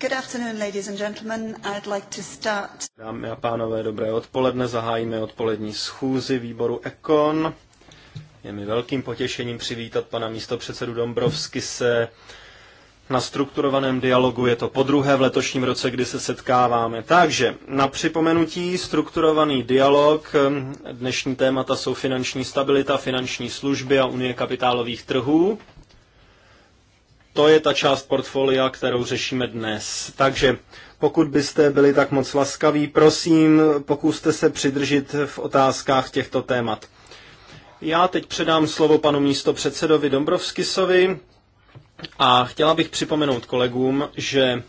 Good afternoon, ladies and gentlemen. I'd like to start. Dámy a pánové, dobré odpoledne. Zahájíme odpolední schůzi výboru Ekon. Je mi velkým potěšením přivítat pana místopředsedu Dombrovsky se na strukturovaném dialogu. Je to po druhé v letošním roce, kdy se setkáváme. Takže na připomenutí strukturovaný dialog. Dnešní témata jsou finanční stabilita, finanční služby a unie kapitálových trhů. To je ta část portfolia, kterou řešíme dnes. Takže pokud byste byli tak moc laskaví, prosím, pokuste se přidržit v otázkách těchto témat. Já teď předám slovo panu místopředsedovi Dombrovskisovi a chtěla bych připomenout kolegům, že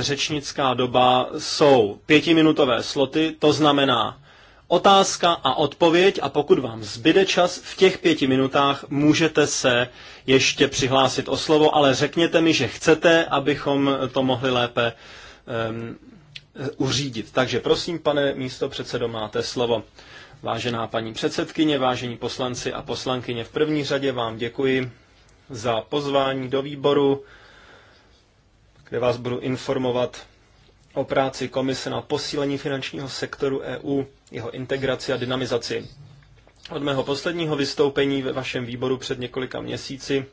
řečnická doba jsou pětiminutové sloty, to znamená otázka a odpověď a pokud vám zbyde čas, v těch pěti minutách můžete se ještě přihlásit o slovo, ale řekněte mi, že chcete, abychom to mohli lépe um, uřídit. Takže prosím, pane místo předsedo, máte slovo. Vážená paní předsedkyně, vážení poslanci a poslankyně, v první řadě vám děkuji za pozvání do výboru, kde vás budu informovat o práci komise na posílení finančního sektoru EU, jeho integraci a dynamizaci. Od mého posledního vystoupení ve vašem výboru před několika měsíci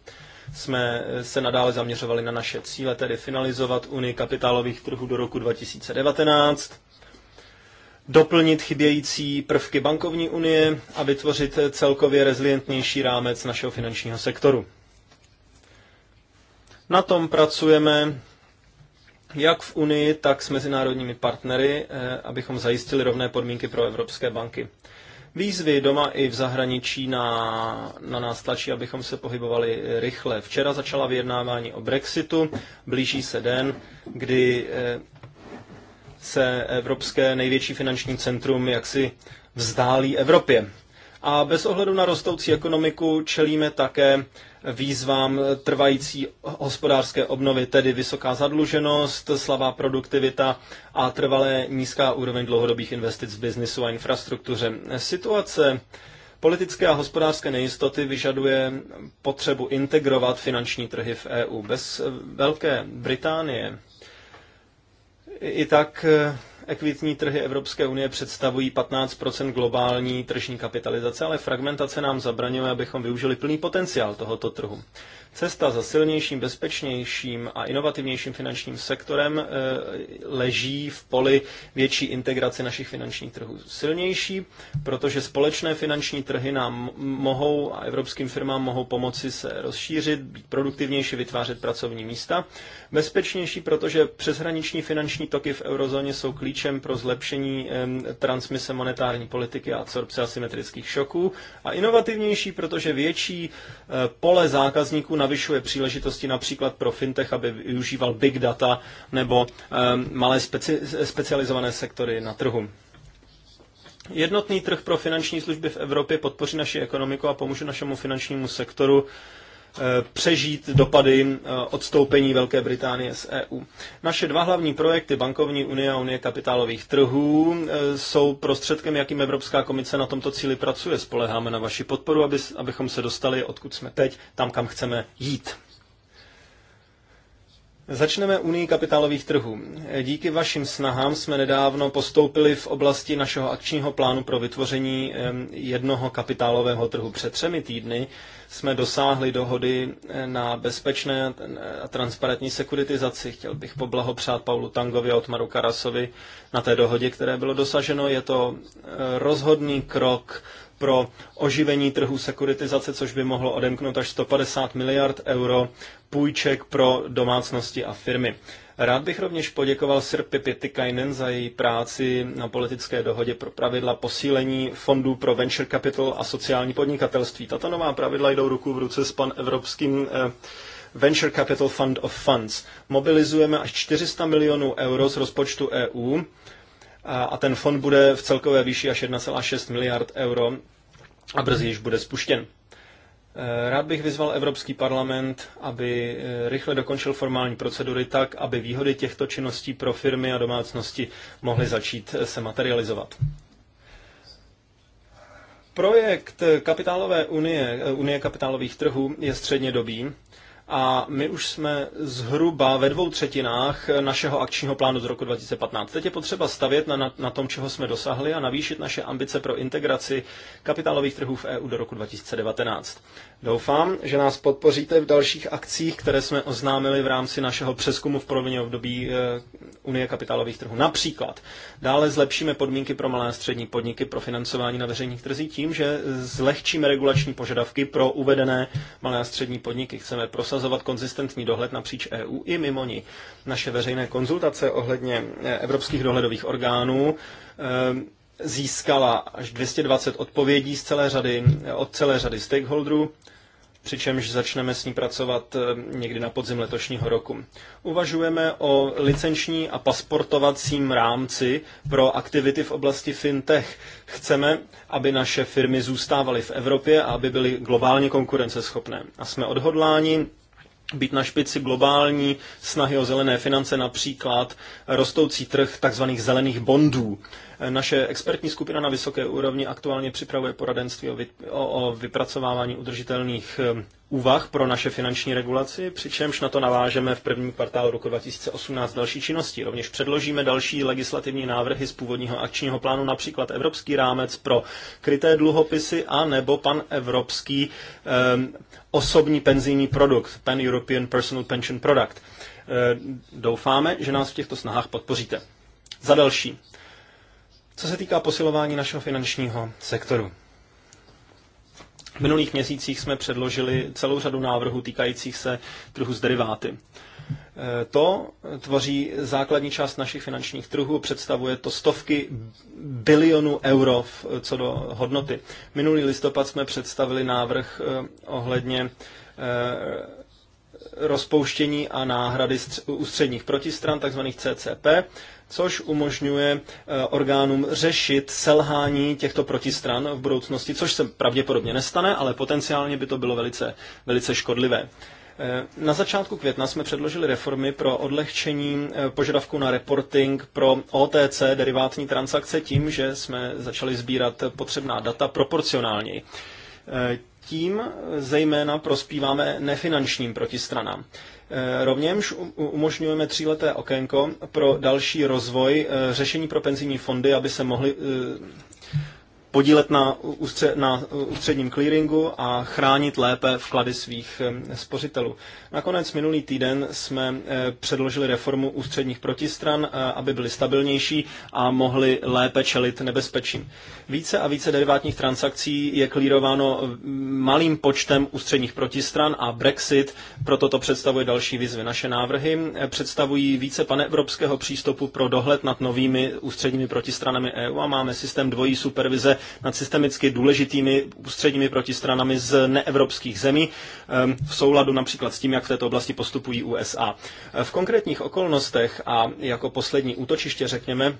jsme se nadále zaměřovali na naše cíle, tedy finalizovat Unii kapitálových trhů do roku 2019, doplnit chybějící prvky bankovní unie a vytvořit celkově rezilientnější rámec našeho finančního sektoru. Na tom pracujeme jak v Unii, tak s mezinárodními partnery, eh, abychom zajistili rovné podmínky pro evropské banky. Výzvy doma i v zahraničí na, na nás tlačí, abychom se pohybovali rychle. Včera začala vyjednávání o Brexitu, blíží se den, kdy eh, se evropské největší finanční centrum jaksi vzdálí Evropě. A bez ohledu na rostoucí ekonomiku čelíme také výzvám trvající hospodářské obnovy, tedy vysoká zadluženost, slabá produktivita a trvalé nízká úroveň dlouhodobých investic v biznisu a infrastruktuře. Situace Politické a hospodářské nejistoty vyžaduje potřebu integrovat finanční trhy v EU. Bez Velké Británie i tak Ekvitní trhy Evropské unie představují 15 globální tržní kapitalizace, ale fragmentace nám zabraňuje, abychom využili plný potenciál tohoto trhu. Cesta za silnějším, bezpečnějším a inovativnějším finančním sektorem eh, leží v poli větší integrace našich finančních trhů. Silnější, protože společné finanční trhy nám mohou a evropským firmám mohou pomoci se rozšířit, být produktivnější, vytvářet pracovní místa. Bezpečnější, protože přeshraniční finanční toky v eurozóně jsou klíčem pro zlepšení transmise monetární politiky a absorpce asymetrických šoků. A inovativnější, protože větší eh, pole zákazníků navyšuje příležitosti například pro fintech, aby využíval big data nebo ehm, malé speci specializované sektory na trhu. Jednotný trh pro finanční služby v Evropě podpoří naši ekonomiku a pomůže našemu finančnímu sektoru Eh, přežít dopady eh, odstoupení Velké Británie z EU. Naše dva hlavní projekty, Bankovní unie a Unie kapitálových trhů, eh, jsou prostředkem, jakým Evropská komise na tomto cíli pracuje. Spoleháme na vaši podporu, aby, abychom se dostali, odkud jsme teď, tam, kam chceme jít. Začneme Unii kapitálových trhů. Díky vašim snahám jsme nedávno postoupili v oblasti našeho akčního plánu pro vytvoření jednoho kapitálového trhu. Před třemi týdny jsme dosáhli dohody eh, na bezpečné a transparentní sekuritizaci. Chtěl bych poblahopřát Paulu Tangovi a Otmaru Karasovi na té dohodě, které bylo dosaženo. Je to eh, rozhodný krok pro oživení trhu sekuritizace, což by mohlo odemknout až 150 miliard euro půjček pro domácnosti a firmy. Rád bych rovněž poděkoval Sirpi Pietikainen za její práci na politické dohodě pro pravidla posílení fondů pro venture capital a sociální podnikatelství. Tato nová pravidla jdou ruku v ruce s pan evropským eh, Venture Capital Fund of Funds. Mobilizujeme až 400 milionů euro z rozpočtu EU a, ten fond bude v celkové výši až 1,6 miliard euro a brzy již bude spuštěn. E, rád bych vyzval Evropský parlament, aby e, rychle dokončil formální procedury tak, aby výhody těchto činností pro firmy a domácnosti mohly začít e, se materializovat. Projekt kapitálové unie, unie kapitálových trhů je středně a my už jsme zhruba ve dvou třetinách našeho akčního plánu z roku 2015. Teď je potřeba stavět na, na, tom, čeho jsme dosahli a navýšit naše ambice pro integraci kapitálových trhů v EU do roku 2019. Doufám, že nás podpoříte v dalších akcích, které jsme oznámili v rámci našeho přeskumu v polovině období eh, Unie kapitálových trhů. Například dále zlepšíme podmínky pro malé a střední podniky pro financování na veřejných trzích tím, že zlehčíme regulační požadavky pro uvedené malé a střední podniky. Chceme prosazovat prosazovat konzistentní dohled napříč EU i mimo ní. Naše veřejné konzultace ohledně eh, evropských dohledových orgánů eh, získala až 220 odpovědí z celé řady, eh, od celé řady stakeholderů, přičemž začneme s ní pracovat někdy na podzim letošního roku. Uvažujeme o licenční a pasportovacím rámci pro aktivity v oblasti fintech. Chceme, aby naše firmy zůstávaly v Evropě a aby byly globálně konkurenceschopné. A jsme odhodláni být na špici globální snahy o zelené finance, například rostoucí trh tzv. zelených bondů. Naše expertní skupina na vysoké úrovni aktuálně připravuje poradenství o vypracovávání udržitelných eh, úvah pro naše finanční regulaci, přičemž na to navážeme v prvním kvartál roku 2018 další činnosti. Rovněž předložíme další legislativní návrhy z původního akčního plánu, například Evropský rámec pro kryté dluhopisy a nebo pan Evropský um, osobní penzijní produkt, Pan European Personal Pension Product. Eh, doufáme, že nás v těchto snahách podpoříte. Za další, co se týká posilování našeho finančního sektoru. V minulých měsících jsme předložili celou řadu návrhů týkajících se trhu s deriváty. E, to tvoří základní část našich finančních trhů, představuje to stovky bilionů euro co do hodnoty. Minulý listopad jsme představili návrh e, ohledně e, rozpouštění a náhrady ústředních protistran, takzvaných CCP což umožňuje eh, orgánům řešit selhání těchto protistran v budoucnosti, což se pravděpodobně nestane, ale potenciálně by to bylo velice, velice škodlivé. Eh, na začátku května jsme předložili reformy pro odlehčení eh, požadavku na reporting pro OTC derivátní transakce tím, že jsme začali sbírat potřebná data proporcionálněji. Tím zejména prospíváme nefinančním protistranám. Eh, rovněž um, umožňujeme tříleté okénko pro další rozvoj eh, řešení pro penzijní fondy, aby se mohly eh, podílet na, ústře, na ústředním clearingu a chránit lépe vklady svých eh, spořitelů. Nakonec minulý týden jsme eh, předložili reformu ústředních protistran, eh, aby byly stabilnější a mohly lépe čelit nebezpečím. Více a více derivátních transakcí je klírováno mm, malým počtem ústředních protistran a Brexit proto to představuje další výzvy. Naše návrhy představují více panevropského přístupu pro dohled nad novými ústředními protistranami EU a máme systém dvojí supervize nad systemicky důležitými ústředními protistranami z neevropských zemí v souladu například s tím, jak v této oblasti postupují USA. E, v konkrétních okolnostech a jako poslední útočiště, řekněme,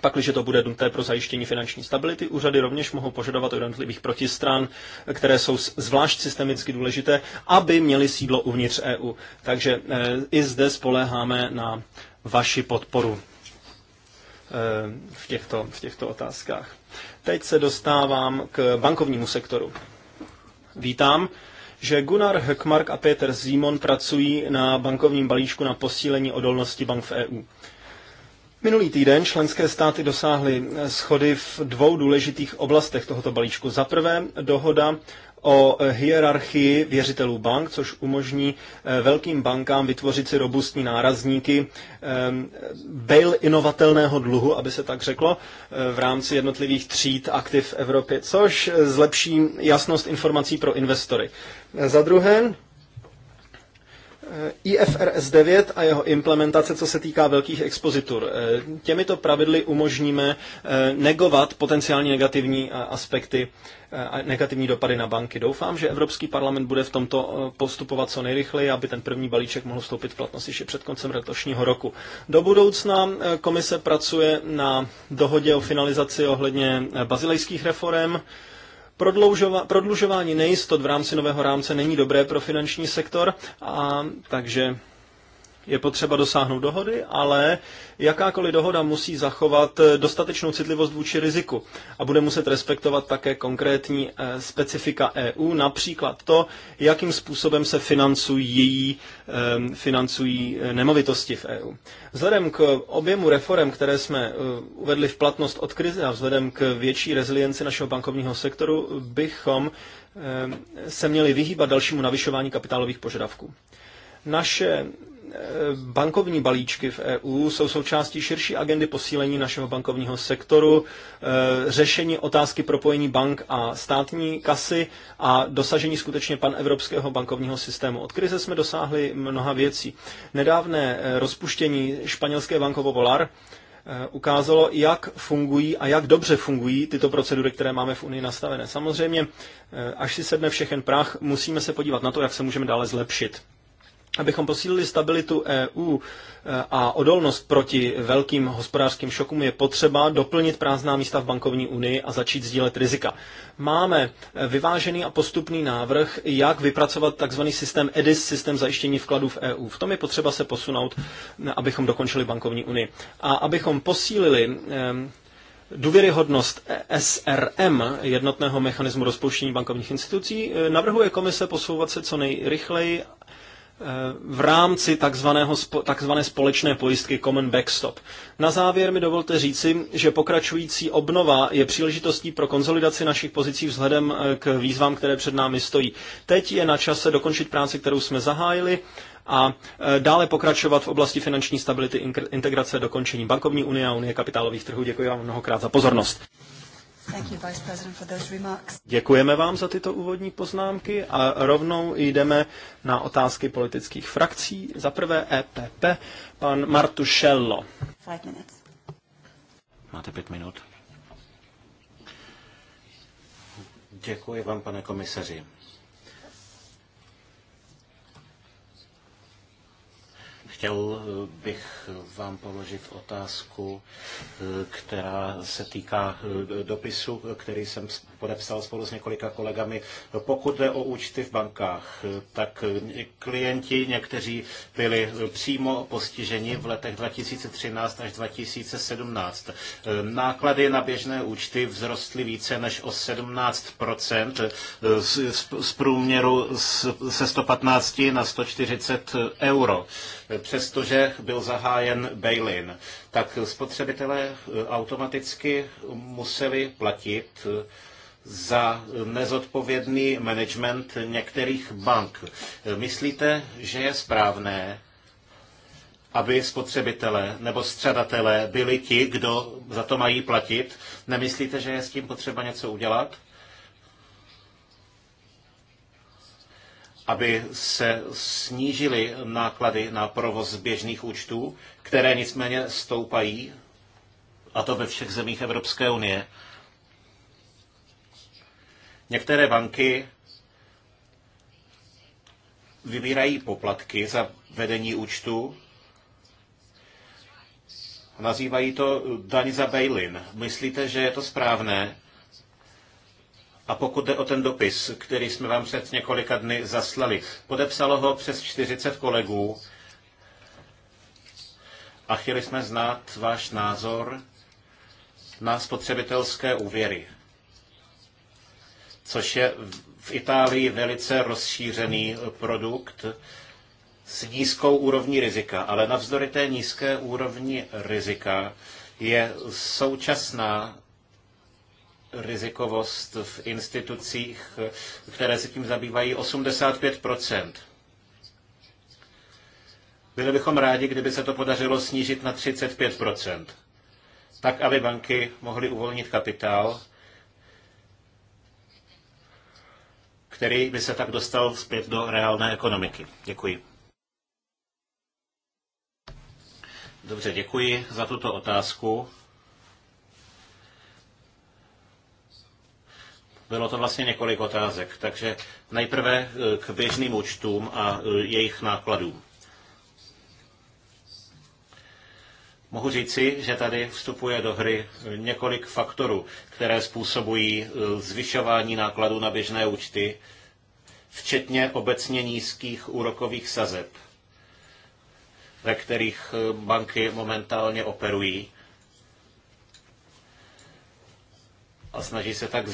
Pakliže to bude nutné pro zajištění finanční stability, úřady rovněž mohou požadovat od jednotlivých protistran, které jsou zvlášť systemicky důležité, aby měly sídlo uvnitř EU. Takže e, i zde spoléháme na vaši podporu e, v těchto, v těchto otázkách. Teď se dostávám k bankovnímu sektoru. Vítám, že Gunnar Höckmark a Peter Simon pracují na bankovním balíčku na posílení odolnosti bank v EU. Minulý týden členské státy dosáhly schody v dvou důležitých oblastech tohoto balíčku. Za prvé dohoda o hierarchii věřitelů bank, což umožní eh, velkým bankám vytvořit si robustní nárazníky eh, bail inovatelného dluhu, aby se tak řeklo, eh, v rámci jednotlivých tříd aktiv v Evropě, což zlepší jasnost informací pro investory. Za druhé, Eh, IFRS 9 a jeho implementace, co se týká velkých expozitur. Eh, těmito pravidly umožníme eh, negovat potenciálně negativní aspekty a negativní dopady na banky. Doufám, že Evropský parlament bude v tomto postupovat co nejrychleji, aby ten první balíček mohl vstoupit v platnost ještě před koncem letošního roku. Do budoucna komise pracuje na dohodě o finalizaci ohledně bazilejských reform. Prodlužování nejistot v rámci nového rámce není dobré pro finanční sektor, a takže je potřeba dosáhnout dohody, ale jakákoliv dohoda musí zachovat dostatečnou citlivost vůči riziku a bude muset respektovat také konkrétní eh, specifika EU, například to, jakým způsobem se financují, ehm, financují eh, nemovitosti v EU. Vzhledem k objemu reform, které jsme eh, uvedli v platnost od krize a vzhledem k větší rezilienci našeho bankovního sektoru, bychom ehm, se měli vyhýbat dalšímu navyšování kapitálových požadavků. Naše eh, bankovní balíčky v EU jsou součástí širší agendy posílení našeho bankovního sektoru, eh, řešení otázky propojení bank a státní kasy a dosažení skutečně panevropského bankovního systému. Od krize jsme dosáhli mnoha věcí. Nedávné eh, rozpuštění španělské bankovo Volar ukázalo, jak fungují a jak dobře fungují tyto procedury, které máme v Unii nastavené. Samozřejmě, až si sedne všechen prach, musíme se podívat na to, jak se můžeme dále zlepšit. Abychom posílili stabilitu EU eh, a odolnost proti velkým hospodářským šokům, je potřeba doplnit prázdná místa v bankovní unii a začít sdílet rizika. Máme eh, vyvážený a postupný návrh, jak vypracovat tzv. systém EDIS, systém zajištění vkladů v EU. V tom je potřeba se posunout, eh, abychom dokončili bankovní unii. A abychom posílili Důvěryhodnost SRM, jednotného mechanismu rozpouštění bankovních institucí, navrhuje komise posouvat se co nejrychleji Eh, v rámci takzvaného, takzvané společné pojistky Common Backstop. Na závěr mi dovolte říci, že pokračující obnova je příležitostí pro konzolidaci našich pozicí vzhledem eh, k výzvám, které před námi stojí. Teď je na čase dokončit práci, kterou jsme zahájili a eh, dále pokračovat v oblasti finanční stability, integrace, dokončení bankovní unie a unie kapitálových trhů. Děkuji vám mnohokrát za pozornost. Děkujeme vám za tyto úvodní poznámky a rovnou jdeme na otázky politických frakcí. Za prvé EPP, pan Martušello. Máte pět minut. Děkuji vám, pane komisaři. Chtěl eh, bych vám položit otázku, eh, která se týká eh, dopisu, který jsem podepsal spolu s několika kolegami. Pokud jde o účty v bankách, tak klienti někteří byli přímo postiženi v letech 2013 až 2017. Náklady na běžné účty vzrostly více než o 17 z, průměru se 115 na 140 euro, přestože byl zahájen bail-in, tak spotřebitelé eh, automaticky museli platit eh, za nezodpovědný management některých bank. Eh, myslíte, že je správné, aby spotřebitelé nebo střadatelé byli ti, kdo za to mají platit? Nemyslíte, že je s tím potřeba něco udělat? aby se snížily náklady na provoz běžných účtů, které nicméně stoupají, a to ve všech zemích Evropské unie. Některé banky vybírají poplatky za vedení účtu. Nazývají to daň za bail-in. Myslíte, že je to správné? A pokud jde o ten dopis, který jsme vám před několika dny zaslali, podepsalo ho přes 40 kolegů a chtěli jsme znát váš názor na spotřebitelské úvěry, což je v Itálii velice rozšířený produkt s nízkou úrovní rizika. Ale navzdory té nízké úrovni rizika je současná rizikovost v institucích, které se tím zabývají, 85 Byli bychom rádi, kdyby se to podařilo snížit na 35 tak aby banky mohly uvolnit kapitál, který by se tak dostal zpět do reálné ekonomiky. Děkuji. Dobře, děkuji za tuto otázku. Bylo to vlastně několik otázek, takže nejprve eh, k běžným účtům a eh, jejich nákladům. Mohu říci, že tady vstupuje do hry eh, několik faktorů, které způsobují zvyšování nákladů na běžné účty, včetně obecně nízkých úrokových sazeb, ve kterých banky momentálně operují a snaží se tak,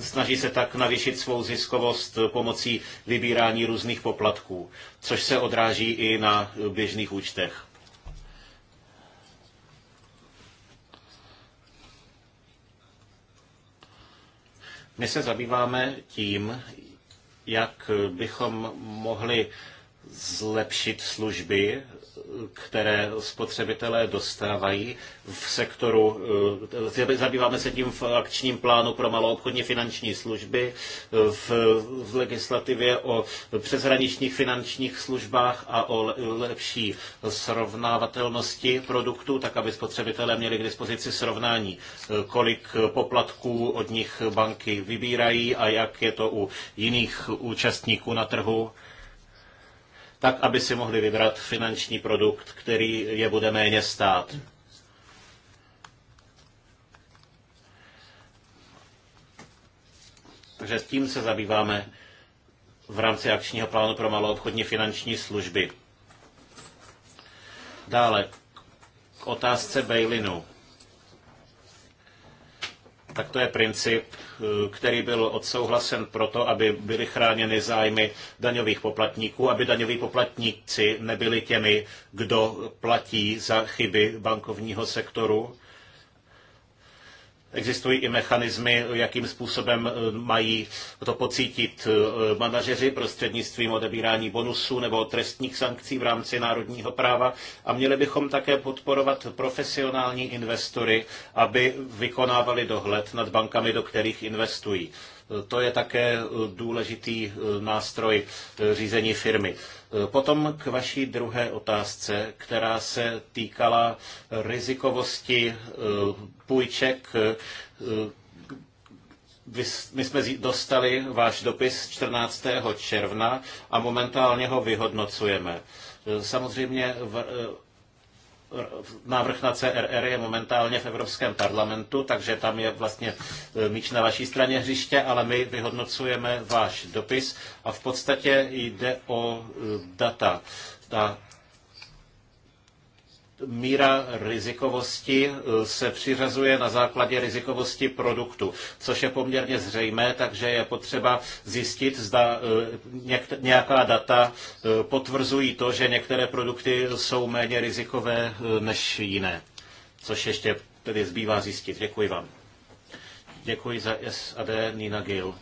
snaží se tak navýšit svou ziskovost pomocí vybírání různých poplatků, což se odráží i na běžných účtech. My se zabýváme tím, jak bychom mohli zlepšit služby, které spotřebitelé dostávají v sektoru. Eh, zabýváme se tím v akčním plánu pro maloobchodní finanční služby, eh, v, v legislativě o přeshraničních finančních službách a o lepší srovnávatelnosti produktů, tak aby spotřebitelé měli k dispozici srovnání, eh, kolik poplatků od nich banky vybírají a jak je to u jiných účastníků na trhu tak aby si mohli vybrat finanční produkt, který je bude méně stát. Takže s tím se zabýváme v rámci akčního plánu pro maloobchodní finanční služby. Dále k otázce bailinu tak to je princip, eh, který byl odsouhlasen proto, aby byly chráněny zájmy daňových poplatníků, aby daňoví poplatníci nebyli těmi, kdo platí za chyby bankovního sektoru Existují i mechanismy, jakým způsobem eh, mají to pocítit eh, manažeři prostřednictvím odebírání bonusů nebo trestních sankcí v rámci národního práva. A měli bychom také podporovat profesionální investory, aby vykonávali dohled nad bankami, do kterých investují. Eh, to je také důležitý nástroj řízení firmy. Eh, potom k vaší druhé otázce, která se týkala rizikovosti eh, půjček. Eh, my jsme dostali váš dopis 14. června a momentálně ho vyhodnocujeme. Samozřejmě návrh na CRR je momentálně v Evropském parlamentu, takže tam je vlastně e, míč na vaší straně hřiště, ale my vyhodnocujeme váš dopis a v podstatě jde o e, data. Ta míra rizikovosti eh, se přiřazuje na základě rizikovosti produktu, což je poměrně zřejmé, takže je potřeba zjistit, zda eh, nějaká data eh, potvrzují to, že některé produkty jsou méně rizikové než jiné, což ještě tedy zbývá zjistit. Děkuji vám. Děkuji za SAD Nina Gill.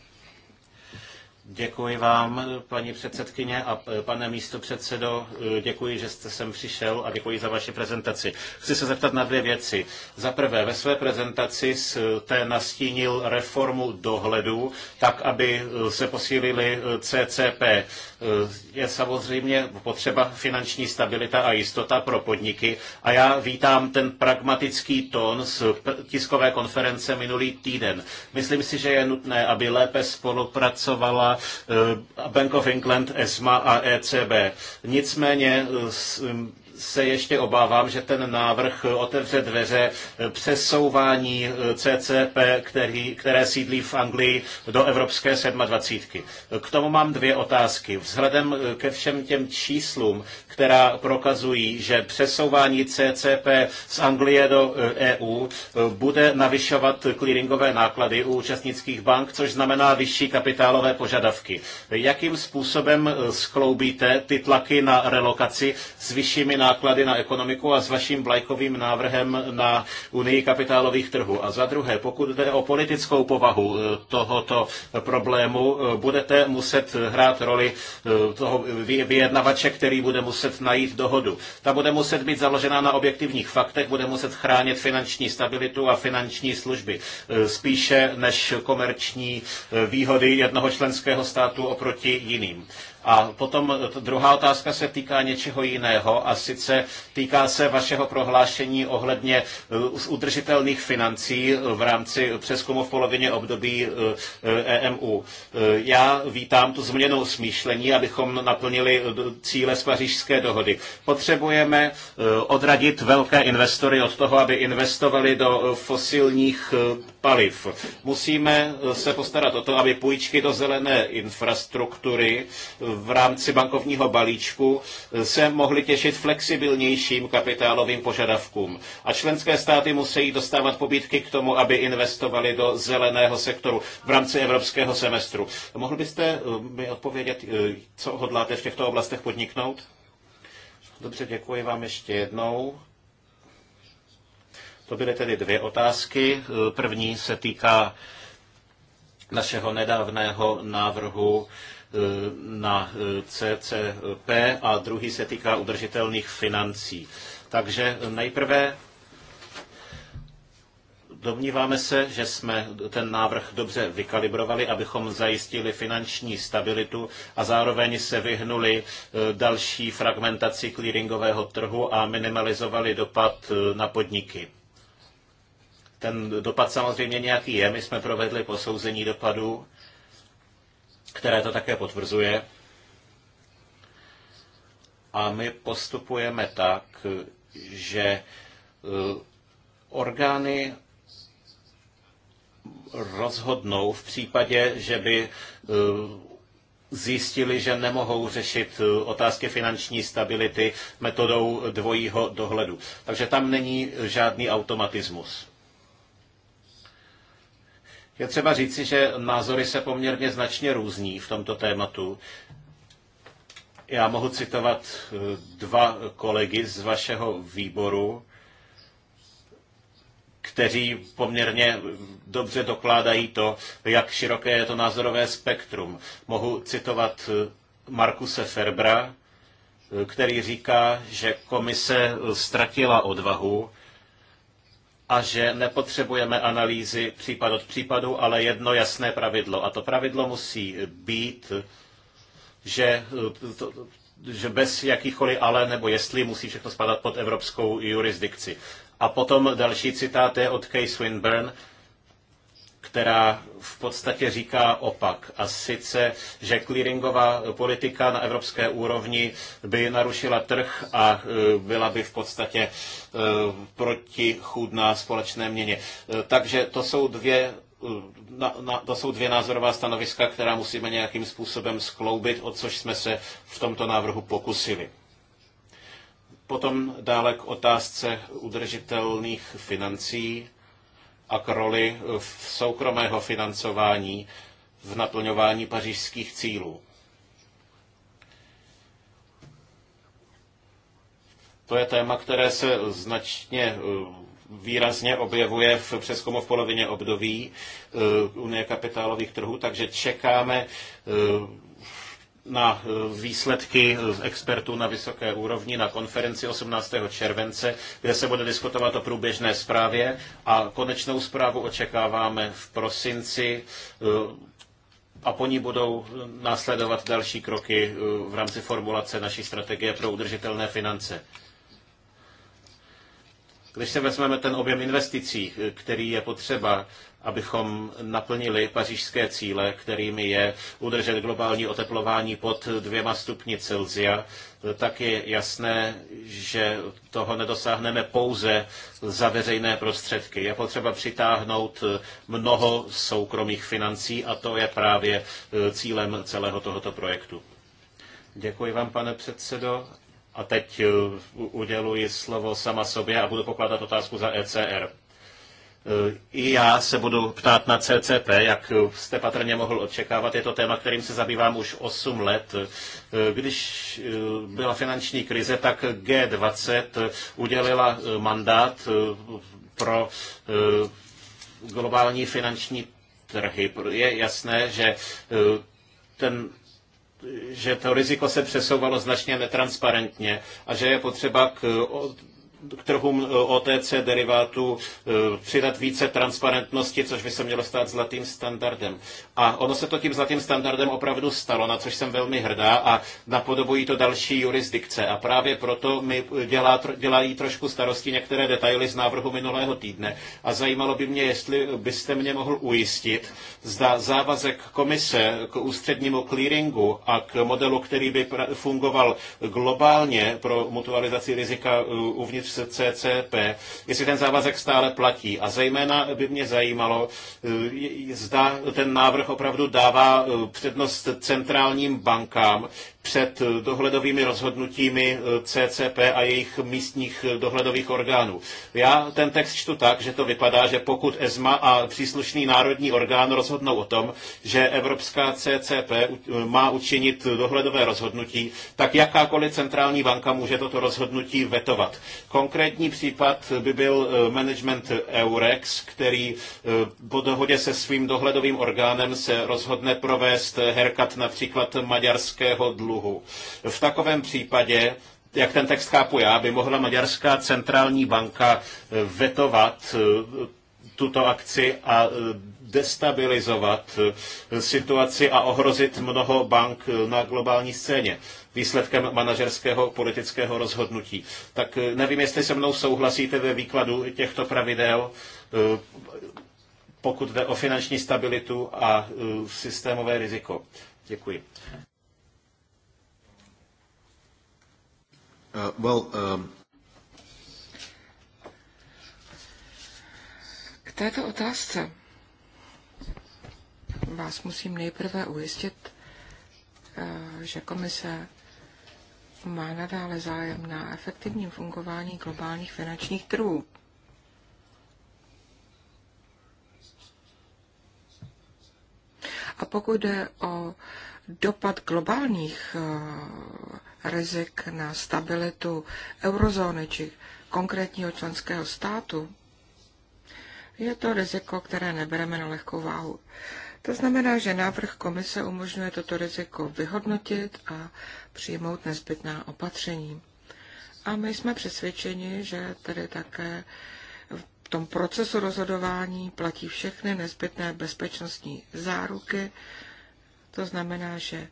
Děkuji vám, paní předsedkyně a e, pane místopředsedo. E, děkuji, že jste sem přišel a děkuji za vaši prezentaci. Chci se zeptat na dvě věci. Za prvé, ve své prezentaci jste nastínil reformu dohledu, tak, aby e, se posílili CCP. Eh, je samozřejmě potřeba finanční stabilita a jistota pro podniky. A já vítám ten pragmatický tón z tiskové konference minulý týden. Myslím si, že je nutné, aby lépe spolupracovala eh, Bank of England, ESMA a ECB. Nicméně eh, se ještě obávám, že ten návrh otevře dveře přesouvání CCP, který, které sídlí v Anglii, do Evropské 27. K tomu mám dvě otázky. Vzhledem ke všem těm číslům, která prokazují, že přesouvání CCP z Anglie do EU e bude navyšovat clearingové náklady u účastnických bank, což znamená vyšší kapitálové požadavky. Jakým způsobem skloubíte ty tlaky na relokaci s vyššími náklady náklady na ekonomiku a s vaším vlajkovým návrhem na Unii kapitálových trhů? A za druhé, pokud jde o politickou povahu eh, tohoto problému, eh, budete muset hrát roli eh, toho vyjednavače, který bude muset najít dohodu. Ta bude muset být založena na objektivních faktech, bude muset chránit finanční stabilitu a finanční služby spíše než komerční výhody jednoho členského státu oproti jiným. A potom e, druhá otázka se týká něčeho jiného a sice týká se vašeho prohlášení ohledně e, udržitelných financí e, v rámci přeskumu v polovině období EMU. Já vítám tu změnu smýšlení, abychom naplnili cíle z pařížské dohody. Potřebujeme odradit velké investory od toho, aby investovali do fosilních paliv. Musíme se postarat o to, aby půjčky do zelené infrastruktury v rámci bankovního balíčku eh, se mohly těšit flexibilnějším kapitálovým požadavkům. A členské státy musí dostávat pobídky k tomu, aby investovali do zeleného sektoru v rámci evropského semestru. Mohl byste eh, mi odpovědět, eh, co hodláte v těchto oblastech podniknout? Dobře, děkuji vám ještě jednou. To byly tedy dvě otázky. První se týká našeho nedávného návrhu Eh, na eh, CCP a druhý se týká udržitelných financí. Takže nejprve domníváme se, že jsme ten návrh dobře vykalibrovali, abychom zajistili finanční stabilitu a zároveň se vyhnuli eh, další fragmentaci clearingového trhu a minimalizovali dopad na podniky. Ten dopad samozřejmě nějaký je, my jsme provedli posouzení dopadu které to také potvrzuje. A my postupujeme tak, že e, orgány rozhodnou v případě, že by e, zjistili, že nemohou řešit e, otázky finanční stability metodou dvojího dohledu. Takže tam není žádný automatismus. Je třeba říci, že názory se poměrně značně různí v tomto tématu. Já mohu citovat eh, dva kolegy z vašeho výboru, kteří poměrně dobře dokládají to, jak široké je to názorové spektrum. Mohu citovat eh, Markuse Ferbra, eh, který říká, že komise ztratila odvahu a že nepotřebujeme analýzy případ od případu, ale jedno jasné pravidlo. A to pravidlo musí být, že, to, že bez jakýchkoliv ale nebo jestli musí všechno spadat pod evropskou jurisdikci. A potom další citát je od Kay Swinburne, která v podstatě říká opak. A sice, že clearingová politika na evropské úrovni by narušila trh a e, byla by v podstatě e, protichůdná společné měně. E, takže to jsou dvě na, na, to jsou dvě názorová stanoviska, která musíme nějakým způsobem skloubit, o což jsme se v tomto návrhu pokusili. Potom dále k otázce udržitelných financí a k roli eh, v soukromého financování v naplňování pařížských cílů. To je téma, které se značně eh, výrazně objevuje v přeskumu v polovině období eh, Unie kapitálových trhů, takže čekáme na eh, výsledky eh, expertů na vysoké úrovni na konferenci 18. července, kde se bude diskutovat o průběžné zprávě a konečnou zprávu očekáváme v prosinci eh, a po ní budou následovat další kroky v rámci formulace naší strategie pro udržitelné finance. Když se vezmeme ten objem investicí, který je potřeba, abychom naplnili pařížské cíle, kterými je udržet globální oteplování pod dvěma stupni Celsia, tak je jasné, že toho nedosáhneme pouze za veřejné prostředky. Je potřeba přitáhnout mnoho soukromých financí a to je právě e, cílem celého tohoto projektu. Děkuji vám, pane předsedo. A teď e, uděluji slovo sama sobě a budu pokládat otázku za ECR. I já se budu ptát na CCP, jak jste patrně mohl očekávat. Je to téma, kterým se zabývám už 8 let. Když eh, byla finanční krize, tak G20 eh, udělila eh, mandát pro globální finanční trhy. Je jasné, že ten že to riziko se přesouvalo značně netransparentně a že je potřeba k k trhům e, OTC derivátů e, přidat více transparentnosti, což by se mělo stát zlatým standardem. A ono se to tím zlatým standardem opravdu stalo, na což jsem velmi hrdá a napodobují to další jurisdikce. A právě proto mi dělá, dělají trošku starosti některé detaily z návrhu minulého týdne. A zajímalo by mě, jestli byste mě mohl ujistit, zda závazek komise k ústřednímu clearingu a k modelu, který by fungoval globálně pro mutualizaci rizika e, uvnitř z CCP, jestli ten závazek stále platí. A zejména by mě zajímalo, eh, zda ten návrh opravdu dává eh, přednost centrálním bankám, před dohledovými rozhodnutími eh, CCP a jejich místních eh, dohledových orgánů. Já ten text čtu tak, že to vypadá, že pokud ESMA a příslušný národní orgán rozhodnou o tom, že Evropská CCP eh, má učinit dohledové rozhodnutí, tak jakákoliv centrální banka může toto rozhodnutí vetovat. Konkrétní případ by byl management Eurex, který po dohodě se svým dohledovým orgánem se rozhodne provést herkat například maďarského dlu dluhu. V takovém případě jak ten text chápu já, by mohla Maďarská centrální banka eh, vetovat eh, tuto akci a eh, destabilizovat situaci a ohrozit mnoho bank na globální scéně výsledkem manažerského politického rozhodnutí. Tak nevím, jestli se mnou souhlasíte ve výkladu těchto pravidel, pokud jde o finanční stabilitu a systémové riziko. Děkuji. Uh, well, um... K této otázce vás musím nejprve ujistit, eh, že komise má nadále zájem na efektivním fungování globálních finančních trhů. A pokud jde o dopad globálních eh, rizik na stabilitu eurozóny či konkrétního členského státu, je to riziko, které nebereme na lehkou váhu. To znamená, že návrh komise umožňuje toto riziko vyhodnotit a přijmout nezbytná opatření. A my jsme přesvědčeni, že tedy také v tom procesu rozhodování platí všechny nezbytné bezpečnostní záruky. To znamená, že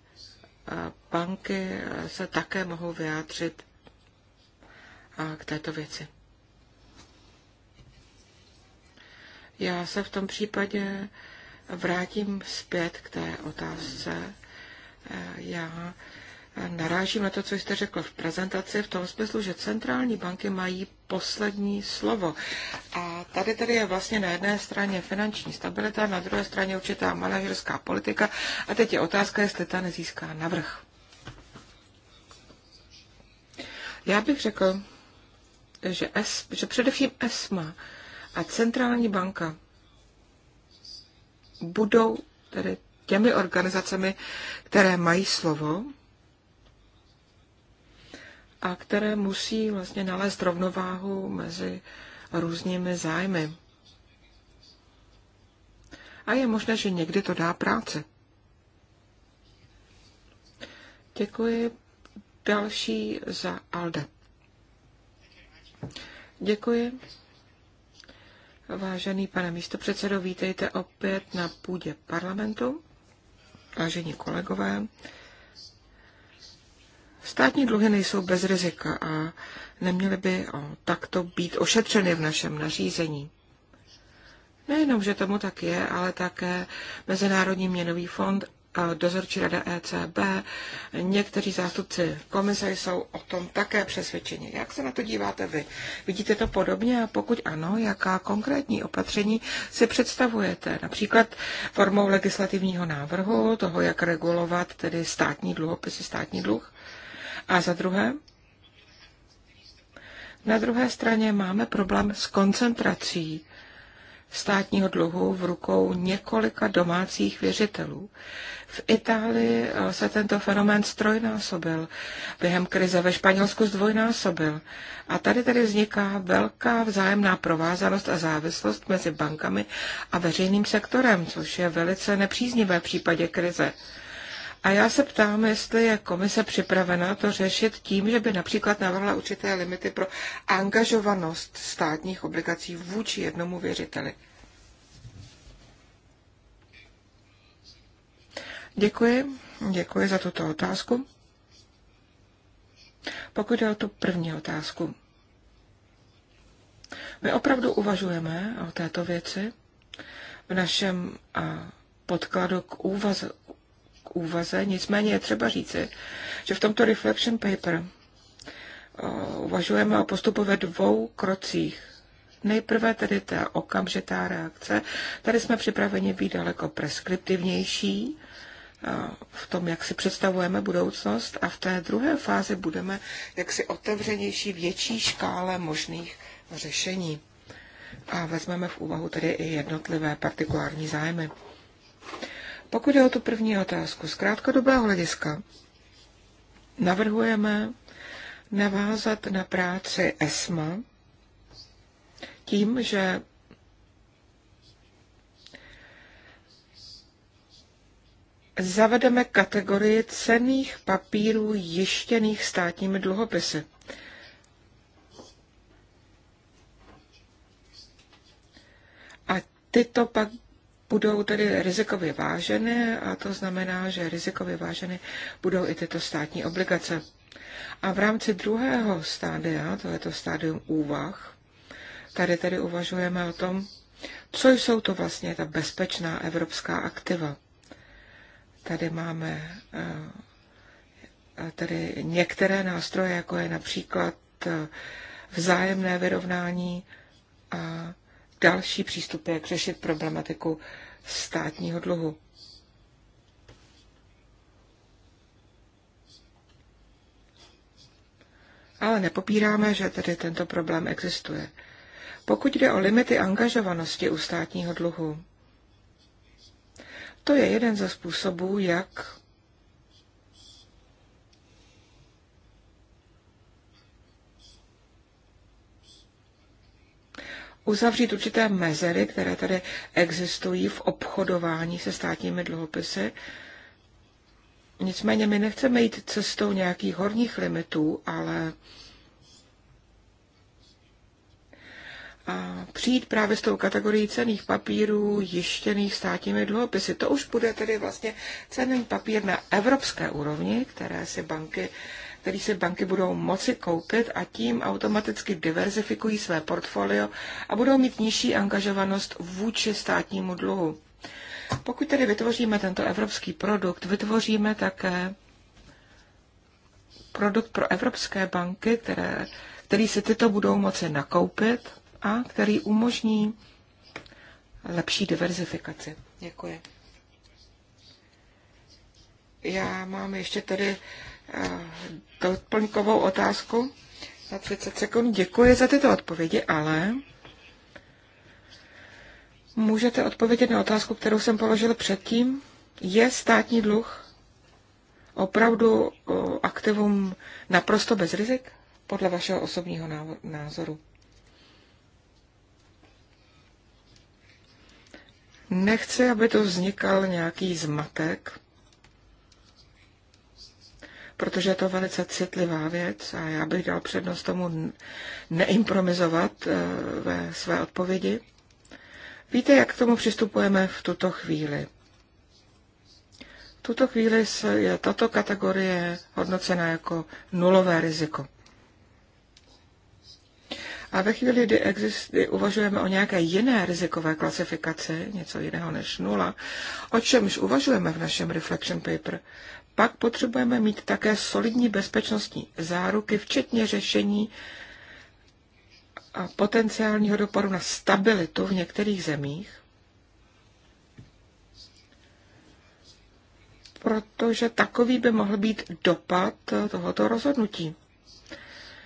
banky se také mohou vyjádřit k této věci. Já se v tom případě vrátím zpět k té otázce. Já narážím na to, co jste řekl v prezentaci, v tom smyslu, že centrální banky mají poslední slovo. A tady tedy je vlastně na jedné straně finanční stabilita, na druhé straně určitá manažerská politika a teď je otázka, jestli ta nezíská navrh. Já bych řekl, že, S, že především ESMA a centrální banka budou tedy těmi organizacemi, které mají slovo a které musí vlastně nalézt rovnováhu mezi různými zájmy. A je možné, že někdy to dá práce? Děkuji další za Alde. Děkuji. Vážený pane místopředsedo, vítejte opět na půdě parlamentu. Vážení kolegové, Státní dluhy nejsou bez rizika a neměly by o, takto být ošetřeny v našem nařízení. Nejenom, že tomu tak je, ale také Mezinárodní měnový fond, dozorčí rada ECB, někteří zástupci komise jsou o tom také přesvědčeni. Jak se na to díváte vy? Vidíte to podobně a pokud ano, jaká konkrétní opatření si představujete? Například formou legislativního návrhu, toho, jak regulovat tedy státní dluhopisy, státní dluh? A za druhé, na druhé straně máme problém s koncentrací státního dluhu v rukou několika domácích věřitelů. V Itálii eh, se tento fenomén strojnásobil, během krize ve Španělsku zdvojnásobil. A tady tedy vzniká velká vzájemná provázanost a závislost mezi bankami a veřejným sektorem, což je velice nepříznivé v případě krize. A já se ptám, jestli je komise připravena to řešit tím, že by například navrhla určité limity pro angažovanost státních obligací vůči jednomu věřiteli. Děkuji, děkuji za tuto otázku. Pokud je o tu první otázku, my opravdu uvažujeme o této věci v našem podkladu k úvaze k úvaze, nicméně je třeba říci, že v tomto reflection paper eh, uvažujeme o postupu ve dvou krocích. Nejprve tedy ta okamžitá reakce. Tady jsme připraveni být daleko preskriptivnější eh, v tom, jak si představujeme budoucnost a v té druhé fázi budeme jaksi otevřenější větší škále možných řešení. A vezmeme v úvahu tedy i jednotlivé partikulární zájmy. Pokud je o tu první otázku, z krátkodobého hlediska navrhujeme navázat na práci ESMA tím, že zavedeme kategorii cených papírů jištěných státními dluhopisy. A tyto pak budou tedy rizikově vážené a to znamená, že rizikově vážené budou i tyto státní obligace. A v rámci druhého stádia, to je to stádium úvah, tady tedy uvažujeme o tom, co jsou to vlastně ta bezpečná evropská aktiva. Tady máme eh, tedy některé nástroje, jako je například eh, vzájemné vyrovnání a další přístupy, jak řešit problematiku státního dluhu. Ale nepopíráme, že tedy tento problém existuje. Pokud jde o limity angažovanosti u státního dluhu, to je jeden ze způsobů, jak uzavřít určité mezery, které tady existují v obchodování se státními dluhopisy. Nicméně my nechceme jít cestou nějakých horních limitů, ale a přijít právě s tou kategorií cených papírů jištěných státními dluhopisy. To už bude tedy vlastně cený papír na evropské úrovni, které si banky uh, který si banky budou moci koupit a tím automaticky diverzifikují své portfolio a budou mít nižší angažovanost vůči státnímu dluhu. Pokud tedy vytvoříme tento evropský produkt, vytvoříme také produkt pro evropské banky, které, který si tyto budou moci nakoupit a který umožní lepší diverzifikaci. Děkuji. Já mám ještě tady eh, doplňkovou otázku na 30 sekund. Děkuji za tyto odpovědi, ale můžete odpovědět na otázku, kterou jsem položil předtím. Je státní dluh opravdu aktivum naprosto bez rizik, podle vašeho osobního názoru? Nechci, aby tu vznikal nějaký zmatek protože je to velice citlivá věc a já bych dal přednost tomu neimprovizovat eh, ve své odpovědi. Víte, jak k tomu přistupujeme v tuto chvíli? V tuto chvíli je tato kategorie hodnocena jako nulové riziko. A ve chvíli, kdy, exist, kdy uvažujeme o nějaké jiné rizikové klasifikaci, něco jiného než nula, o čemž uvažujeme v našem reflection paper, pak potřebujeme mít také solidní bezpečnostní záruky, včetně řešení a potenciálního dopadu na stabilitu v některých zemích, protože takový by mohl být dopad tohoto rozhodnutí.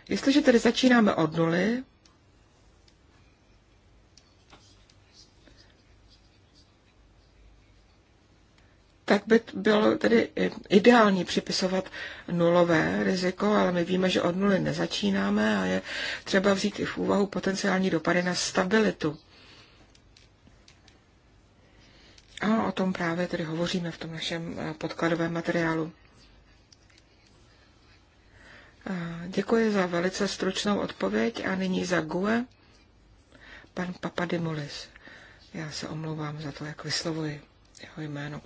Jestliže tedy začínáme od nuly, tak by bylo tedy ideální připisovat nulové riziko, ale my víme, že od nuly nezačínáme a je třeba vzít i v úvahu potenciální dopady na stabilitu. A o tom právě tedy hovoříme v tom našem eh, podkladovém materiálu. Eh, děkuji za velice stručnou odpověď a nyní za GUE pan Papadimulis. Já se omlouvám za to, jak vyslovuji jeho jméno.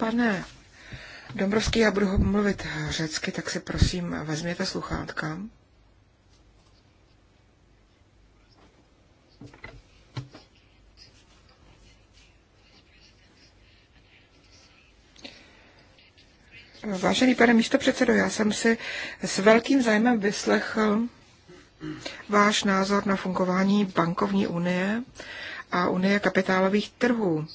Pane Dombrovský, já budu mluvit řecky, tak si prosím vezměte sluchátka. Vážený pane místopředsedo, já jsem si s velkým zájmem vyslechl váš názor na fungování bankovní unie a unie kapitálových trhů.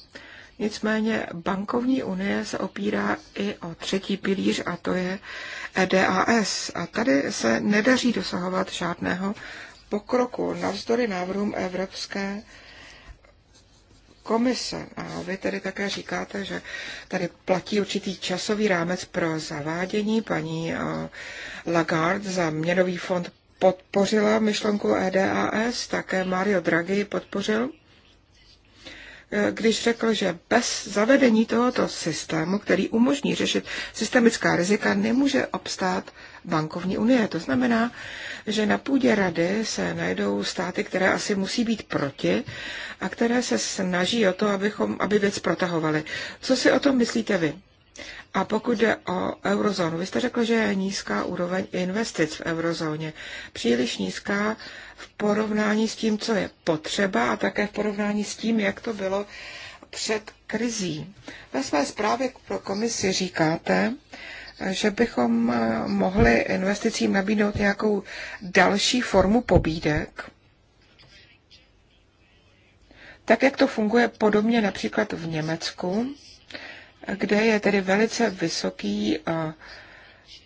Nicméně bankovní unie se opírá i o třetí pilíř a to je EDAS. A tady se nedaří dosahovat žádného pokroku navzdory návrhům Evropské komise. A vy tedy také říkáte, že tady platí určitý časový rámec pro zavádění. Paní eh, Lagarde za měnový fond podpořila myšlenku EDAS, také Mario Draghi podpořil Eh, když řekl, že bez zavedení tohoto systému, který umožní řešit systemická rizika, nemůže obstát bankovní unie. To znamená, že na půdě rady se najdou státy, které asi musí být proti a které se snaží o to, abychom, aby věc protahovali. Co si o tom myslíte vy? A pokud jde o eurozónu, vy jste řekl, že je nízká úroveň investic v eurozóně. Příliš nízká v porovnání s tím, co je potřeba a také v porovnání s tím, jak to bylo před krizí. Ve své zprávě pro komisi říkáte, že bychom eh, mohli investicím nabídnout nějakou další formu pobídek, tak jak to funguje podobně například v Německu, kde je tedy velice vysoký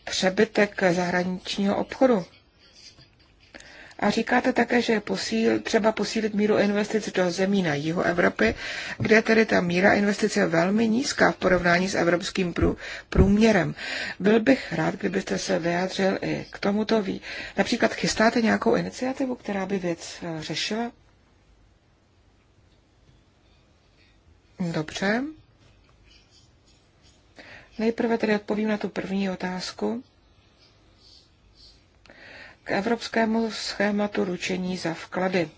přebytek zahraničního obchodu. A říkáte také, že je posíl, třeba posílit míru investic do zemí na jihu Evropy, kde tedy ta míra investice je velmi nízká v porovnání s evropským průměrem. Byl bych rád, kdybyste se vyjádřil i k tomuto. Ví. Například chystáte nějakou iniciativu, která by věc e, řešila? Dobře. Nejprve tedy odpovím na tu první otázku. K evropskému schématu ručení za vklady.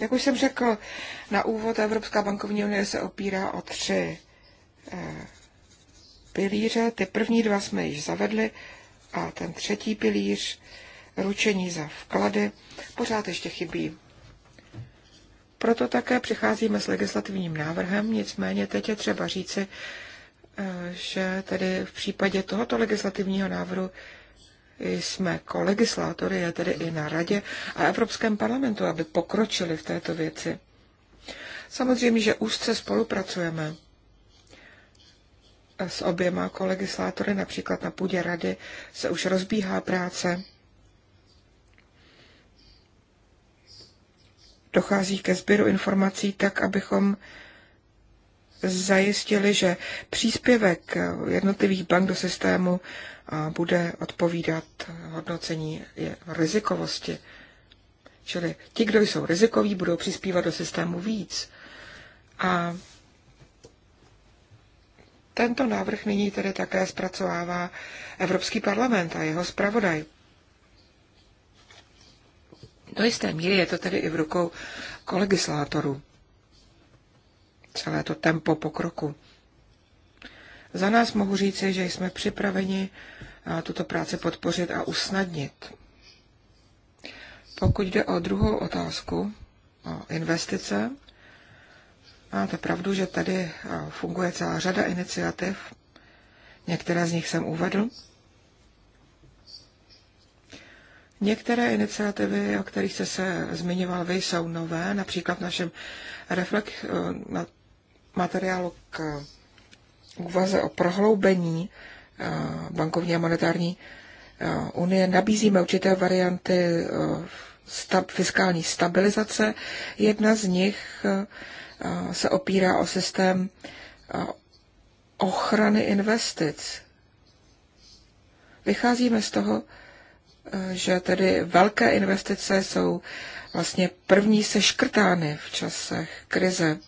Jak už jsem řekl, na úvod Evropská bankovní unie se opírá o tři eh, pilíře. Ty první dva jsme již zavedli a ten třetí pilíř, ručení za vklady, pořád ještě chybí. Proto také přicházíme s legislativním návrhem, nicméně teď je třeba říci, eh, že tedy v případě tohoto legislativního návrhu jsme kolegislátory, je tedy i na Radě a Evropském parlamentu, aby pokročili v této věci. Samozřejmě, že úzce spolupracujeme s oběma kolegislátory, například na půdě Rady se už rozbíhá práce dochází ke sběru informací tak, abychom zajistili, že příspěvek jednotlivých bank do systému bude odpovídat hodnocení rizikovosti. Čili ti, kdo jsou rizikoví, budou přispívat do systému víc. A tento návrh nyní tedy také zpracovává Evropský parlament a jeho zpravodaj. Do jisté míry je to tedy i v rukou kolegislátorů. Celé to tempo pokroku. Za nás mohu říci, že jsme připraveni tuto práci podpořit a usnadnit. Pokud jde o druhou otázku, o investice, máte pravdu, že tady funguje celá řada iniciativ. Některé z nich jsem uvedl. Některé iniciativy, o kterých jste se zmiňoval vy, jsou nové, například v našem reflex, eh, na materiálu k úvaze o prohloubení eh, bankovní a monetární eh, unie nabízíme určité varianty stab, fiskální stabilizace. Jedna z nich se opírá o systém ochrany investic. Vycházíme z toho, že tedy velké investice jsou vlastně první seškrtány v časech krize,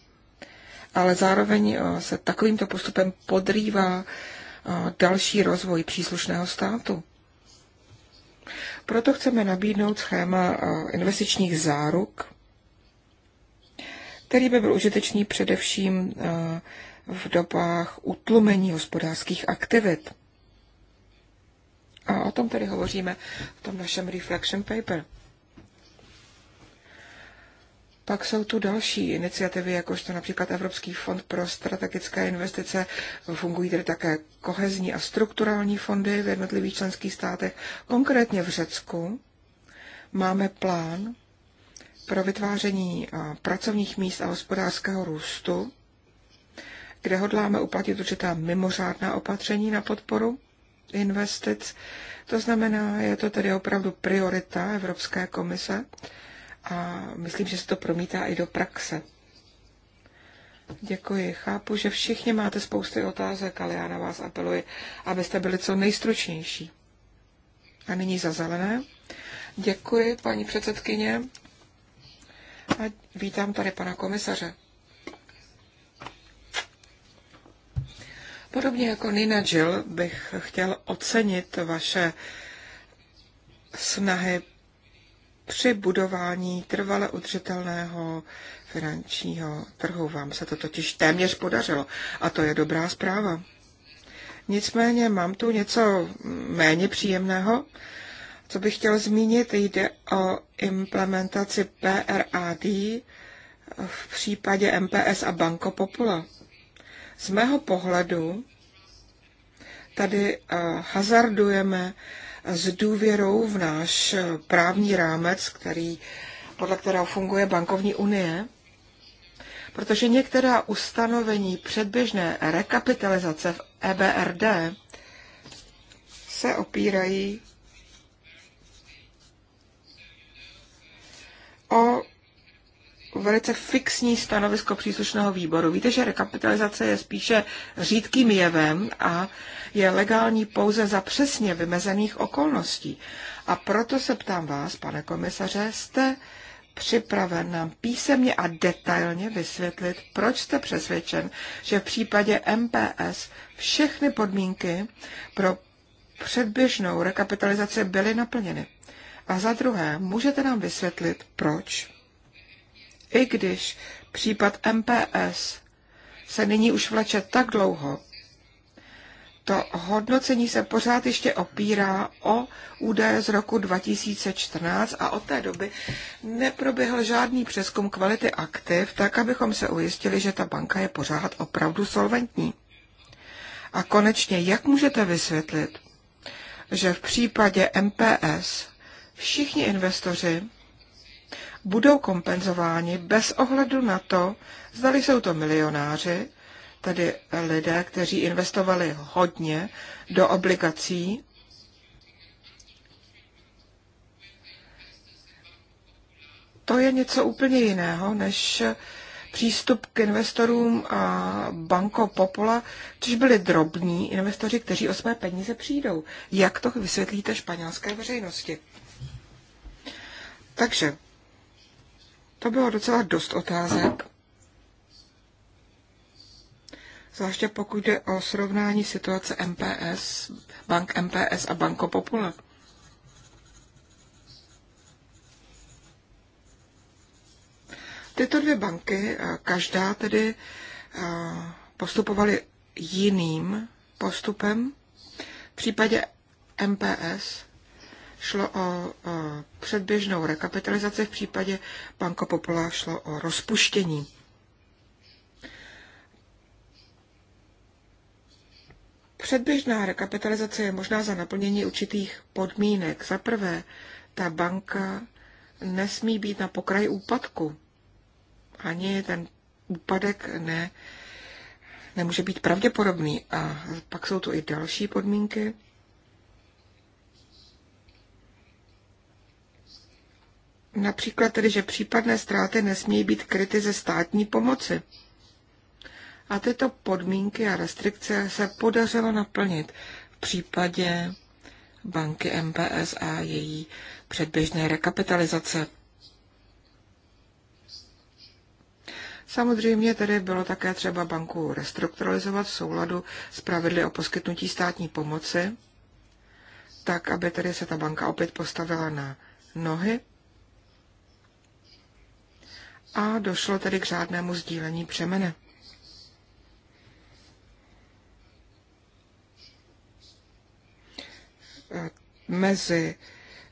ale zároveň eh, se takovýmto postupem podrývá eh, další rozvoj příslušného státu. Proto chceme nabídnout schéma eh, investičních záruk, který by byl užitečný především v dobách utlumení hospodářských aktivit. A o tom tedy hovoříme v tom našem reflection paper. Pak jsou tu další iniciativy, jakožto například Evropský fond pro strategické investice. Fungují tedy také kohezní a strukturální fondy v jednotlivých členských státech. Konkrétně v Řecku máme plán pro vytváření pracovních míst a hospodářského růstu, kde hodláme uplatit určitá mimořádná opatření na podporu investic. To znamená, je to tedy opravdu priorita Evropské komise a myslím, že se to promítá i do praxe. Děkuji. Chápu, že všichni máte spousty otázek, ale já na vás apeluji, abyste byli co nejstručnější. A nyní za zelené. Děkuji, paní předsedkyně. A vítám tady pana komisaře. Podobně jako Nina Jill bych chtěl ocenit vaše snahy při budování trvale udržitelného finančního trhu. Vám se to totiž téměř podařilo a to je dobrá zpráva. Nicméně mám tu něco méně příjemného, co bych chtěl zmínit, jde o implementaci PRAD v případě MPS a Banco Popula. Z mého pohledu tady eh, hazardujeme s důvěrou v náš eh, právní rámec, který, podle kterého funguje bankovní unie, protože některá ustanovení předběžné rekapitalizace v EBRD se opírají o velice fixní stanovisko příslušného výboru. Víte, že rekapitalizace je spíše řídkým jevem a je legální pouze za přesně vymezených okolností. A proto se ptám vás, pane komisaře, jste připraven nám písemně a detailně vysvětlit, proč jste přesvědčen, že v případě MPS všechny podmínky pro předběžnou rekapitalizaci byly naplněny. A za druhé, můžete nám vysvětlit, proč i když případ MPS se nyní už vleče tak dlouho, to hodnocení se pořád ještě opírá o údaje z roku 2014 a od té doby neproběhl žádný přeskum kvality aktiv, tak abychom se ujistili, že ta banka je pořád opravdu solventní. A konečně, jak můžete vysvětlit, že v případě MPS všichni investoři budou kompenzováni bez ohledu na to, zdali jsou to milionáři, tedy lidé, kteří investovali hodně do obligací, to je něco úplně jiného než přístup k investorům a banko Popola, což byli drobní investoři, kteří o své peníze přijdou. Jak to vysvětlíte španělské veřejnosti? Takže to bylo docela dost otázek. Zvláště pokud jde o srovnání situace MPS, bank MPS a banko Popula. Tyto dvě banky, eh, každá tedy eh, postupovaly jiným postupem. V případě MPS šlo o předběžnou rekapitalizaci, v případě Banko Popola šlo o rozpuštění. Předběžná rekapitalizace je možná za naplnění určitých podmínek. Za prvé, ta banka nesmí být na pokraji úpadku. Ani ten úpadek ne, nemůže být pravděpodobný. A pak jsou tu i další podmínky. Například tedy, že případné ztráty nesmějí být kryty ze státní pomoci. A tyto podmínky a restrikce se podařilo naplnit v případě banky MPS a její předběžné rekapitalizace. Samozřejmě tedy bylo také třeba banku restrukturalizovat v souladu s pravidly o poskytnutí státní pomoci, tak aby tedy se ta banka opět postavila na nohy a došlo tedy k řádnému sdílení přemene. E, mezi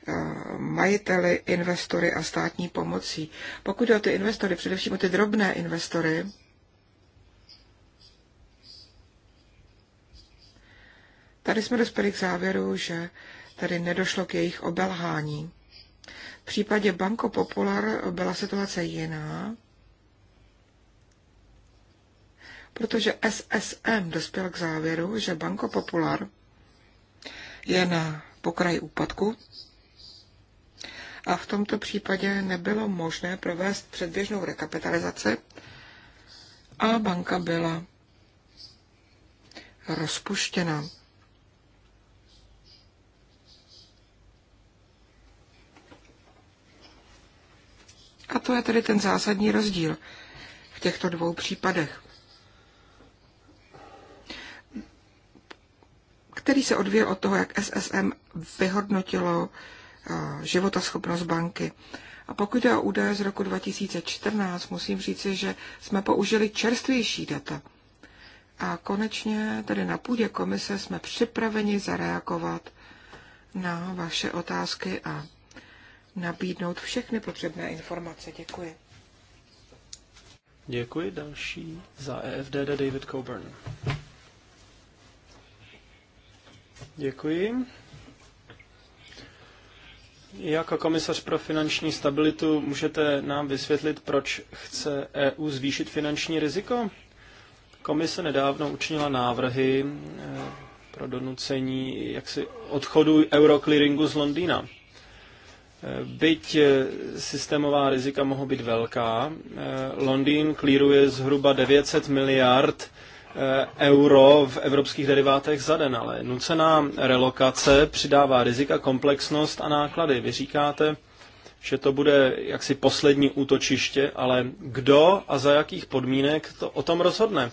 e, majiteli, investory a státní pomocí. Pokud jde o ty investory, především o ty drobné investory, tady jsme dospěli k závěru, že tady nedošlo k jejich obelhání případě Banco Popular byla situace jiná, protože SSM dospěl k závěru, že Banco Popular je na pokraji úpadku a v tomto případě nebylo možné provést předběžnou rekapitalizaci a banka byla rozpuštěna. A to je tedy ten zásadní rozdíl v těchto dvou případech, který se odvíjel od toho, jak SSM vyhodnotilo eh, životaschopnost banky. A pokud je o údaje z roku 2014, musím říci, že jsme použili čerstvější data. A konečně tedy na půdě komise jsme připraveni zareagovat na vaše otázky a nabídnout všechny potřebné informace. Děkuji. Děkuji. Další za EFDD David Coburn. Děkuji. Jako komisař pro finanční stabilitu můžete nám vysvětlit, proč chce EU zvýšit finanční riziko? Komise nedávno učinila návrhy eh, pro donucení jaksi odchodu euroclearingu z Londýna. Byť eh, systémová rizika mohou být velká, eh, Londýn klíruje zhruba 900 miliard eh, euro v evropských derivátech za den, ale nucená relokace přidává rizika, komplexnost a náklady. Vy říkáte, že to bude jaksi poslední útočiště, ale kdo a za jakých podmínek to o tom rozhodne?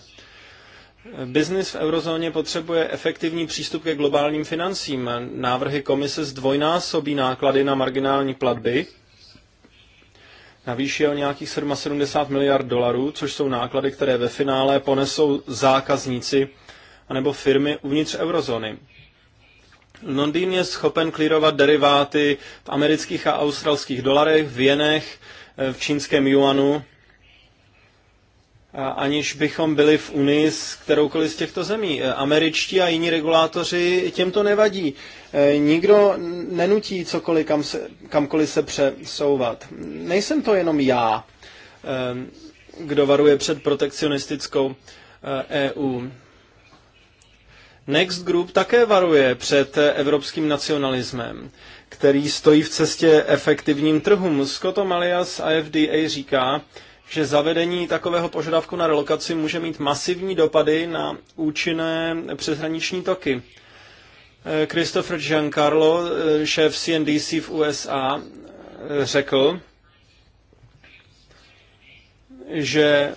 Biznis v eurozóně potřebuje efektivní přístup ke globálním financím. Návrhy komise zdvojnásobí náklady na marginální platby, navýší o nějakých 77 miliard dolarů, což jsou náklady, které ve finále ponesou zákazníci anebo firmy uvnitř eurozóny. Londýn je schopen klírovat deriváty v amerických a australských dolarech, v jenech, v čínském juanu aniž bychom byli v Unii s kteroukoliv z těchto zemí. E, američtí a jiní regulátoři těm to nevadí. E, nikdo nenutí cokoliv, kam se, kamkoliv se přesouvat. Nejsem to jenom já, e, kdo varuje před protekcionistickou EU. Next Group také varuje před evropským nacionalismem, který stojí v cestě efektivním trhům. Scott Malias a FDA říká, že zavedení takového požadavku na relokaci může mít masivní dopady na účinné přeshraniční toky. Eh, Christopher Giancarlo, eh, šéf CNDC v USA, eh, řekl, že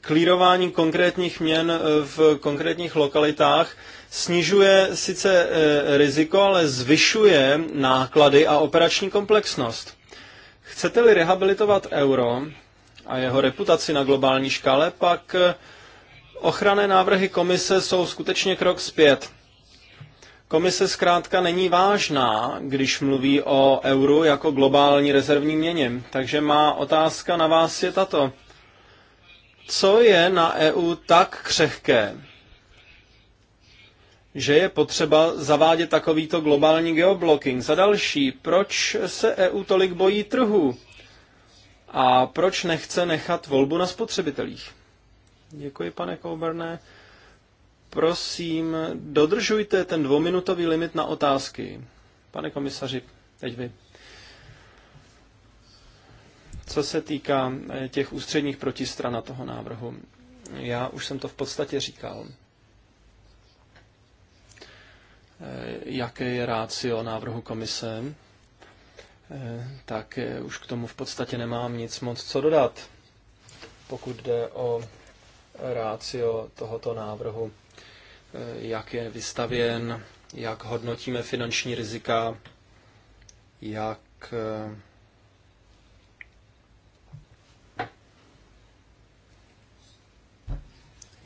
klírování konkrétních měn v konkrétních lokalitách snižuje sice riziko, ale zvyšuje náklady a operační komplexnost. Chcete-li rehabilitovat euro a jeho reputaci na globální škále, pak eh, ochranné návrhy komise jsou skutečně krok zpět. Komise zkrátka není vážná, když mluví o euru jako globální rezervní měně. Takže má otázka na vás je tato. Co je na EU tak křehké, že je potřeba zavádět takovýto globální geoblocking. Za další, proč se EU tolik bojí trhu? A proč nechce nechat volbu na spotřebitelích? Děkuji, pane Kouberné. Prosím, dodržujte ten dvouminutový limit na otázky. Pane komisaři, teď vy. Co se týká eh, těch ústředních protistran na toho návrhu, já už jsem to v podstatě říkal. Eh, jaké je rácio návrhu komise, eh, tak eh, už k tomu v podstatě nemám nic moc co dodat, pokud jde o rácio tohoto návrhu, jak je vystavěn, jak hodnotíme finanční rizika, jak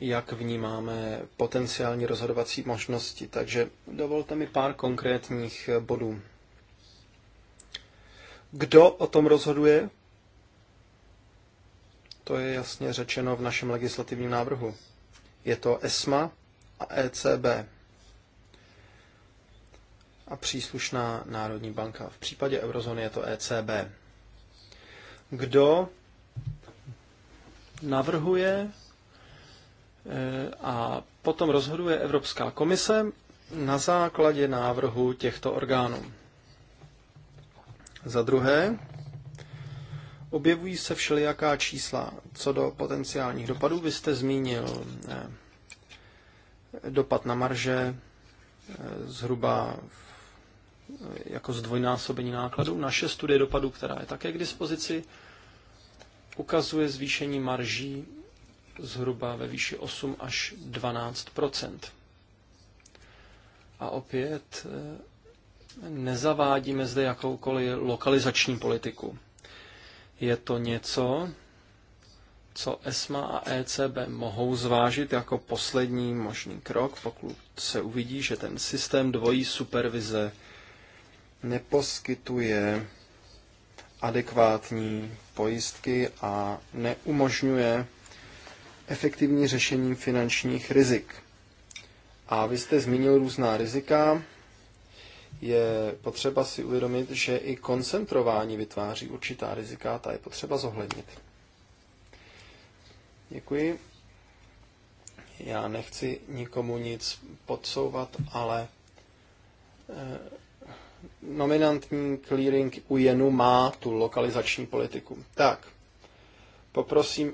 jak vnímáme potenciální rozhodovací možnosti. Takže dovolte mi pár konkrétních bodů. Kdo o tom rozhoduje? To je jasně řečeno v našem legislativním návrhu. Je to ESMA a ECB a příslušná národní banka. V případě eurozóny je to ECB. Kdo navrhuje Eh, a potom rozhoduje Evropská komise na základě návrhu těchto orgánů. Za druhé, objevují se všelijaká čísla co do potenciálních dopadů. Vy jste zmínil eh, dopad na marže eh, zhruba jako zdvojnásobení nákladů. Naše studie dopadů, která je také k dispozici, ukazuje zvýšení marží zhruba ve výši 8 až 12 A opět eh, nezavádíme zde jakoukoliv lokalizační politiku. Je to něco, co ESMA a ECB mohou zvážit jako poslední možný krok, pokud se uvidí, že ten systém dvojí supervize neposkytuje adekvátní pojistky a neumožňuje efektivní řešení finančních rizik. A vy jste zmínil různá rizika. Je potřeba si uvědomit, že i koncentrování vytváří určitá rizika, ta je potřeba zohlednit. Děkuji. Já nechci nikomu nic podsouvat, ale eh, nominantní clearing u jenu má tu lokalizační politiku. Tak, poprosím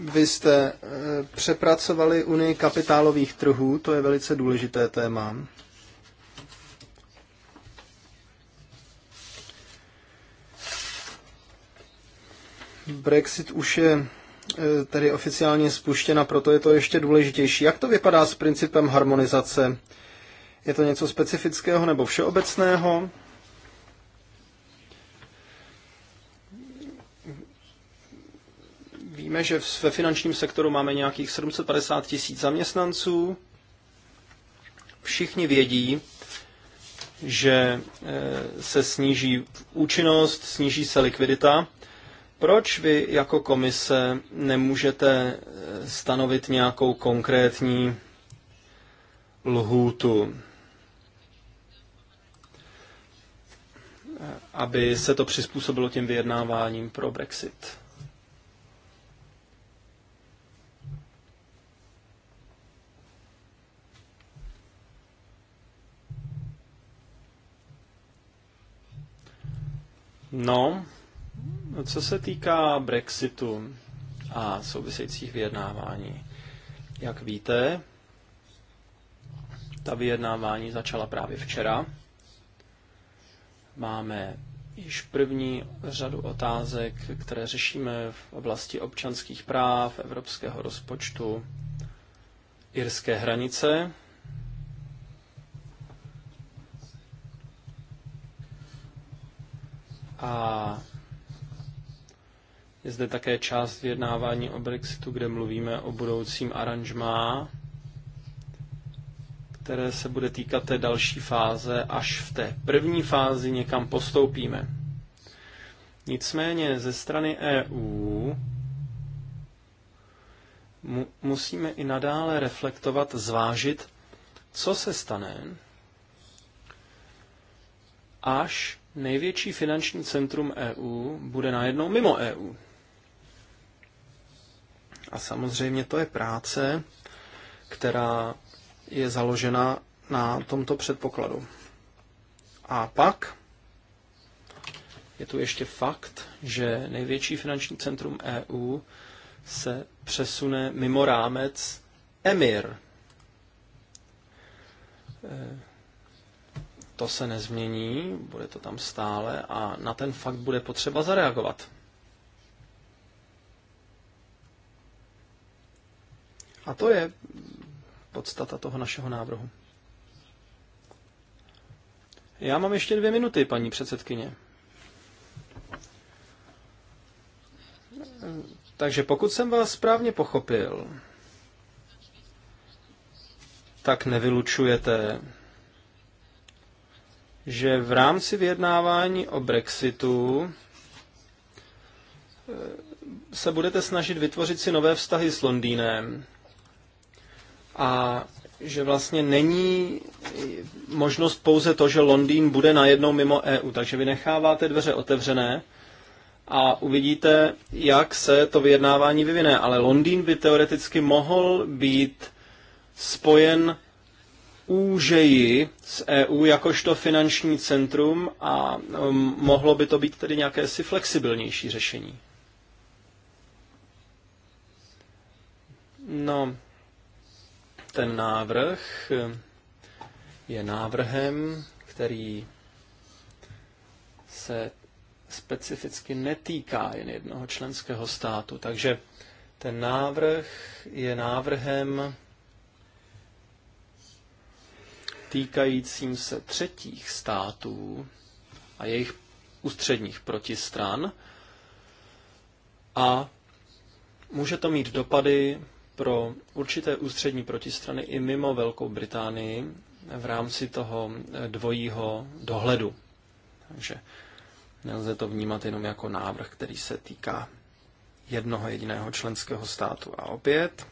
Vy jste eh, přepracovali Unii kapitálových trhů, to je velice důležité téma. Brexit už je eh, tedy oficiálně spuštěna, proto je to ještě důležitější. Jak to vypadá s principem harmonizace? Je to něco specifického nebo všeobecného? Víme, že ve finančním sektoru máme nějakých 750 tisíc zaměstnanců. Všichni vědí, že e, se sníží účinnost, sníží se likvidita. Proč vy jako komise nemůžete e, stanovit nějakou konkrétní lhůtu, e, aby se to přizpůsobilo těm vyjednáváním pro Brexit? No, co se týká Brexitu a souvisejících vyjednávání, jak víte, ta vyjednávání začala právě včera. Máme již první řadu otázek, které řešíme v oblasti občanských práv, evropského rozpočtu, irské hranice, A je zde také část vyjednávání o Brexitu, kde mluvíme o budoucím aranžmá, které se bude týkat té další fáze, až v té první fázi někam postoupíme. Nicméně ze strany EU mu, musíme i nadále reflektovat, zvážit, co se stane, až Největší finanční centrum EU bude najednou mimo EU. A samozřejmě to je práce, která je založena na tomto předpokladu. A pak je tu ještě fakt, že největší finanční centrum EU se přesune mimo rámec EMIR to se nezmění, bude to tam stále a na ten fakt bude potřeba zareagovat. A to je podstata toho našeho návrhu. Já mám ještě dvě minuty, paní předsedkyně. Takže pokud jsem vás správně pochopil, tak nevylučujete že v rámci vyjednávání o Brexitu eh, se budete snažit vytvořit si nové vztahy s Londýnem a že vlastně není možnost pouze to, že Londýn bude najednou mimo EU, takže vy necháváte dveře otevřené a uvidíte, jak se to vyjednávání vyvine. Ale Londýn by teoreticky mohl být spojen úžeji z EU jakožto finanční centrum a um, mohlo by to být tedy nějaké si flexibilnější řešení. No, ten návrh um, je návrhem, který se specificky netýká jen jednoho členského státu. Takže ten návrh je návrhem, týkajícím se třetích států a jejich ústředních protistran a může to mít dopady pro určité ústřední protistrany i mimo Velkou Británii v rámci toho eh, dvojího dohledu. Takže nelze to vnímat jenom jako návrh, který se týká jednoho jediného členského státu. A opět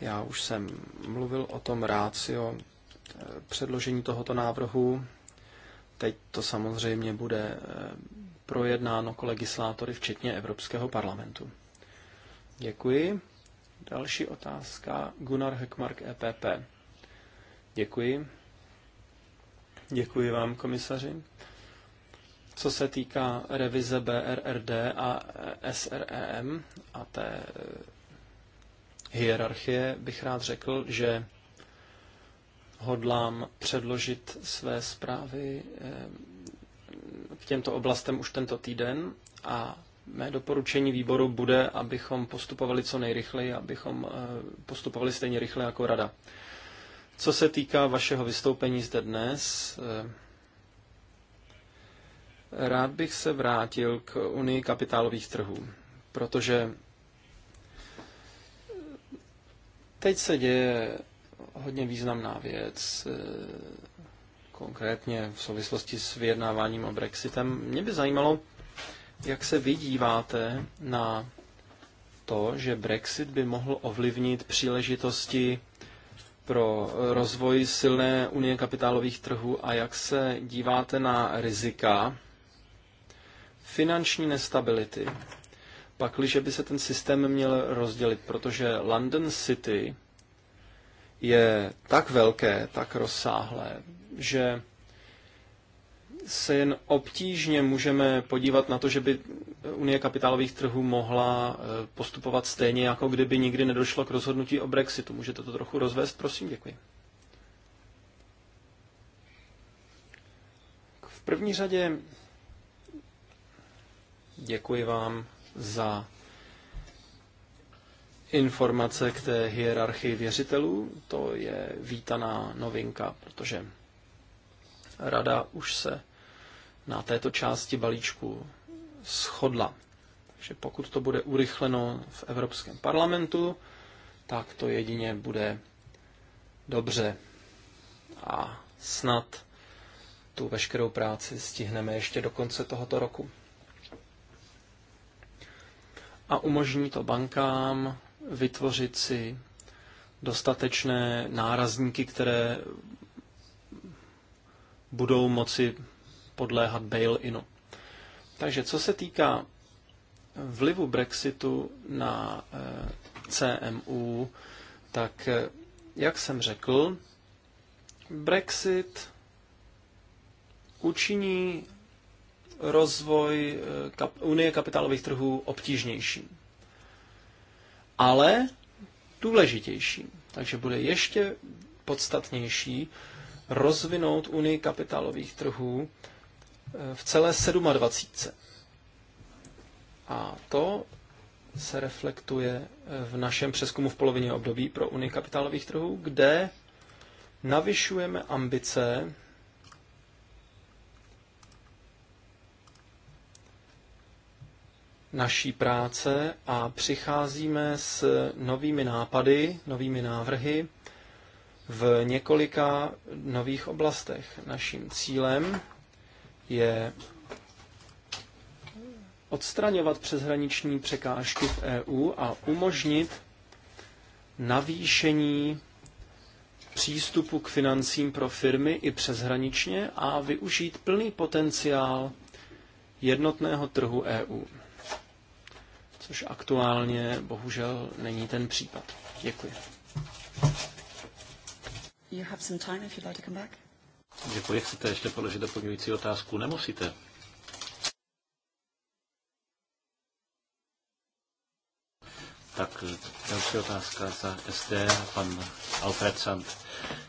já už jsem mluvil o tom rácio eh, předložení tohoto návrhu. Teď to samozřejmě bude eh, projednáno legislátory, včetně Evropského parlamentu. Děkuji. Další otázka. Gunnar Heckmark, EPP. Děkuji. Děkuji vám, komisaři. Co se týká revize BRRD a SREM a té eh, hierarchie bych rád řekl, že hodlám předložit své zprávy eh, k těmto oblastem už tento týden a mé doporučení výboru bude, abychom postupovali co nejrychleji, abychom eh, postupovali stejně rychle jako rada. Co se týká vašeho vystoupení zde dnes, eh, rád bych se vrátil k Unii kapitálových trhů, protože Teď se děje hodně významná věc, eh, konkrétně v souvislosti s vyjednáváním o Brexitem. Mě by zajímalo, jak se vy díváte na to, že Brexit by mohl ovlivnit příležitosti pro rozvoj silné unie kapitálových trhů a jak se díváte na rizika finanční nestability pakliže by se ten systém měl rozdělit, protože London City je tak velké, tak rozsáhlé, že se jen obtížně můžeme podívat na to, že by Unie kapitálových trhů mohla eh, postupovat stejně, jako kdyby nikdy nedošlo k rozhodnutí o Brexitu. Můžete to trochu rozvést, prosím? Děkuji. V první řadě děkuji vám za informace k té hierarchii věřitelů. To je vítaná novinka, protože rada už se na této části balíčku shodla. Takže pokud to bude urychleno v Evropském parlamentu, tak to jedině bude dobře. A snad tu veškerou práci stihneme ještě do konce tohoto roku a umožní to bankám vytvořit si dostatečné nárazníky, které budou moci podléhat bail-inu. Takže co se týká vlivu Brexitu na eh, CMU, tak eh, jak jsem řekl, Brexit učiní rozvoj eh, kap, Unie kapitálových trhů obtížnější. Ale důležitější. Takže bude ještě podstatnější rozvinout Unii kapitálových trhů eh, v celé 27. A to se reflektuje eh, v našem přeskumu v polovině období pro Unii kapitálových trhů, kde navyšujeme ambice naší práce a přicházíme s novými nápady, novými návrhy v několika nových oblastech. Naším cílem je odstraňovat přeshraniční překážky v EU a umožnit navýšení přístupu k financím pro firmy i přeshraničně a využít plný potenciál jednotného trhu EU což aktuálně bohužel není ten případ. Děkuji. You have some time if you'd like to come back. Děkuji, chcete ještě položit doplňující otázku? Nemusíte. Tak další otázka za SD, pan Alfred Sand.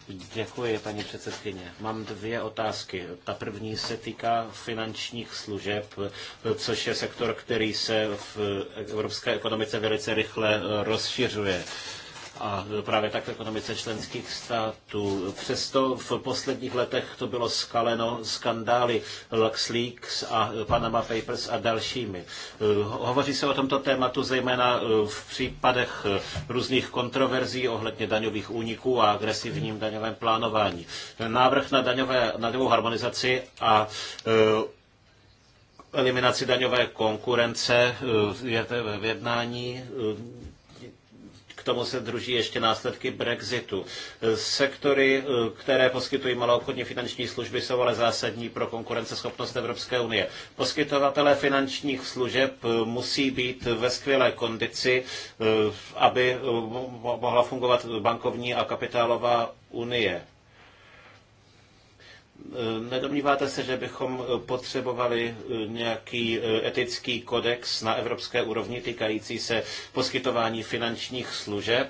Děkuji, paní předsedkyně. Mám dvě otázky. Ta první se týká finančních služeb, což je sektor, který se v evropské ekonomice velice rychle rozšiřuje a právě tak v ekonomice členských států. Přesto v posledních letech to bylo skaleno skandály LuxLeaks a Panama Papers a dalšími. Hovoří se o tomto tématu zejména v případech různých kontroverzí ohledně daňových úniků a agresivním daňovém plánování. Návrh na, daňové, na daňovou harmonizaci a eh, eliminaci daňové konkurence eh, je v jednání eh, tomu se druží ještě následky Brexitu. Sektory, které poskytují maloobchodní finanční služby, jsou ale zásadní pro konkurenceschopnost Evropské unie. Poskytovatelé finančních služeb musí být ve skvělé kondici, aby mohla fungovat bankovní a kapitálová unie. Nedomníváte se, že bychom eh, potřebovali eh, nějaký eh, etický kodex na evropské úrovni týkající se poskytování finančních služeb?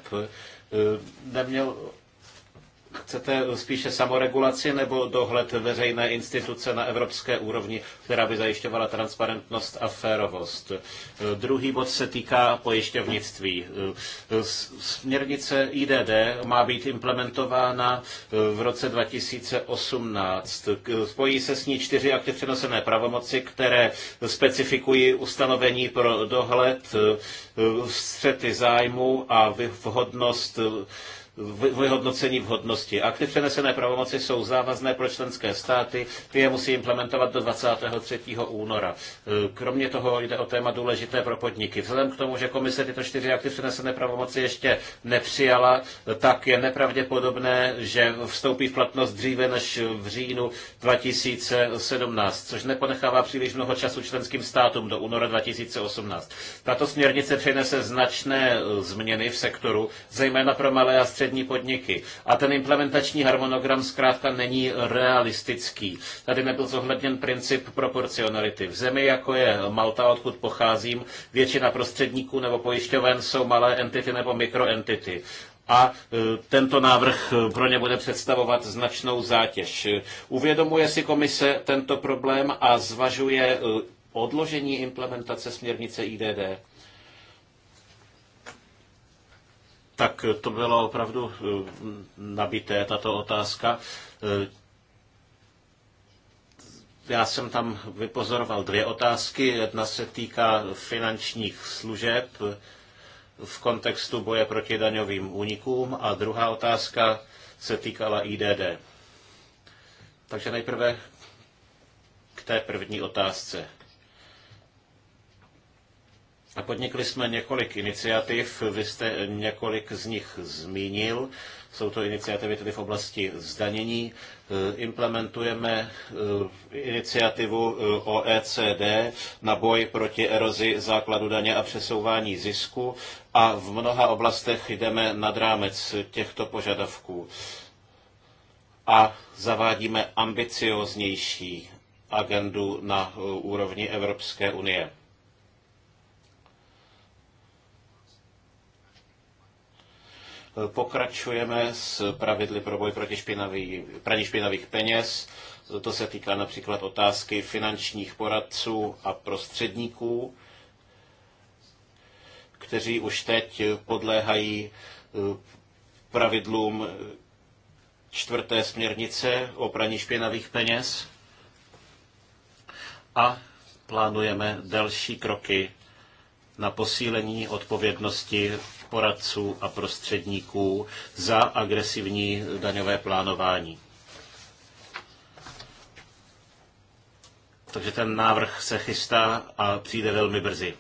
Neměl, Chcete spíše samoregulaci nebo dohled veřejné instituce na evropské úrovni, která by zajišťovala transparentnost a férovost? Druhý bod se týká pojišťovnictví. Směrnice IDD má být implementována v roce 2018. Spojí se s ní čtyři akty přenosené pravomoci, které specifikují ustanovení pro dohled, střety zájmu a vhodnost vyhodnocení vhodnosti. Akty přenesené pravomoci jsou závazné pro členské státy, ty je musí implementovat do 23. února. E, kromě toho jde o téma důležité pro podniky. Vzhledem k tomu, že komise tyto čtyři akty přenesené pravomoci ještě nepřijala, tak je nepravděpodobné, že vstoupí v platnost dříve než v říjnu 2017, což neponechává příliš mnoho času členským státům do února 2018. Tato směrnice přinese značné e, změny v sektoru, zejména pro malé a střední střední podniky. A ten implementační harmonogram zkrátka není realistický. Tady nebyl zohledněn princip proporcionality. V zemi, jako je Malta, odkud pocházím, většina prostředníků nebo pojišťoven jsou malé entity nebo mikroentity a e, tento návrh e, pro ně bude představovat značnou zátěž. Uvědomuje si komise tento problém a zvažuje e, odložení implementace směrnice IDD? Tak to bylo opravdu eh, nabité, tato otázka. Eh, já jsem tam vypozoroval dvě otázky. Jedna se týká finančních služeb eh, v kontextu boje proti daňovým únikům a druhá otázka se týkala IDD. Takže nejprve k té první otázce. Podnikli jsme několik iniciativ, vy jste několik z nich zmínil. Jsou to iniciativy tedy v oblasti zdanění. Eh, implementujeme eh, iniciativu eh, OECD na boj proti erozi základu daně a přesouvání zisku a v mnoha oblastech jdeme nad rámec těchto požadavků a zavádíme ambicioznější agendu na úrovni Evropské unie. Pokračujeme s pravidly pro boj proti špinavý, praní špinavých peněz. To se týká například otázky finančních poradců a prostředníků, kteří už teď podléhají eh, pravidlům čtvrté směrnice o praní špinavých peněz a plánujeme další kroky na posílení odpovědnosti poradců a prostředníků za agresivní daňové plánování. Takže ten návrh se chystá a přijde velmi brzy.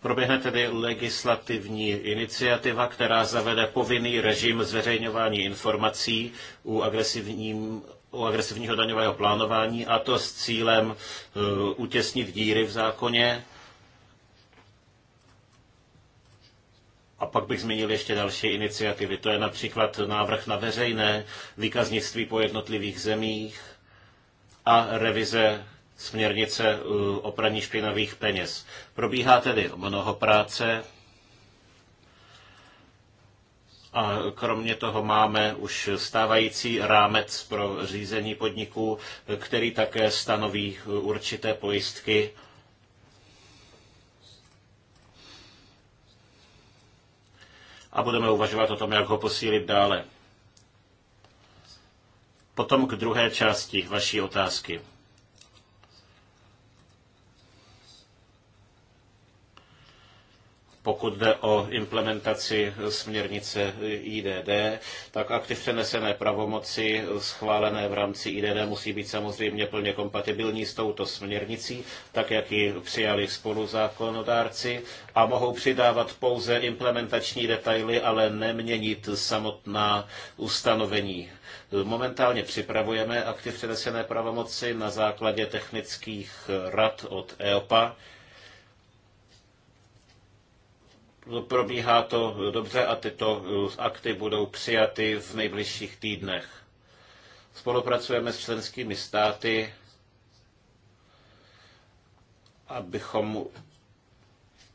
Proběhne tedy legislativní iniciativa, která zavede povinný režim zveřejňování informací u agresivním o agresivního daňového plánování a to s cílem e, utěsnit díry v zákoně. A pak bych zmínil ještě další iniciativy. To je například návrh na veřejné výkaznictví po jednotlivých zemích a revize směrnice e, o praní špinavých peněz. Probíhá tedy mnoho práce a kromě toho máme už stávající rámec pro řízení podniků, který také stanoví určité pojistky. A budeme uvažovat o tom, jak ho posílit dále. Potom k druhé části vaší otázky. pokud jde o implementaci směrnice IDD, tak akty přenesené pravomoci schválené v rámci IDD musí být samozřejmě plně kompatibilní s touto směrnicí, tak jak ji přijali spoluzákonodárci a mohou přidávat pouze implementační detaily, ale neměnit samotná ustanovení. Momentálně připravujeme akty přenesené pravomoci na základě technických rad od EOPA, Probíhá to dobře a tyto akty budou přijaty v nejbližších týdnech. Spolupracujeme s členskými státy, abychom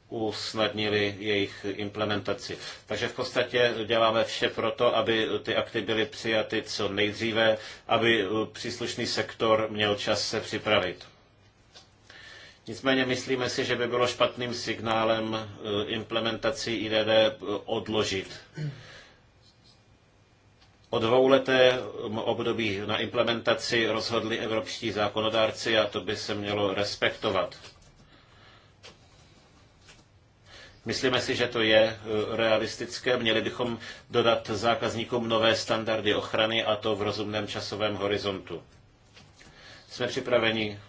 usnadnili jejich implementaci. Takže v podstatě děláme vše pro to, aby ty akty byly přijaty co nejdříve, aby příslušný sektor měl čas se připravit. Nicméně myslíme si, že by bylo špatným signálem eh, implementaci IDD eh, odložit. O dvouleté období na implementaci rozhodli evropští zákonodárci a to by se mělo respektovat. Myslíme si, že to je eh, realistické. Měli bychom dodat zákazníkům nové standardy ochrany a to v rozumném časovém horizontu. Jsme připraveni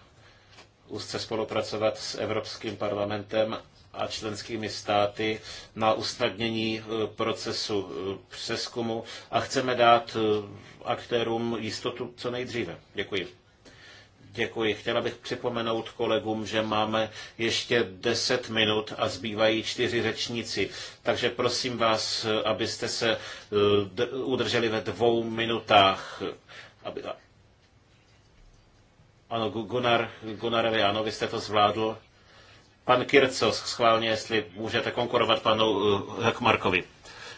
úzce spolupracovat s Evropským parlamentem a členskými státy na usnadnění e, procesu e, přeskumu a chceme dát e, aktérům jistotu co nejdříve. Děkuji. Děkuji. Chtěla bych připomenout kolegům, že máme ještě 10 minut a zbývají čtyři řečníci. Takže prosím vás, abyste se udrželi ve dvou minutách, aby, ano, Gunnar, Gunnarovi, ano, vy jste to zvládl. Pan Kircos, schválně, jestli můžete konkurovat panu Hekmarkovi.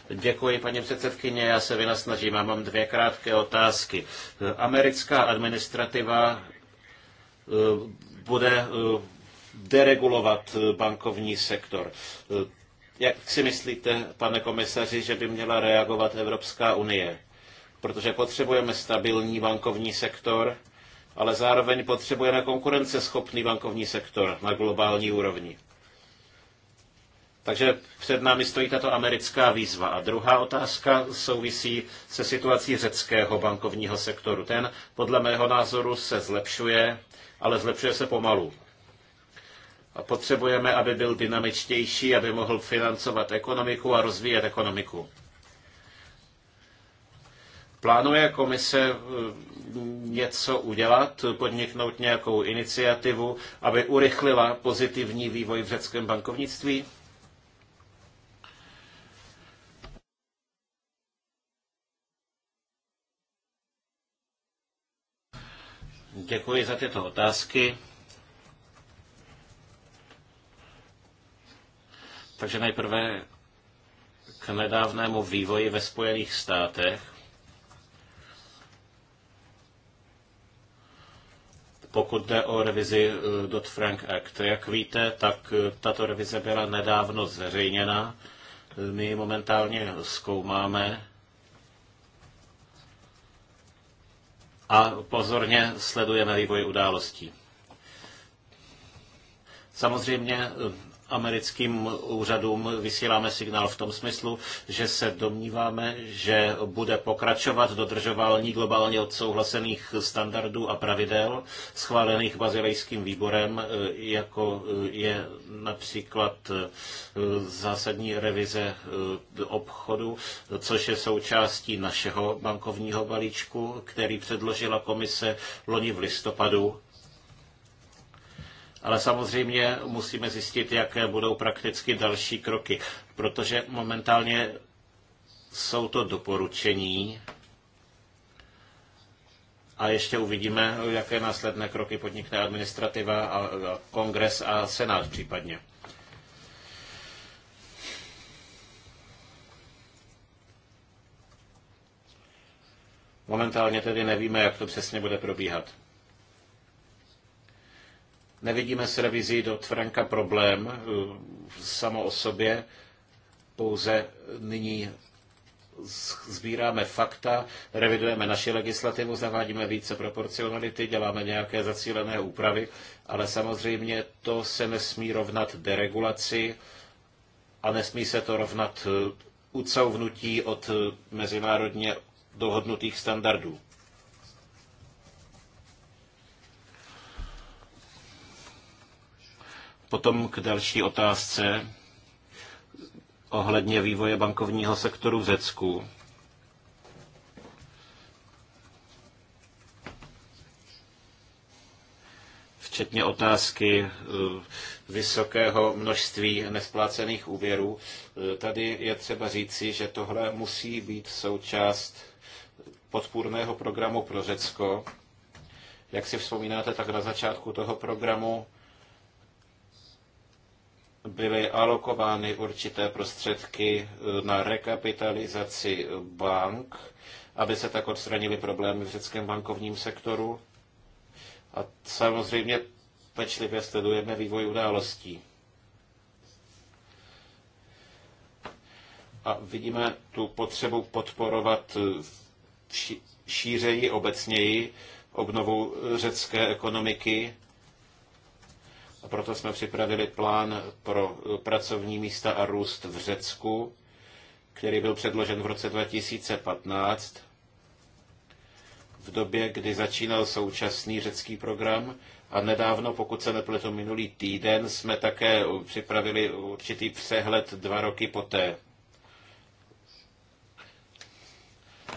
Eh, Děkuji, paní předsedkyně, já se vynasnažím. Já mám dvě krátké otázky. Eh, americká administrativa eh, bude deregulovat bankovní sektor. Jak si myslíte, pane komisaři, že by měla reagovat Evropská unie? Protože potřebujeme stabilní bankovní sektor, ale zároveň potřebujeme konkurenceschopný bankovní sektor na globální úrovni. Takže před námi stojí tato americká výzva. A druhá otázka souvisí se situací řeckého bankovního sektoru. Ten podle mého názoru se zlepšuje, ale zlepšuje se pomalu. A potřebujeme, aby byl dynamičtější, aby mohl financovat ekonomiku a rozvíjet ekonomiku. Plánuje komise eh, něco udělat, podniknout nějakou iniciativu, aby urychlila pozitivní vývoj v řeckém bankovnictví? Děkuji za tyto otázky. Takže nejprve k nedávnému vývoji ve Spojených státech. Pokud jde o revizi eh, Dodd-Frank Act, jak víte, tak eh, tato revize byla nedávno zveřejněna. Eh, My ji momentálně zkoumáme a pozorně sledujeme vývoj událostí. Samozřejmě americkým úřadům vysíláme signál v tom smyslu, že se domníváme, že bude pokračovat dodržování globálně odsouhlasených standardů a pravidel schválených bazilejským výborem, e, jako e, je například e, zásadní revize obchodu, což je součástí našeho bankovního balíčku, který předložila komise loni v listopadu ale samozřejmě musíme zjistit, jaké budou prakticky další kroky, protože momentálně jsou to doporučení a ještě uvidíme, jaké následné kroky podnikne administrativa a kongres a senát případně. Momentálně tedy nevíme, jak to přesně bude probíhat. Nevidíme s revizí do Franka problém eh, samo o sobě, pouze nyní sbíráme fakta, revidujeme naši legislativu, zavádíme více proporcionality, děláme nějaké zacílené úpravy, ale samozřejmě to se nesmí rovnat deregulaci a nesmí se to rovnat eh, ucouvnutí od eh, mezinárodně dohodnutých standardů. Potom k další otázce ohledně vývoje bankovního sektoru v Řecku. Včetně otázky eh, vysokého množství nesplácených úvěrů. Eh, tady je třeba říci, že tohle musí být součást podpůrného programu pro Řecko. Jak si vzpomínáte, tak na začátku toho programu byly alokovány určité prostředky e, na rekapitalizaci bank, aby se tak odstranili problémy v řeckém bankovním sektoru. A samozřejmě pečlivě sledujeme vývoj událostí. A vidíme tu potřebu podporovat e, šířeji, obecněji obnovu řecké ekonomiky a proto jsme připravili plán pro eh, pracovní místa a růst v Řecku, který byl předložen v roce 2015, v době, kdy začínal současný řecký program. A nedávno, pokud se nepletu minulý týden, jsme také připravili určitý přehled dva roky poté.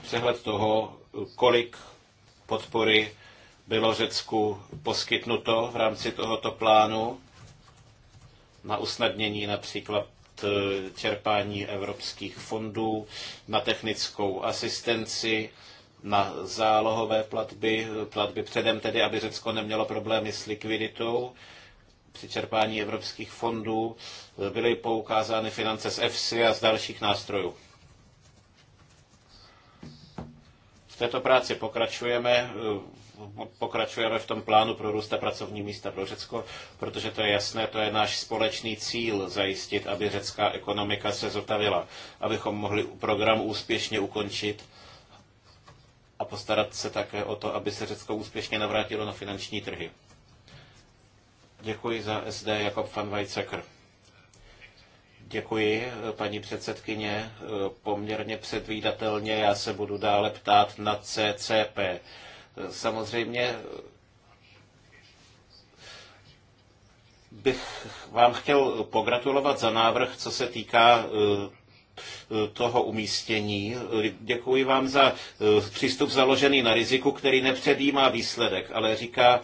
Přehled toho, kolik podpory bylo Řecku poskytnuto v rámci tohoto plánu na usnadnění například e, čerpání evropských fondů, na technickou asistenci, na zálohové platby, platby předem tedy, aby Řecko nemělo problémy s likviditou při čerpání evropských fondů, e, byly poukázány finance z EFSI a z dalších nástrojů. V této práci pokračujeme e, pokračujeme v tom plánu pro růst a pracovní místa pro Řecko, protože to je jasné, to je náš společný cíl zajistit, aby řecká ekonomika se zotavila, abychom mohli program úspěšně ukončit a postarat se také o to, aby se Řecko úspěšně navrátilo na finanční trhy. Děkuji za SD Jakob van Weizsäcker. Děkuji, paní předsedkyně. Poměrně předvídatelně já se budu dále ptát na CCP. Samozřejmě bych vám chtěl pogratulovat za návrh, co se týká eh, toho umístění. Děkuji vám za eh, přístup založený na riziku, který nepředjímá výsledek, ale říká,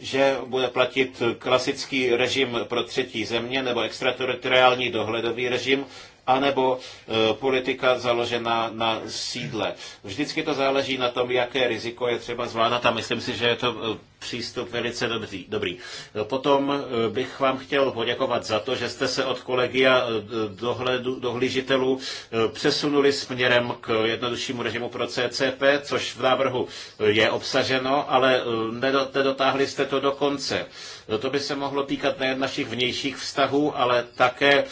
že bude platit klasický režim pro třetí země nebo extrateritoriální dohledový režim anebo eh, politika založená na sídle. Vždycky to záleží na tom, jaké riziko je třeba zvládat a myslím si, že je to eh, přístup velice dobrý. dobrý. Potom eh, bych vám chtěl poděkovat za to, že jste se od kolegia eh, dohledu, dohlížitelů eh, přesunuli směrem k jednoduššímu režimu pro CCP, což v návrhu je obsaženo, ale nedotáhli jste to do konce. To by se mohlo týkat nejen našich vnějších vztahů, ale také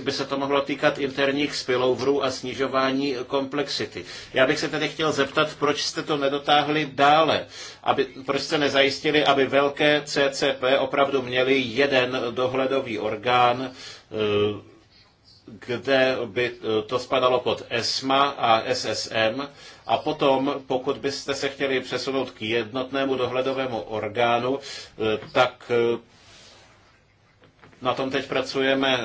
by se to mohlo týkat interních spilloverů a snižování komplexity. Já bych se tedy chtěl zeptat, proč jste to nedotáhli dále, aby, proč jste nezajistili zajistili, aby velké CCP opravdu měly jeden dohledový orgán, eh, kde by eh, to spadalo pod ESMA a SSM. A potom, pokud byste se chtěli přesunout k jednotnému dohledovému orgánu, eh, tak na tom teď pracujeme e,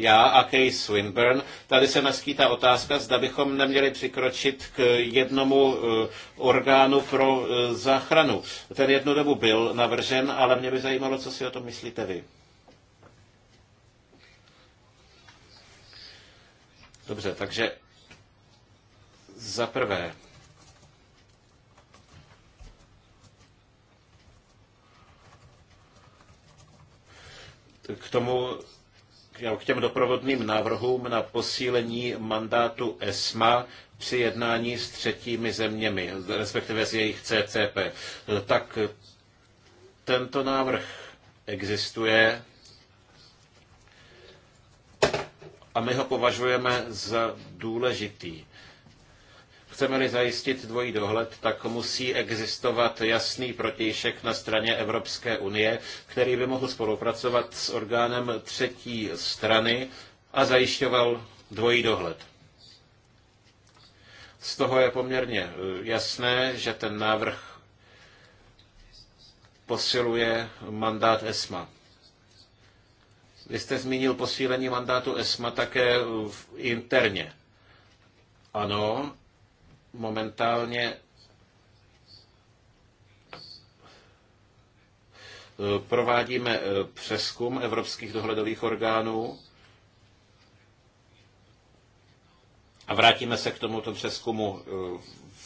já a Kay Swinburne. Tady se naskýtá otázka, zda bychom neměli přikročit k jednomu e, orgánu pro e, záchranu. Ten jednu dobu byl navržen, ale mě by zajímalo, co si o tom myslíte vy. Dobře, takže za prvé, k tomu k těm doprovodným návrhům na posílení mandátu ESMA při jednání s třetími zeměmi, respektive s jejich CCP. Tak tento návrh existuje a my ho považujeme za důležitý. Chceme-li zajistit dvojí dohled, tak musí existovat jasný protějšek na straně Evropské unie, který by mohl spolupracovat s orgánem třetí strany a zajišťoval dvojí dohled. Z toho je poměrně eh, jasné, že ten návrh posiluje mandát ESMA. Vy jste zmínil posílení mandátu ESMA také v interně. Ano, momentálně eh, provádíme eh, přeskum evropských dohledových orgánů a vrátíme se k tomuto přeskumu eh,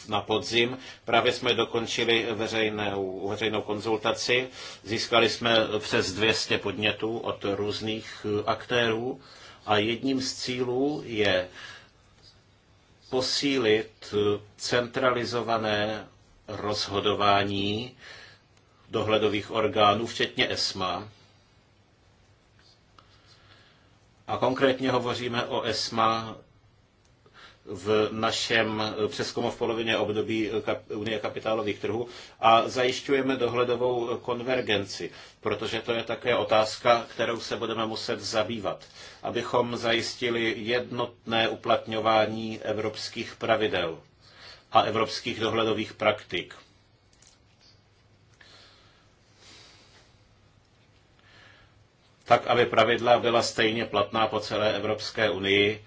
na podzim. Právě jsme dokončili veřejnou, veřejnou konzultaci. Získali jsme přes 200 podnětů od různých aktérů a jedním z cílů je posílit eh, centralizované rozhodování dohledových orgánů, včetně ESMA. A konkrétně hovoříme o ESMA v našem přeskumu v polovině období eh, Unie kapitálových trhů a zajišťujeme dohledovou konvergenci, protože to je také otázka, kterou se budeme muset zabývat, abychom zajistili jednotné uplatňování evropských pravidel a evropských dohledových praktik. tak, aby pravidla byla stejně platná po celé Evropské unii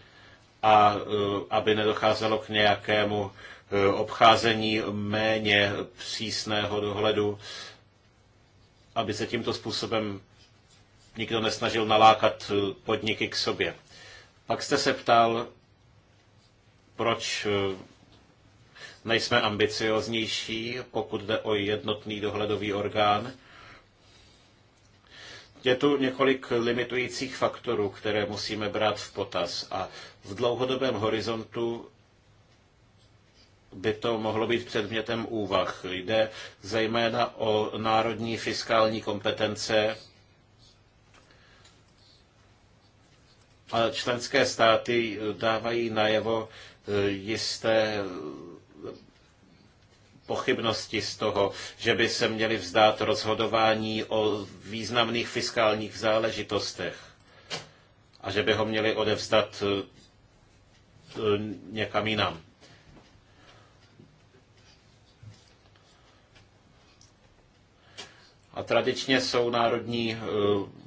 a eh, aby nedocházelo k nějakému eh, obcházení méně přísného dohledu, aby se tímto způsobem nikdo nesnažil nalákat eh, podniky k sobě. Pak jste se ptal, proč nejsme ambicioznější, pokud jde o jednotný dohledový orgán. Je tu několik limitujících faktorů, které musíme brát v potaz a v dlouhodobém horizontu by to mohlo být předmětem úvah. Jde zejména o národní fiskální kompetence a členské státy dávají najevo eh, jisté eh, pochybnosti z toho, že by se měli vzdát rozhodování o významných fiskálních záležitostech a že by ho měli odevzdat eh, Eh, někam jinam. A tradičně jsou národní eh,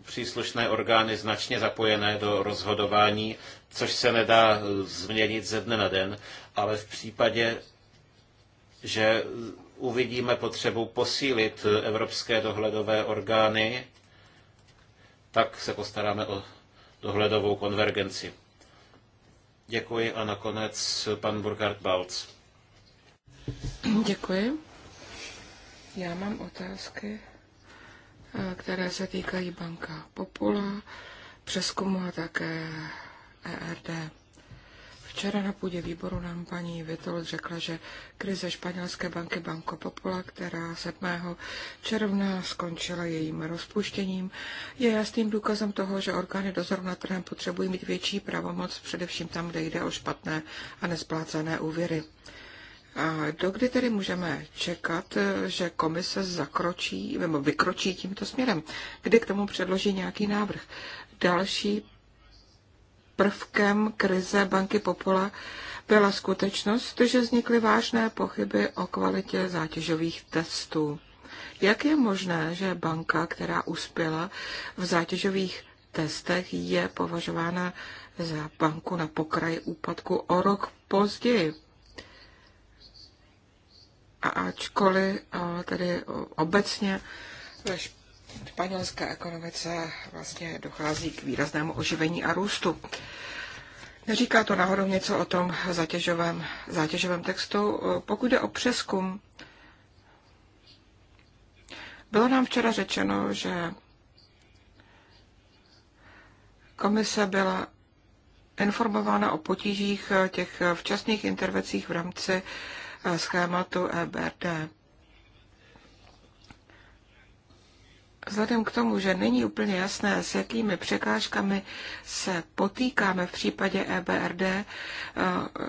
příslušné orgány značně zapojené do rozhodování, což se nedá eh, změnit ze dne na den, ale v případě, že uvidíme potřebu posílit evropské dohledové orgány, tak se postaráme o dohledovou konvergenci. Děkuji a nakonec pan Burkhard Balc. Děkuji. Já mám otázky, eh, které se týkají banka Popula, přeskumu a také ERD. Včera na půdě výboru nám paní Vitol řekla, že krize španělské banky Banco Popula, která 7. června skončila jejím rozpuštěním, je jasným důkazem toho, že orgány dozoru nad trhem potřebují mít větší pravomoc, především tam, kde jde o špatné a nesplácené úvěry. A dokdy tedy můžeme čekat, že komise zakročí nebo vykročí tímto směrem? Kdy k tomu předloží nějaký návrh? Další prvkem krize banky Popola byla skutečnost, že vznikly vážné pochyby o kvalitě zátěžových testů. Jak je možné, že banka, která uspěla v zátěžových testech, je považována za banku na pokraji úpadku o rok později? A ačkoliv eh, tedy obecně španělské ekonomice vlastně dochází k výraznému oživení a růstu. Neříká to náhodou něco o tom zátěžovém, zátěžovém textu. Pokud jde o přeskum, bylo nám včera řečeno, že komise byla informována o potížích těch včasných intervencích v rámci eh, schématu EBRD. Vzhledem k tomu, že není úplně jasné, s jakými překážkami se potýkáme v případě EBRD, eh,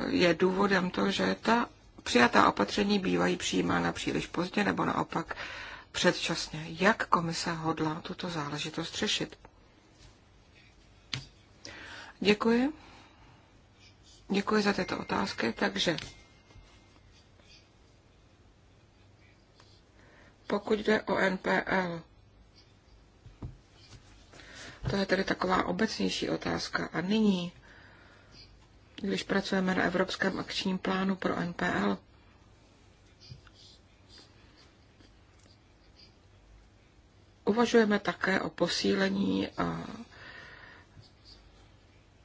je důvodem to, že ta přijatá opatření bývají přijímána příliš pozdě nebo naopak předčasně. Jak komise hodla tuto záležitost řešit? Děkuji. Děkuji za tyto otázky. Takže pokud jde o NPL, to je tedy taková obecnější otázka. A nyní, když pracujeme na Evropském akčním plánu pro NPL, uvažujeme také o posílení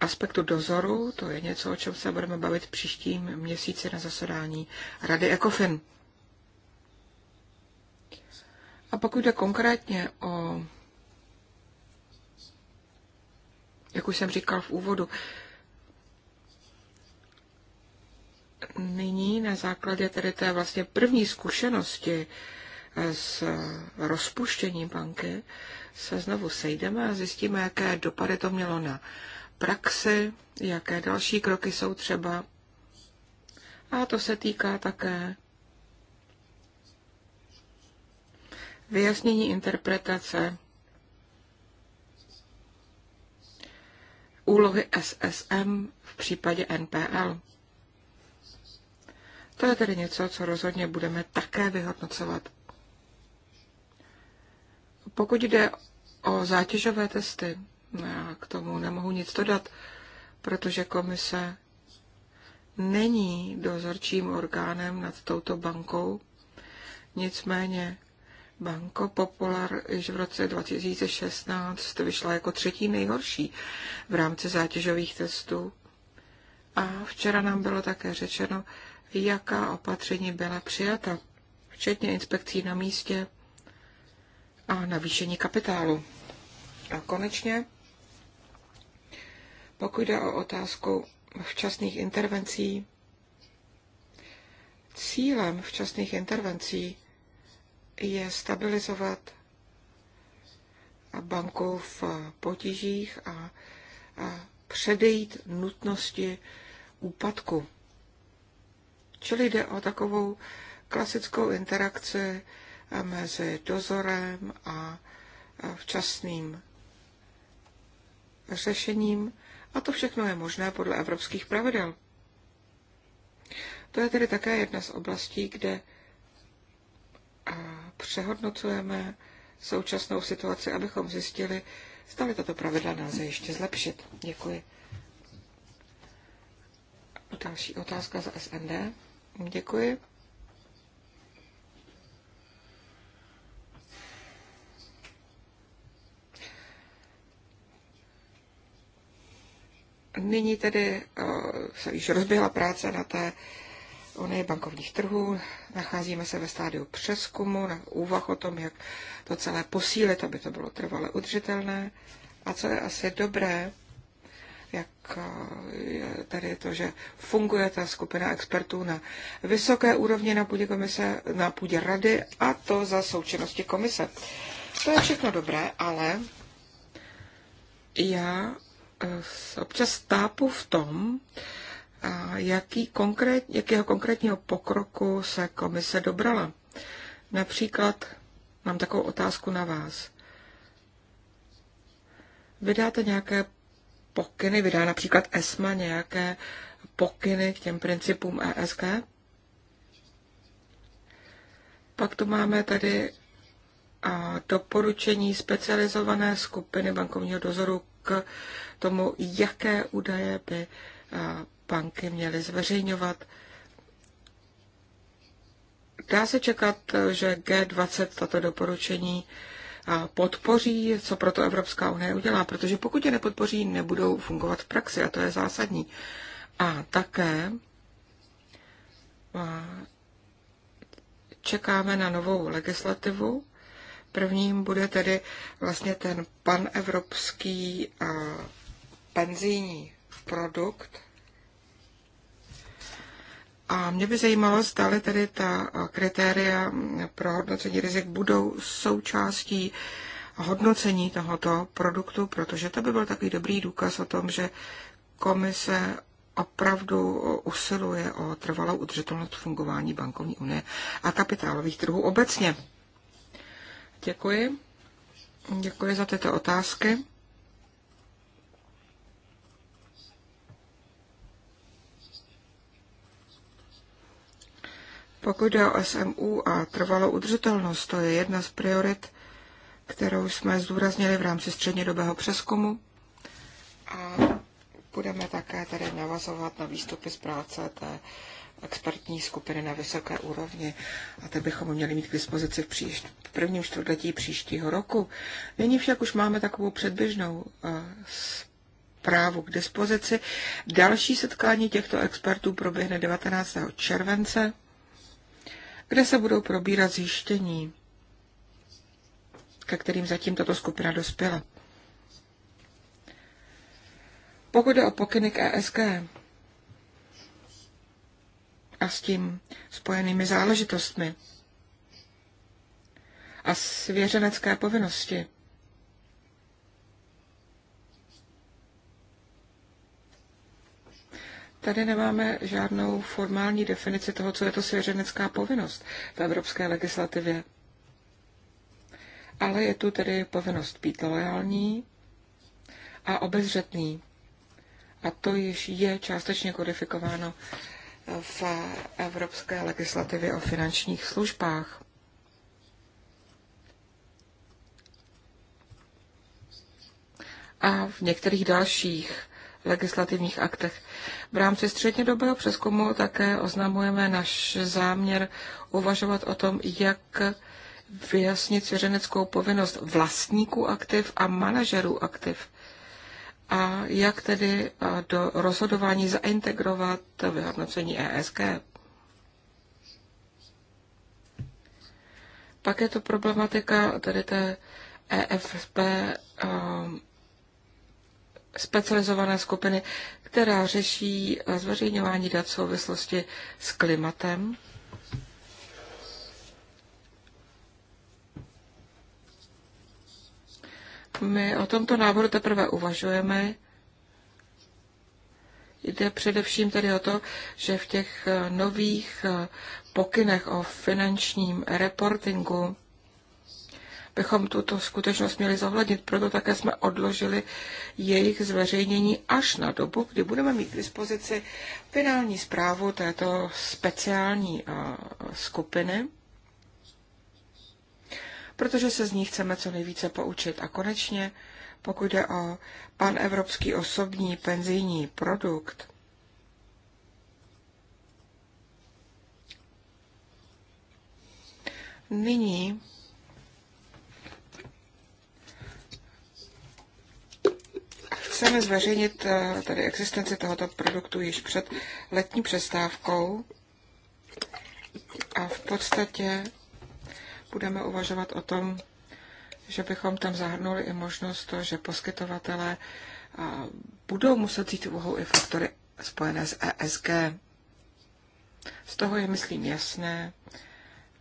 aspektu dozoru, to je něco, o čem se budeme bavit příštím měsíci na zasedání Rady ECOFIN. A pokud jde konkrétně o jak už jsem říkal v úvodu. Nyní na základě tedy té vlastně první zkušenosti eh, s rozpuštěním banky se znovu sejdeme a zjistíme, jaké dopady to mělo na praxi, jaké další kroky jsou třeba. A to se týká také vyjasnění interpretace úlohy SSM v případě NPL. To je tedy něco, co rozhodně budeme také vyhodnocovat. Pokud jde o zátěžové testy, já k tomu nemohu nic dodat, protože komise není dozorčím orgánem nad touto bankou. Nicméně Banco Popular již v roce 2016 vyšla jako třetí nejhorší v rámci zátěžových testů. A včera nám bylo také řečeno, jaká opatření byla přijata, včetně inspekcí na místě a navýšení kapitálu. A konečně, pokud jde o otázku včasných intervencí, cílem včasných intervencí je stabilizovat banku v potížích a, a předejít nutnosti úpadku. Čili jde o takovou klasickou interakci mezi dozorem a včasným řešením a to všechno je možné podle evropských pravidel. To je tedy také jedna z oblastí, kde přehodnocujeme současnou situaci, abychom zjistili, zda tato pravidla nás ještě zlepšit. Děkuji. Další otázka za SND. Děkuji. Nyní tedy eh, se již rozběhla práce na té unii bankovních trhů. Nacházíme se ve stádiu přeskumu, na úvah o tom, jak to celé posílit, aby to bylo trvale udržitelné. A co je asi dobré, jak eh, je tady to, že funguje ta skupina expertů na vysoké úrovni na půdě komise, na půdě rady a to za součinnosti komise. To je všechno dobré, ale já eh, občas tápu v tom, jaký konkrét, jakého konkrétního pokroku se komise dobrala. Například mám takovou otázku na vás. Vydáte nějaké pokyny, vydá například ESMA nějaké pokyny k těm principům ESG? Pak tu máme tady a doporučení specializované skupiny bankovního dozoru k tomu, jaké údaje by banky měly zveřejňovat. Dá se čekat, že G20 tato doporučení podpoří, co proto Evropská unie udělá, protože pokud je nepodpoří, nebudou fungovat v praxi a to je zásadní. A také čekáme na novou legislativu. Prvním bude tedy vlastně ten panevropský penzijní produkt, a mě by zajímalo, zda tedy ta eh, kritéria mm, pro hodnocení rizik budou součástí hodnocení tohoto produktu, protože to by byl takový dobrý důkaz o tom, že komise opravdu eh, usiluje o trvalou udržitelnost fungování bankovní unie a kapitálových trhů obecně. Děkuji. Děkuji za tyto otázky. Pokud jde o SMU a trvalou udržitelnost, to je jedna z priorit, kterou jsme zdůraznili v rámci střednědobého přeskumu. A budeme také tady navazovat na výstupy z práce té expertní skupiny na vysoké úrovni a ty bychom měli mít k dispozici v, příš- v prvním čtvrtletí příštího roku. Nyní však už máme takovou předběžnou eh, zprávu k dispozici. Další setkání těchto expertů proběhne 19. července kde se budou probírat zjištění, ke kterým zatím tato skupina dospěla. Pokud jde o pokyny k ESG a s tím spojenými záležitostmi a svěřenecké povinnosti, Tady nemáme žádnou formální definici toho, co je to svěřenecká povinnost v evropské legislativě. Ale je tu tedy povinnost být lojální a obezřetný. A to již je částečně kodifikováno v evropské legislativě o finančních službách. A v některých dalších legislativních aktech v rámci střednědobého přeskumu také oznamujeme náš záměr uvažovat o tom, jak vyjasnit svěřeneckou povinnost vlastníků aktiv a manažerů aktiv a jak tedy do rozhodování zaintegrovat vyhodnocení ESG. Pak je to problematika tedy té EFP specializované skupiny která řeší eh, zveřejňování dat v souvislosti s klimatem. My o tomto návrhu teprve uvažujeme. Jde především tedy o to, že v těch eh, nových eh, pokynech o finančním reportingu bychom tuto skutečnost měli zohlednit. Proto také jsme odložili jejich zveřejnění až na dobu, kdy budeme mít k dispozici finální zprávu této speciální eh, skupiny, protože se z ní chceme co nejvíce poučit. A konečně, pokud jde o pan evropský osobní penzijní produkt, nyní Chceme zveřejnit eh, tady existenci tohoto produktu již před letní přestávkou a v podstatě budeme uvažovat o tom, že bychom tam zahrnuli i možnost to, že poskytovatelé eh, budou muset vzít úvahu i faktory spojené s ESG. Z toho je, myslím, jasné,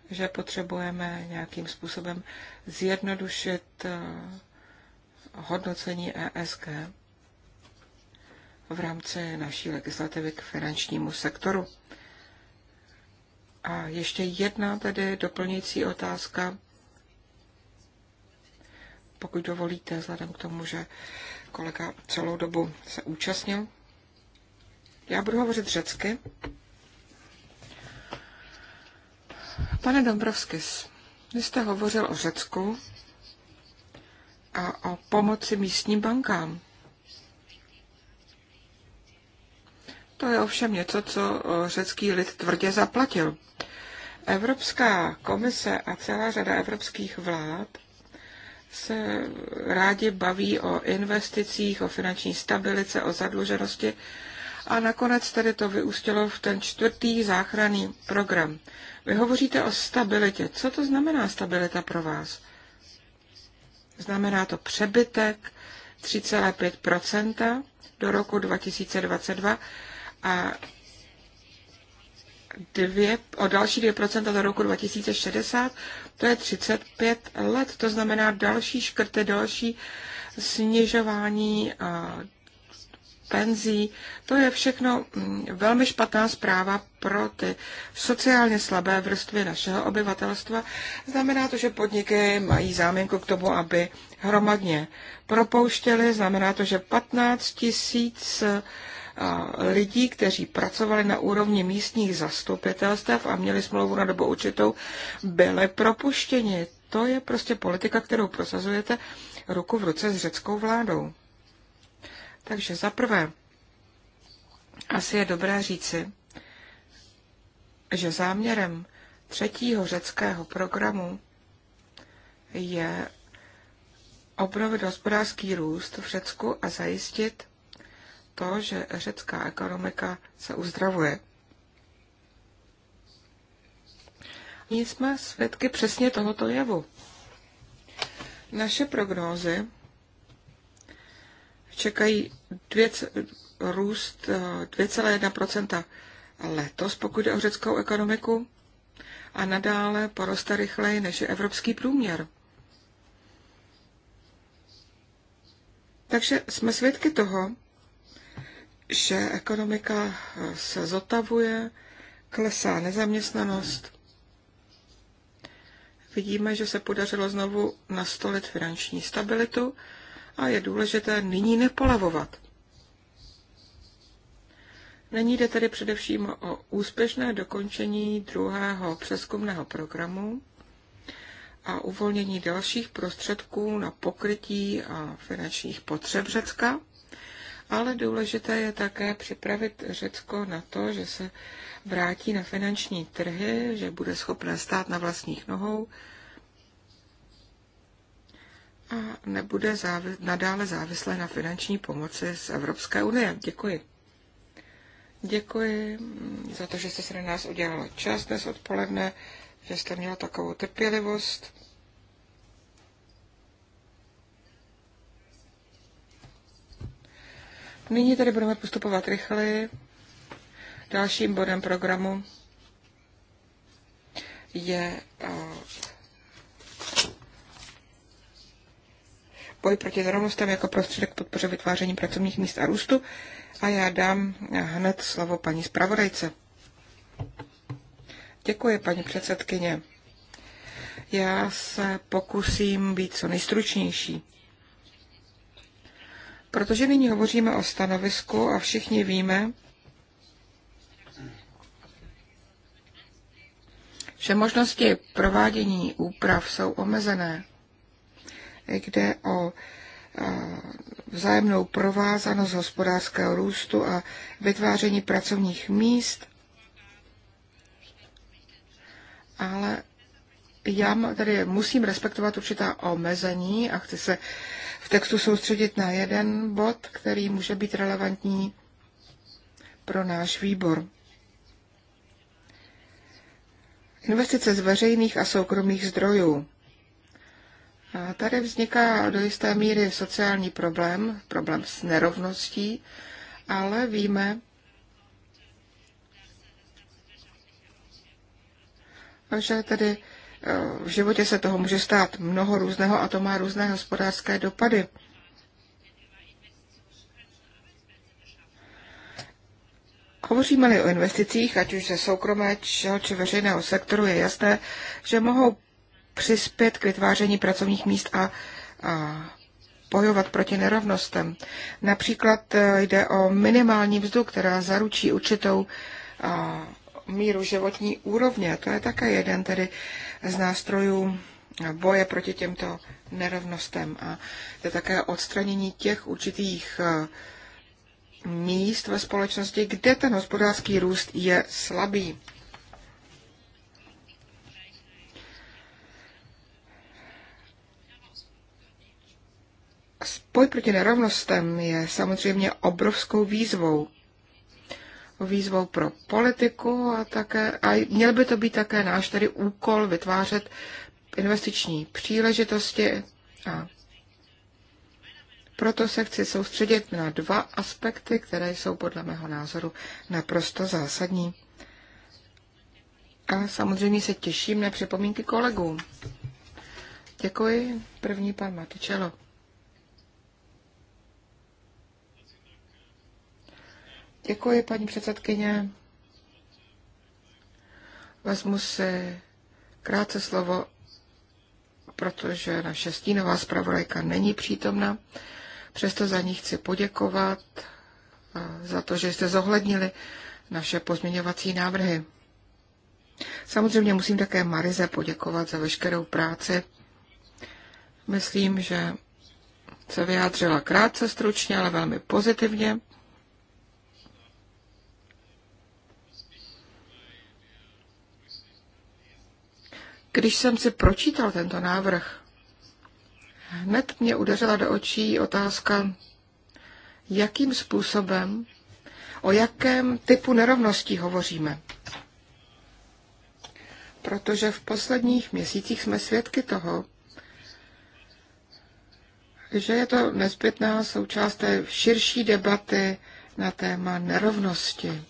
že potřebujeme nějakým způsobem zjednodušit eh, hodnocení ESG v rámci naší legislativy k finančnímu sektoru. A ještě jedna tedy doplňující otázka, pokud dovolíte, vzhledem k tomu, že kolega celou dobu se účastnil. Já budu hovořit řecky. Pane Dombrovskis, vy jste hovořil o Řecku a o pomoci místním bankám. To je ovšem něco, co řecký lid tvrdě zaplatil. Evropská komise a celá řada evropských vlád se rádi baví o investicích, o finanční stabilice, o zadluženosti a nakonec tedy to vyústilo v ten čtvrtý záchranný program. Vy hovoříte o stabilitě. Co to znamená stabilita pro vás? Znamená to přebytek 3,5 do roku 2022 a dvě, o další 2% do roku 2060, to je 35 let, to znamená další škrty, další snižování penzí. To je všechno mm, velmi špatná zpráva pro ty sociálně slabé vrstvy našeho obyvatelstva. Znamená to, že podniky mají záměnku k tomu, aby hromadně propouštěly. Znamená to, že 15 tisíc 000 lidí, kteří pracovali na úrovni místních zastupitelstv a měli smlouvu na dobu určitou, byly propuštěni. To je prostě politika, kterou prosazujete ruku v ruce s řeckou vládou. Takže za prvé, asi je dobré říci, že záměrem třetího řeckého programu je obnovit hospodářský růst v Řecku a zajistit to, že řecká ekonomika se uzdravuje. My jsme svědky přesně tohoto jevu. Naše prognózy čekají eh, dvě, růst 2,1 letos, pokud jde o řeckou ekonomiku, a nadále poroste rychleji než je evropský průměr. Takže jsme svědky toho, že ekonomika eh, se zotavuje, klesá nezaměstnanost. Vidíme, že se podařilo znovu nastolit finanční stabilitu a je důležité nyní nepolavovat. Není jde tedy především o úspěšné dokončení druhého přeskumného programu a uvolnění dalších prostředků na pokrytí a finančních potřeb Řecka ale důležité je také připravit Řecko na to, že se vrátí na finanční trhy, že bude schopné stát na vlastních nohou a nebude závi- nadále závislé na finanční pomoci z Evropské unie. Děkuji. Děkuji za to, že jste se na nás udělala čas dnes odpoledne, že jste měla takovou trpělivost. Nyní tedy budeme postupovat rychleji. Dalším bodem programu je eh, boj proti zrovnostem jako prostředek podpoře vytváření pracovních míst a růstu. A já dám hned slovo paní zpravodajce. Děkuji, paní předsedkyně. Já se pokusím být co nejstručnější. Protože nyní hovoříme o stanovisku a všichni víme, že možnosti provádění úprav jsou omezené. Jde o eh, vzájemnou provázanost hospodářského růstu a vytváření pracovních míst, ale já tady musím respektovat určitá omezení a chci se v textu soustředit na jeden bod, který může být relevantní pro náš výbor. Investice z veřejných a soukromých zdrojů. A tady vzniká do jisté míry sociální problém, problém s nerovností, ale víme, že tedy Eh, v životě se toho může stát mnoho různého a to má různé hospodářské dopady. Hovoříme-li o investicích, ať už ze soukromého či veřejného sektoru, je jasné, že mohou přispět k vytváření pracovních míst a, a bojovat proti nerovnostem. Například eh, jde o minimální mzdu, která zaručí určitou a, míru životní úrovně. To je také jeden tedy z nástrojů boje proti těmto nerovnostem a je také odstranění těch určitých eh, míst ve společnosti, kde ten hospodářský růst je slabý. Spoj proti nerovnostem je samozřejmě obrovskou výzvou výzvou pro politiku a, také, a měl by to být také náš tedy úkol vytvářet investiční příležitosti a proto se chci soustředit na dva aspekty, které jsou podle mého názoru naprosto zásadní. A samozřejmě se těším na připomínky kolegů. Děkuji. První pan Matičelo. Děkuji, paní předsedkyně. Vezmu si krátce slovo, protože naše stínová zpravodajka není přítomna. Přesto za ní chci poděkovat za to, že jste zohlednili naše pozměňovací návrhy. Samozřejmě musím také Marize poděkovat za veškerou práci. Myslím, že se vyjádřila krátce, stručně, ale velmi pozitivně. Když jsem si pročítal tento návrh, hned mě udeřila do očí otázka, jakým způsobem, o jakém typu nerovností hovoříme. Protože v posledních měsících jsme svědky toho, že je to nezbytná součást té širší debaty na téma nerovnosti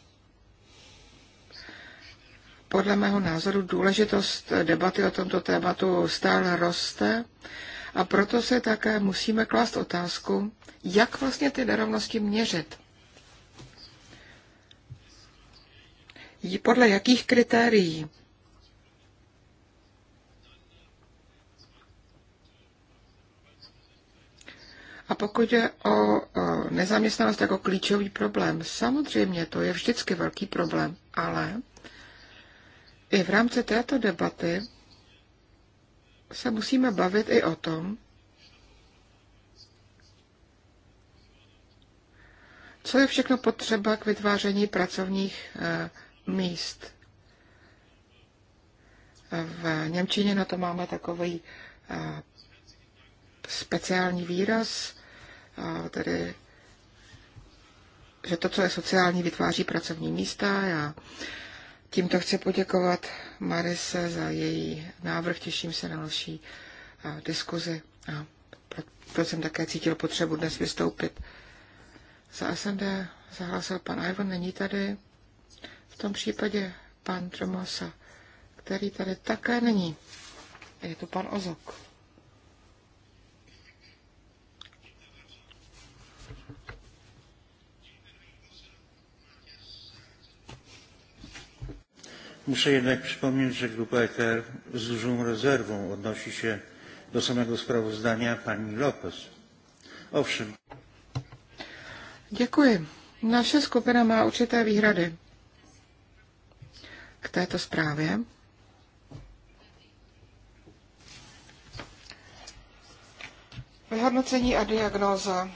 podle mého názoru důležitost debaty o tomto tématu stále roste a proto se také musíme klást otázku, jak vlastně ty nerovnosti měřit. Podle jakých kritérií? A pokud je o nezaměstnanost jako klíčový problém, samozřejmě to je vždycky velký problém, ale i v rámci této debaty se musíme bavit i o tom, co je všechno potřeba k vytváření pracovních eh, míst. V Němčině na to máme takový eh, speciální výraz, tedy, že to, co je sociální, vytváří pracovní místa. Já Tímto chci poděkovat Marise za její návrh, těším se na další diskuzi a proč jsem také cítil potřebu dnes vystoupit. Za SND Zahlasil pan Ivan, není tady. V tom případě pan Tromosa, který tady také není. Je to pan Ozok. Muszę jednak przypomnieć, że grupa EKR z dużą rezerwą odnosi się do samego sprawozdania pani Lopez. Owszem. Děkuji. Naše skupina má určité výhrady k této zprávě. Vyhodnocení a diagnóza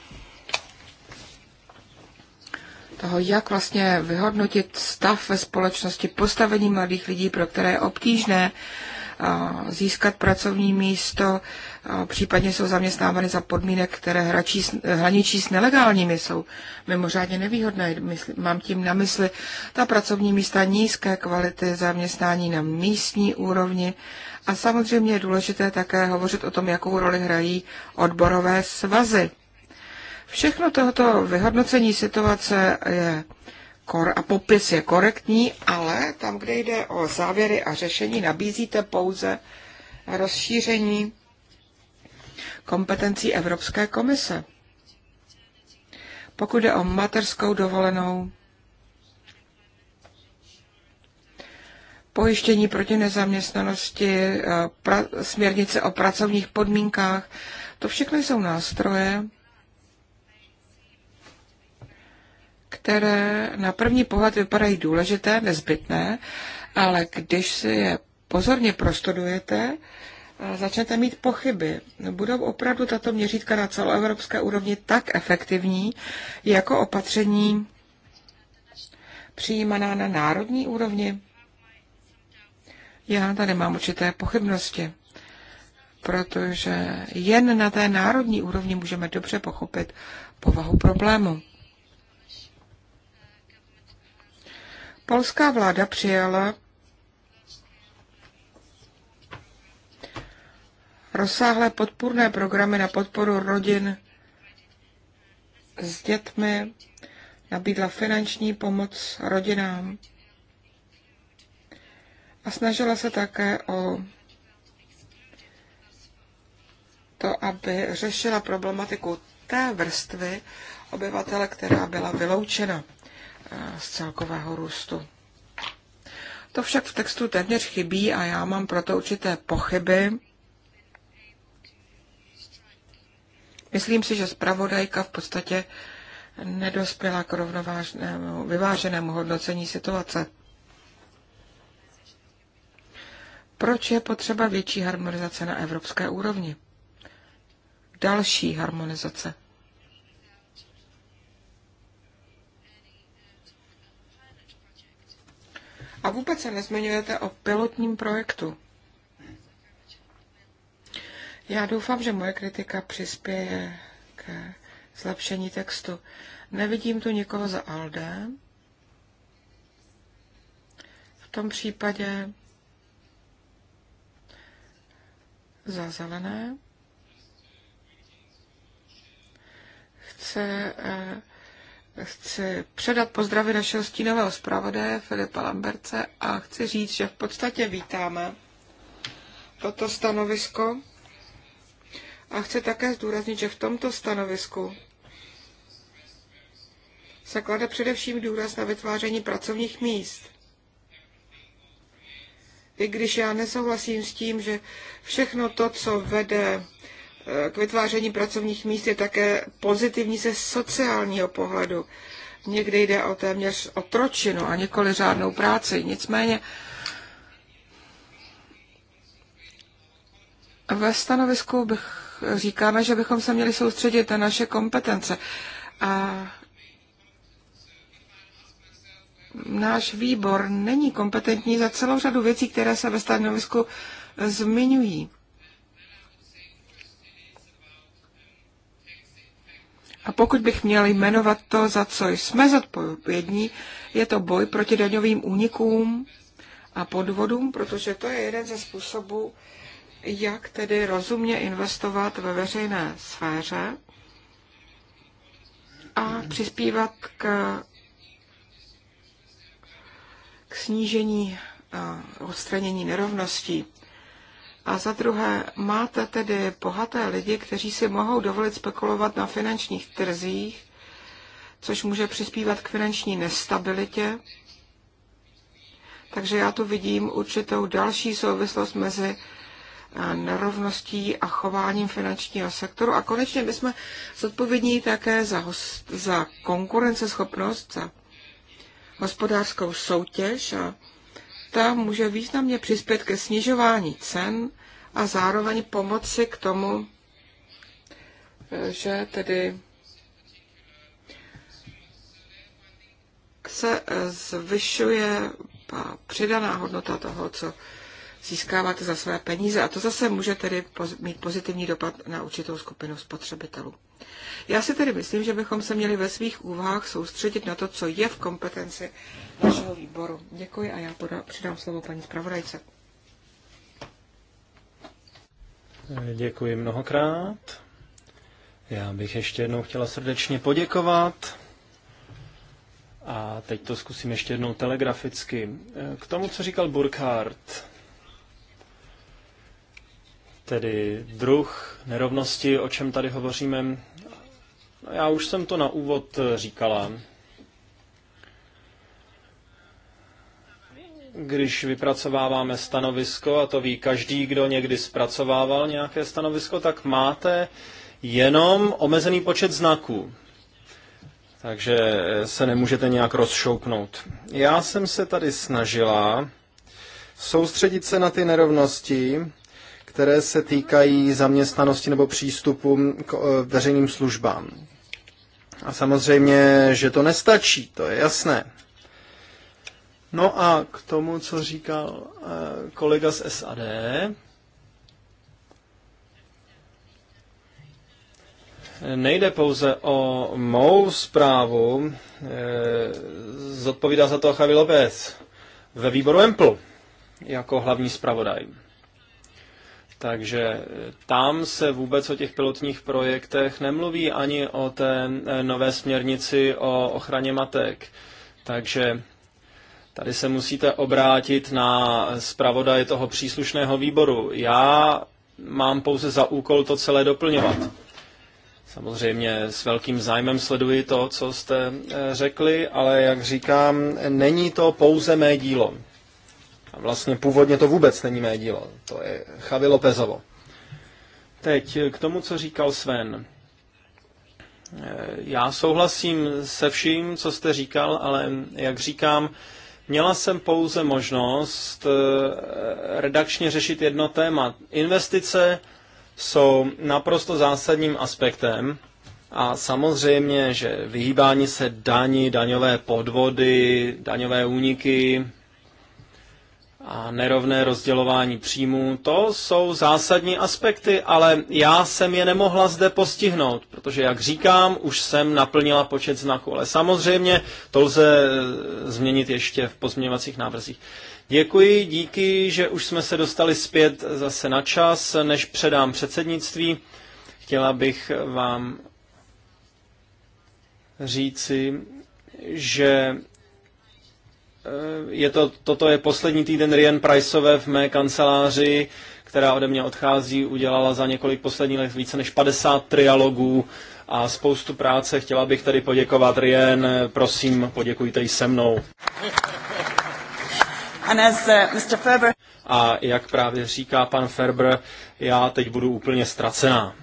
toho, jak vlastně vyhodnotit stav ve společnosti, postavení mladých lidí, pro které je obtížné získat pracovní místo, případně jsou zaměstnávány za podmínek, které hračí, hraničí s nelegálními, jsou mimořádně nevýhodné. Mám tím na mysli ta pracovní místa nízké kvality zaměstnání na místní úrovni a samozřejmě je důležité také hovořit o tom, jakou roli hrají odborové svazy. Všechno tohoto vyhodnocení situace je kor a popis je korektní, ale tam, kde jde o závěry a řešení, nabízíte pouze rozšíření kompetencí Evropské komise. Pokud jde o materskou dovolenou, pojištění proti nezaměstnanosti, eh, pra, směrnice o pracovních podmínkách, to všechno jsou nástroje, které na první pohled vypadají důležité, nezbytné, ale když si je pozorně prostudujete, eh, začnete mít pochyby. Budou opravdu tato měřítka na celoevropské úrovni tak efektivní, jako opatření přijímaná na národní úrovni? Já tady mám určité pochybnosti, protože jen na té národní úrovni můžeme dobře pochopit povahu problému. Polská vláda přijala rozsáhlé podpůrné programy na podporu rodin s dětmi, nabídla finanční pomoc rodinám a snažila se také o to, aby řešila problematiku té vrstvy obyvatele, která byla vyloučena z celkového růstu. To však v textu téměř chybí a já mám proto určité pochyby. Myslím si, že zpravodajka v podstatě nedospěla k rovnovážnému, vyváženému hodnocení situace. Proč je potřeba větší harmonizace na evropské úrovni? Další harmonizace. A vůbec se nezmiňujete o pilotním projektu. Já doufám, že moje kritika přispěje k zlepšení textu. Nevidím tu nikoho za ALDE. V tom případě za zelené. Chce eh, chci předat pozdravy našeho stínového zpravodaje Filipa Lamberce a chci říct, že v podstatě vítáme toto stanovisko a chci také zdůraznit, že v tomto stanovisku se klade především důraz na vytváření pracovních míst. I když já nesouhlasím s tím, že všechno to, co vede k vytváření pracovních míst je také pozitivní ze sociálního pohledu. Někdy jde o téměř otročinu a nikoli řádnou práci. Nicméně ve stanovisku bych říkáme, že bychom se měli soustředit na naše kompetence. A náš výbor není kompetentní za celou řadu věcí, které se ve stanovisku zmiňují. A pokud bych měl jmenovat to, za co jsme zodpovědní, je to boj proti daňovým únikům a podvodům, protože to je jeden ze způsobů, jak tedy rozumně investovat ve veřejné sféře a přispívat k, k snížení a eh, odstranění nerovností. A za druhé, máte tedy bohaté lidi, kteří si mohou dovolit spekulovat na finančních trzích, což může přispívat k finanční nestabilitě. Takže já tu vidím určitou další souvislost mezi eh, nerovností a chováním finančního sektoru. A konečně my jsme zodpovědní také za, host, za konkurenceschopnost, za hospodářskou soutěž a ta může významně přispět ke snižování cen a zároveň pomoci k tomu, že tedy se zvyšuje přidaná hodnota toho, co získáváte za své peníze. A to zase může tedy mít pozitivní dopad na určitou skupinu spotřebitelů. Já si tedy myslím, že bychom se měli ve svých úvahách soustředit na to, co je v kompetenci našeho výboru. Děkuji a já poda- přidám slovo paní zpravodajce. Děkuji mnohokrát. Já bych ještě jednou chtěla srdečně poděkovat. A teď to zkusím ještě jednou telegraficky. K tomu, co říkal Burkhardt, tedy druh nerovnosti, o čem tady hovoříme. No, Já už jsem to na úvod říkala. Když vypracováváme stanovisko, a to ví každý, kdo někdy zpracovával nějaké stanovisko, tak máte jenom omezený počet znaků. Takže se nemůžete nějak rozšouknout. Já jsem se tady snažila soustředit se na ty nerovnosti, které se týkají zaměstnanosti nebo přístupu k eh, veřejným službám. A samozřejmě, že to nestačí, to je jasné. No a k tomu, co říkal eh, kolega z SAD, nejde pouze o mou zprávu, eh, zodpovídá za to Javi López ve výboru EMPL jako hlavní zpravodaj. Takže eh, tam se vůbec o těch pilotních projektech nemluví ani o té eh, nové směrnici o ochraně matek. Takže tady se musíte obrátit na zpravodaje toho příslušného výboru. Já mám pouze za úkol to celé doplňovat. Samozřejmě s velkým zájmem sleduji to, co jste eh, řekli, ale jak říkám, není to pouze mé dílo vlastně původně to vůbec není mé dílo, to je Chavi Lopezovo. Teď k tomu, co říkal Sven. Eh, já souhlasím se vším, co jste říkal, ale jak říkám, měla jsem pouze možnost eh, redakčně řešit jedno téma. Investice jsou naprosto zásadním aspektem a samozřejmě, že vyhýbání se daní, daňové podvody, daňové úniky, a nerovné rozdělování příjmů, to jsou zásadní aspekty, ale já jsem je nemohla zde postihnout, protože, jak říkám, už jsem naplnila počet znaků, ale samozřejmě to lze eh, změnit ještě v pozměňovacích návrzích. Děkuji, díky, že už jsme se dostali zpět zase na čas, než předám předsednictví. Chtěla bych vám říci, že Eh, je to, toto je poslední týden Rian Priceové v mé kanceláři, která ode mě odchází, udělala za několik posledních let více než 50 trialogů a spoustu práce. Chtěla bych tady poděkovat Rien, eh, prosím, poděkujte i se mnou. Eh, a jak právě říká pan Ferber, já teď budu úplně ztracená.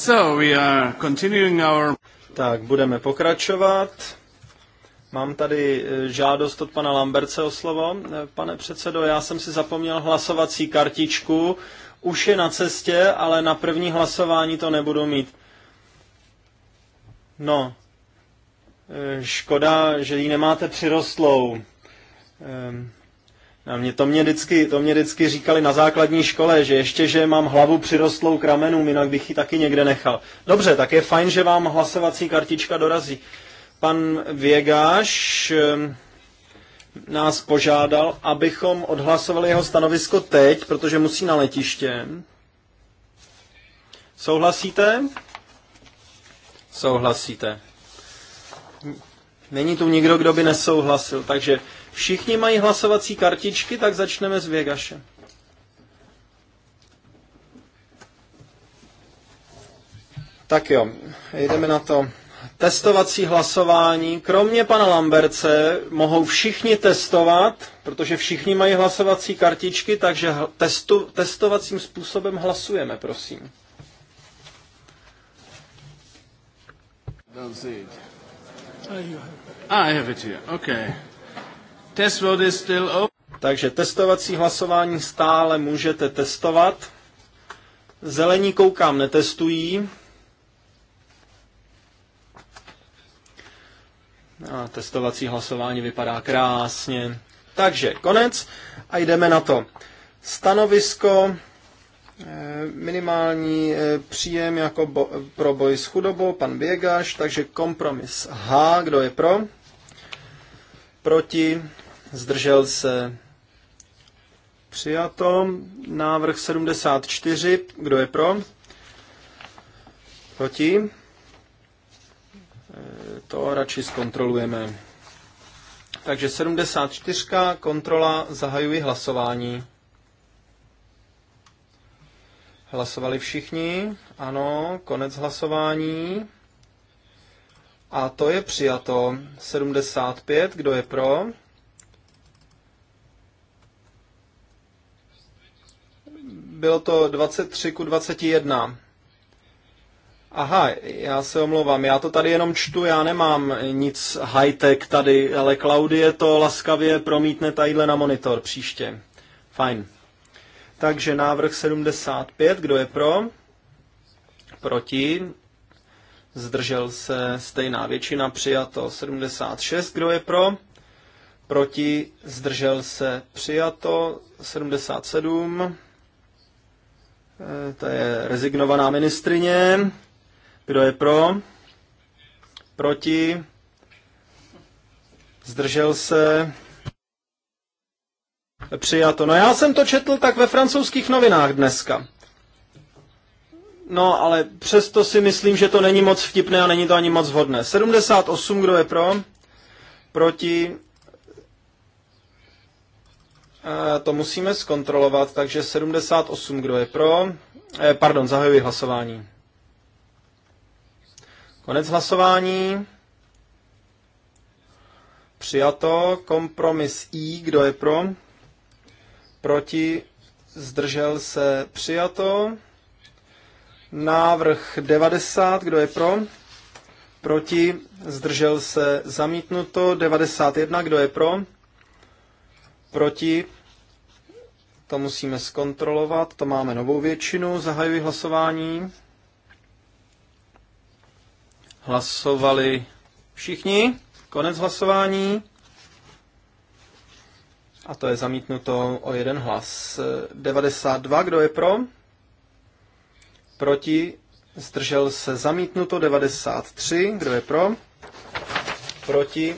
So we are continuing our... Tak, budeme pokračovat. Mám tady e, žádost od pana Lamberce o slovo. E, pane předsedo, já jsem si zapomněl hlasovací kartičku. Už je na cestě, ale na první hlasování to nebudu mít. No, e, škoda, že ji nemáte přirostlou. Ehm, a mě, to, mě vždycky, to mě vždycky říkali na základní škole, že ještě, že mám hlavu přirostlou k ramenům, jinak bych ji taky někde nechal. Dobře, tak je fajn, že vám hlasovací kartička dorazí. Pan Věgáš ehm, nás požádal, abychom odhlasovali jeho stanovisko teď, protože musí na letiště. Souhlasíte? Souhlasíte. Není tu nikdo, kdo by nesouhlasil, takže Všichni mají hlasovací kartičky, tak začneme s Věgašem. Tak jo, jdeme na to. Testovací hlasování. Kromě pana Lamberce mohou všichni testovat, protože všichni mají hlasovací kartičky, takže testu, testovacím způsobem hlasujeme, prosím. Ah, I have it here. Okay test is still open. Takže testovací hlasování stále můžete testovat. Zelení koukám netestují. A testovací hlasování vypadá krásně. Takže konec a jdeme na to. Stanovisko eh, minimální eh, příjem jako bo, pro boj s chudobou, pan Běgaš, takže kompromis H, kdo je pro? Proti, zdržel se přijato. Návrh 74, kdo je pro? Proti? E, to radši zkontrolujeme. Takže 74, kontrola, zahajuji hlasování. Hlasovali všichni? Ano, konec hlasování. A to je přijato. 75, kdo je pro? bylo to 23 ku 21. Aha, já se omlouvám, já to tady jenom čtu, já nemám nic high-tech tady, ale Klaudie to laskavě promítne tadyhle na monitor příště. Fajn. Takže návrh 75, kdo je pro? Proti? Zdržel se stejná většina, přijato 76, kdo je pro? Proti? Zdržel se přijato 77. Eh, to je rezignovaná ministrině. Kdo je pro? Proti? Zdržel se? Přijato. No já jsem to četl tak ve francouzských novinách dneska. No, ale přesto si myslím, že to není moc vtipné a není to ani moc vhodné. 78, kdo je pro? Proti? to musíme zkontrolovat, takže 78, kdo je pro. E, pardon, zahajuji hlasování. Konec hlasování. Přijato. Kompromis I, kdo je pro. Proti. Zdržel se. Přijato. Návrh 90, kdo je pro? Proti, zdržel se, zamítnuto. 91, kdo je pro? proti, to musíme zkontrolovat, to máme novou většinu, zahajuji hlasování. Hlasovali všichni, konec hlasování. A to je zamítnuto o jeden hlas. 92, kdo je pro? Proti, zdržel se zamítnuto 93, kdo je pro? Proti,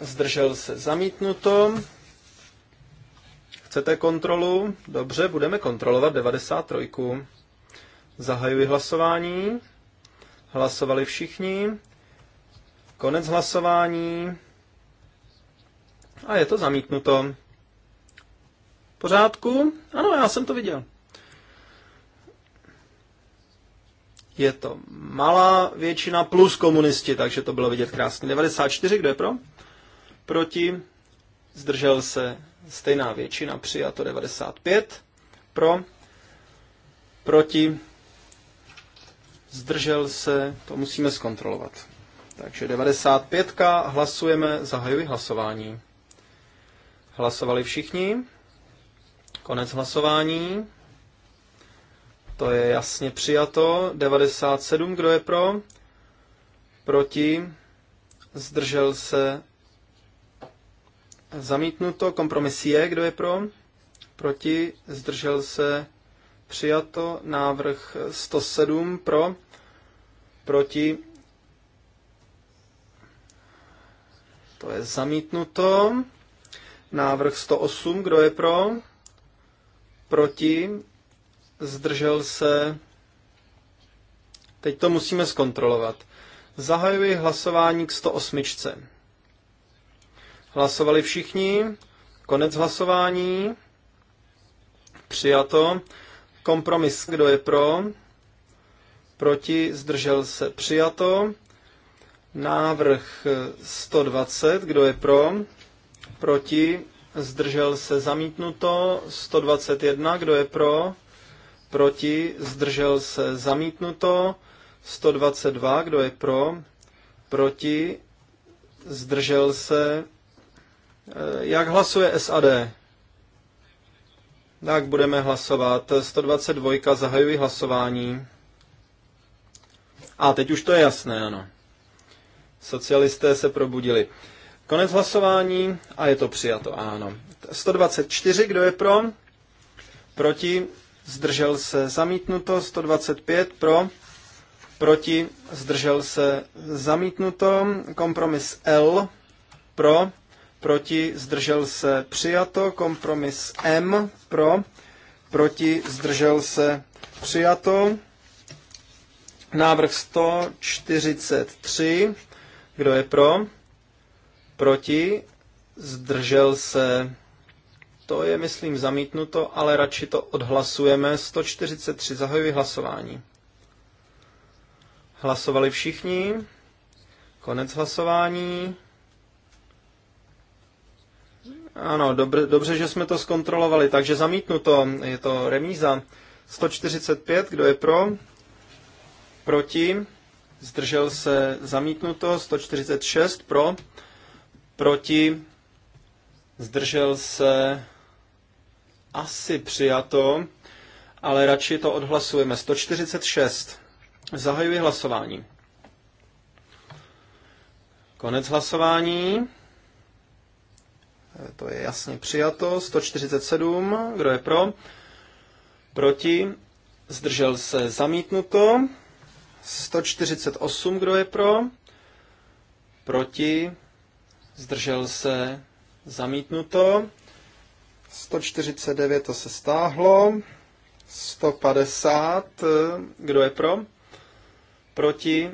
zdržel se zamítnuto. Chcete kontrolu? Dobře, budeme kontrolovat 93. Zahajuji hlasování. Hlasovali všichni. Konec hlasování. A je to zamítnuto. Pořádku? Ano, já jsem to viděl. Je to malá většina plus komunisti, takže to bylo vidět krásně. 94, kdo je pro? Proti? Zdržel se stejná většina, přijato 95, pro, proti, zdržel se, to musíme zkontrolovat. Takže 95, hlasujeme, zahajuji hlasování. Hlasovali všichni, konec hlasování, to je jasně přijato, 97, kdo je pro, proti, zdržel se, Zamítnuto kompromis je, kdo je pro? Proti, zdržel se, přijato. Návrh 107 pro, proti, to je zamítnuto. Návrh 108, kdo je pro? Proti, zdržel se. Teď to musíme zkontrolovat. Zahajuji hlasování k 108. Hlasovali všichni. Konec hlasování. Přijato. Kompromis, kdo je pro? Proti, zdržel se. Přijato. Návrh 120, kdo je pro? Proti, zdržel se. Zamítnuto. 121, kdo je pro? Proti, zdržel se. Zamítnuto. 122, kdo je pro? Proti, zdržel se. Eh, jak hlasuje SAD? Tak budeme hlasovat. 122. Zahajuji hlasování. A teď už to je jasné, ano. Socialisté se probudili. Konec hlasování a je to přijato, ano. 124, kdo je pro? Proti? Zdržel se zamítnuto. 125 pro? Proti? Zdržel se zamítnuto. Kompromis L pro? proti, zdržel se, přijato. Kompromis M, pro, proti, zdržel se, přijato. Návrh 143, kdo je pro, proti, zdržel se, to je, myslím, zamítnuto, ale radši to odhlasujeme. 143, zahajuji hlasování. Hlasovali všichni. Konec hlasování. Ano, dobr, dobře, že jsme to zkontrolovali, takže zamítnu to, je to remíza. 145, kdo je pro? Proti? Zdržel se zamítnuto. 146 pro? Proti? Zdržel se asi přijato, ale radši to odhlasujeme. 146. Zahajuji hlasování. Konec hlasování. To je jasně přijato. 147, kdo je pro? Proti? Zdržel se zamítnuto. 148, kdo je pro? Proti? Zdržel se zamítnuto. 149 to se stáhlo. 150, kdo je pro? Proti?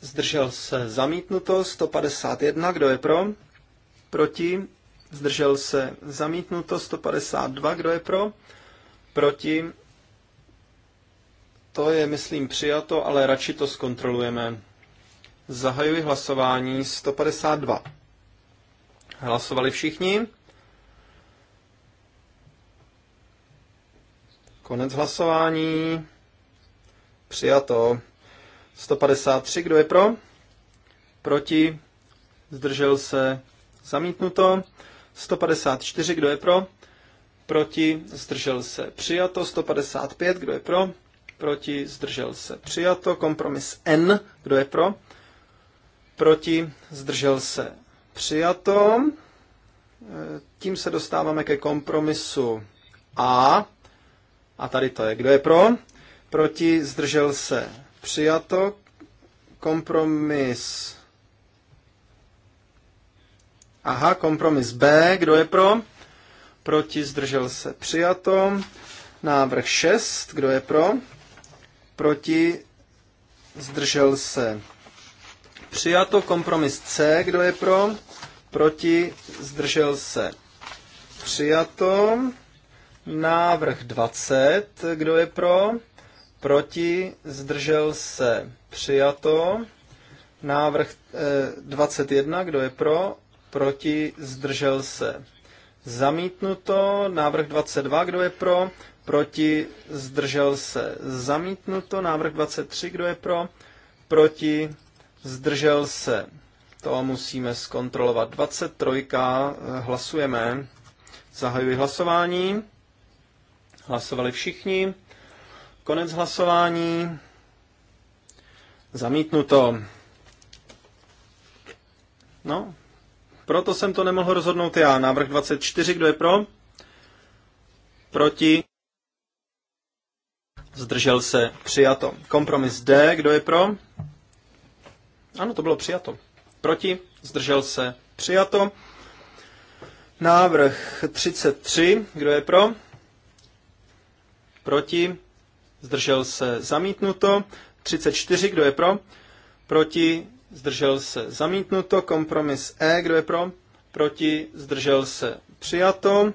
Zdržel se zamítnuto. 151, kdo je pro? Proti? zdržel se zamítnuto 152, kdo je pro, proti, to je, myslím, přijato, ale radši to zkontrolujeme. Zahajuji hlasování 152. Hlasovali všichni? Konec hlasování. Přijato. 153, kdo je pro? Proti? Zdržel se? Zamítnuto. 154, kdo je pro? Proti, zdržel se, přijato. 155, kdo je pro? Proti, zdržel se, přijato. Kompromis N, kdo je pro? Proti, zdržel se, přijato. E, tím se dostáváme ke kompromisu A. A tady to je. Kdo je pro? Proti, zdržel se, přijato. Kompromis Aha, kompromis B, kdo je pro? Proti, zdržel se, přijato. Návrh 6, kdo je pro? Proti, zdržel se, přijato. Kompromis C, kdo je pro? Proti, zdržel se, přijato. Návrh 20, kdo je pro? Proti, zdržel se, přijato. Návrh eh, 21, kdo je pro? proti, zdržel se. Zamítnuto, návrh 22, kdo je pro, proti, zdržel se. Zamítnuto, návrh 23, kdo je pro, proti, zdržel se. To musíme zkontrolovat. 23, hlasujeme. Zahajuji hlasování. Hlasovali všichni. Konec hlasování. Zamítnuto. No, proto jsem to nemohl rozhodnout já. Návrh 24, kdo je pro? Proti? Zdržel se. Přijato. Kompromis D, kdo je pro? Ano, to bylo přijato. Proti? Zdržel se. Přijato. Návrh 33, kdo je pro? Proti? Zdržel se. Zamítnuto. 34, kdo je pro? Proti? zdržel se zamítnuto, kompromis E, kdo je pro, proti, zdržel se přijato,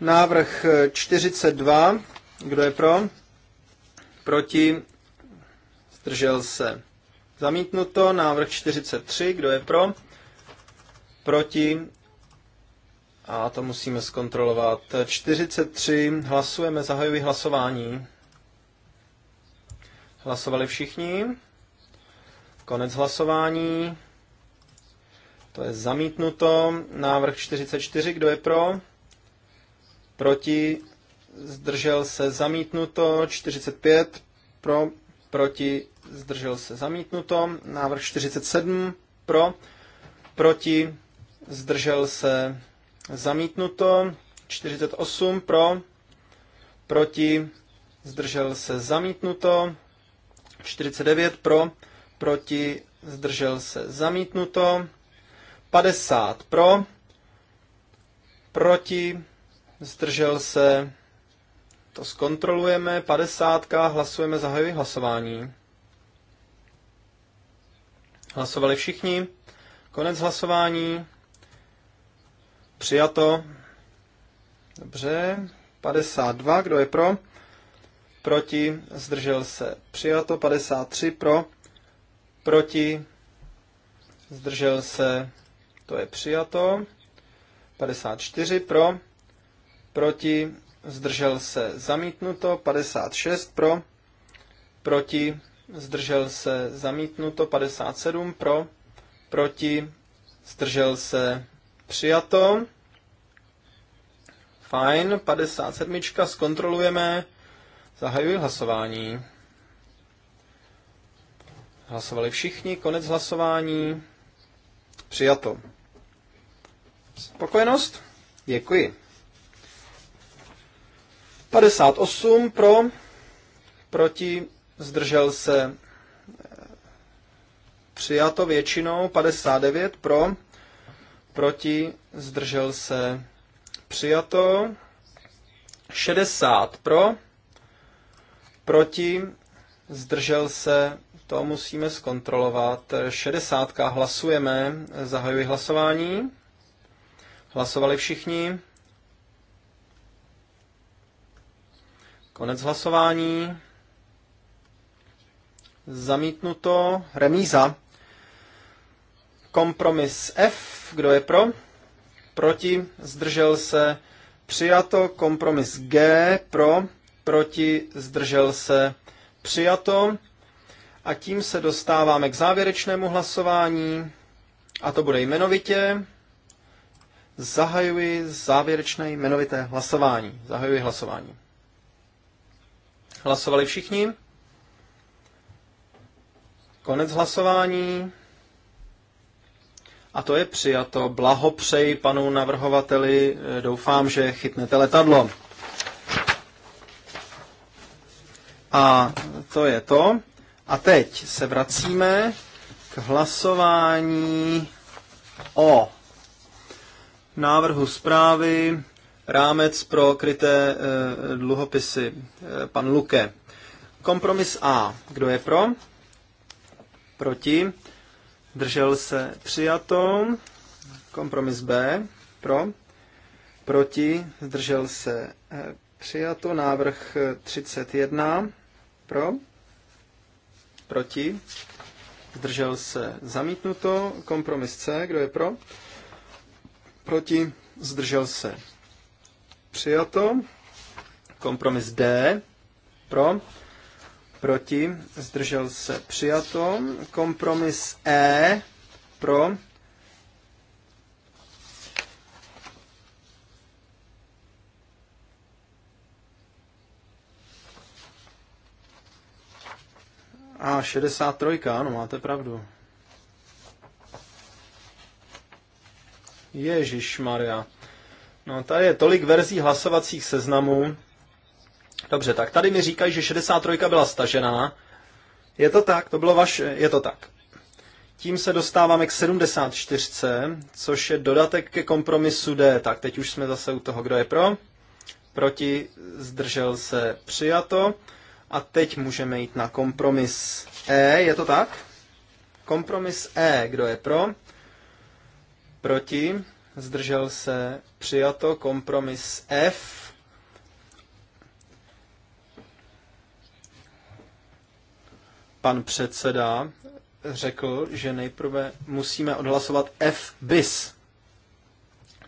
návrh 42, kdo je pro, proti, zdržel se zamítnuto, návrh 43, kdo je pro, proti, a to musíme zkontrolovat. 43, hlasujeme, zahajuji hlasování. Hlasovali všichni. Konec hlasování. To je zamítnuto. Návrh 44, kdo je pro? Proti? Zdržel se zamítnuto. 45, pro? Proti? Zdržel se zamítnuto. Návrh 47, pro? Proti? Zdržel se zamítnuto. 48, pro? Proti? Zdržel se zamítnuto. 49, pro? proti, zdržel se zamítnuto, 50 pro, proti, zdržel se, to zkontrolujeme, 50, hlasujeme, zahajuji hlasování. Hlasovali všichni, konec hlasování, přijato, dobře, 52, kdo je pro? Proti, zdržel se, přijato, 53 pro, proti, zdržel se, to je přijato. 54 pro, proti, zdržel se, zamítnuto. 56 pro, proti, zdržel se, zamítnuto. 57 pro, proti, zdržel se, přijato. Fajn, 57. Zkontrolujeme. Zahajuji hlasování. Hlasovali všichni, konec hlasování. Přijato. Spokojenost? Děkuji. 58 eh, pro, proti, zdržel se přijato většinou, 59 pro, proti, zdržel se přijato, 60 pro, proti, zdržel se to musíme zkontrolovat. 60. Hlasujeme. Zahajuji hlasování. Hlasovali všichni. Konec hlasování. Zamítnuto. Remíza. Kompromis F. Kdo je pro? Proti. Zdržel se. Přijato. Kompromis G. Pro. Proti. Zdržel se. Přijato. A tím se dostáváme k závěrečnému hlasování. A to bude jmenovitě. Zahajuji závěrečné jmenovité hlasování. Zahajuji hlasování. Hlasovali všichni? Konec hlasování. A to je přijato. Blahopřeji panu navrhovateli. Doufám, že chytnete letadlo. A to je to. A teď se vracíme k hlasování o návrhu zprávy Rámec pro kryté eh, dluhopisy. Eh, pan Luke. Kompromis A. Kdo je pro? Proti. Držel se přijato. Kompromis B. Pro. Proti. Zdržel se eh, přijato. Návrh 31. Pro proti, zdržel se zamítnuto, kompromis C, kdo je pro, proti, zdržel se přijato, kompromis D, pro, proti, zdržel se přijato, kompromis E, pro, A 63, ano, máte pravdu. Ježíš Maria. No, tady je tolik verzí hlasovacích seznamů. Dobře, tak tady mi říkají, že 63 byla stažená. Je to tak, to bylo vaše, je to tak. Tím se dostáváme k 74, což je dodatek ke kompromisu D. Tak teď už jsme zase u toho, kdo je pro. Proti zdržel se přijato. A teď můžeme jít na kompromis E, je to tak? Kompromis E, kdo je pro? Proti? Zdržel se přijato. Kompromis F. Pan předseda řekl, že nejprve musíme odhlasovat F bis.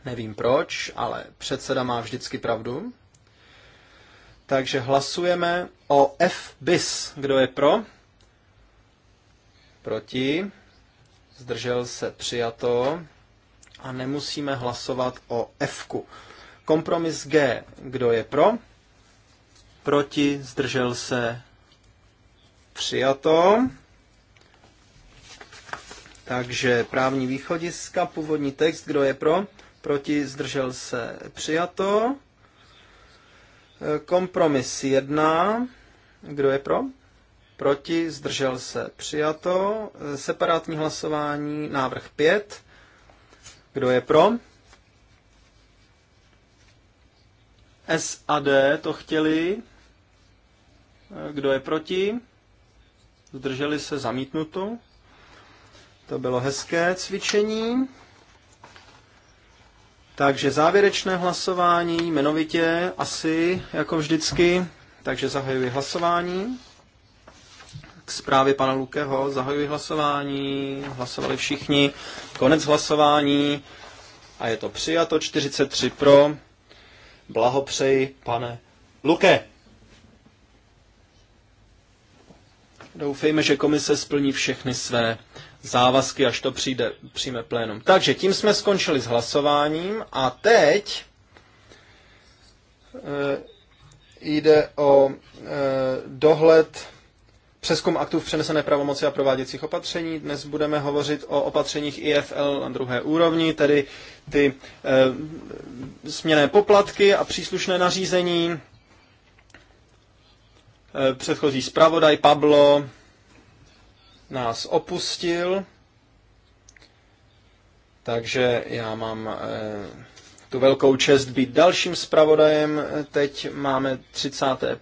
Nevím proč, ale předseda má vždycky pravdu. Takže hlasujeme o F bis. Kdo je pro? Proti? Zdržel se přijato. A nemusíme hlasovat o F. -ku. Kompromis G. Kdo je pro? Proti? Zdržel se přijato. Takže právní východiska, původní text, kdo je pro? Proti? Zdržel se přijato. Kompromis 1. Kdo je pro? Proti, zdržel se, přijato. Separátní hlasování, návrh 5. Kdo je pro? S a D to chtěli. Kdo je proti? Zdrželi se zamítnuto. To bylo hezké cvičení. Takže závěrečné hlasování, jmenovitě, asi, jako vždycky. Takže zahajuji hlasování. K zprávě pana Lukeho zahajuji hlasování, hlasovali všichni. Konec hlasování a je to přijato 43 pro. Blahopřeji, pane Luke. Doufejme, že komise splní všechny své závazky, až to přijde, přijme plénum. Takže tím jsme skončili s hlasováním a teď eh, jde o eh, dohled Přeskum aktů v přenesené pravomoci a prováděcích opatření. Dnes budeme hovořit o opatřeních IFL na druhé úrovni, tedy ty e, směné poplatky a příslušné nařízení. E, předchozí zpravodaj Pablo nás opustil, takže já mám eh, tu velkou čest být dalším zpravodajem. Teď máme 31.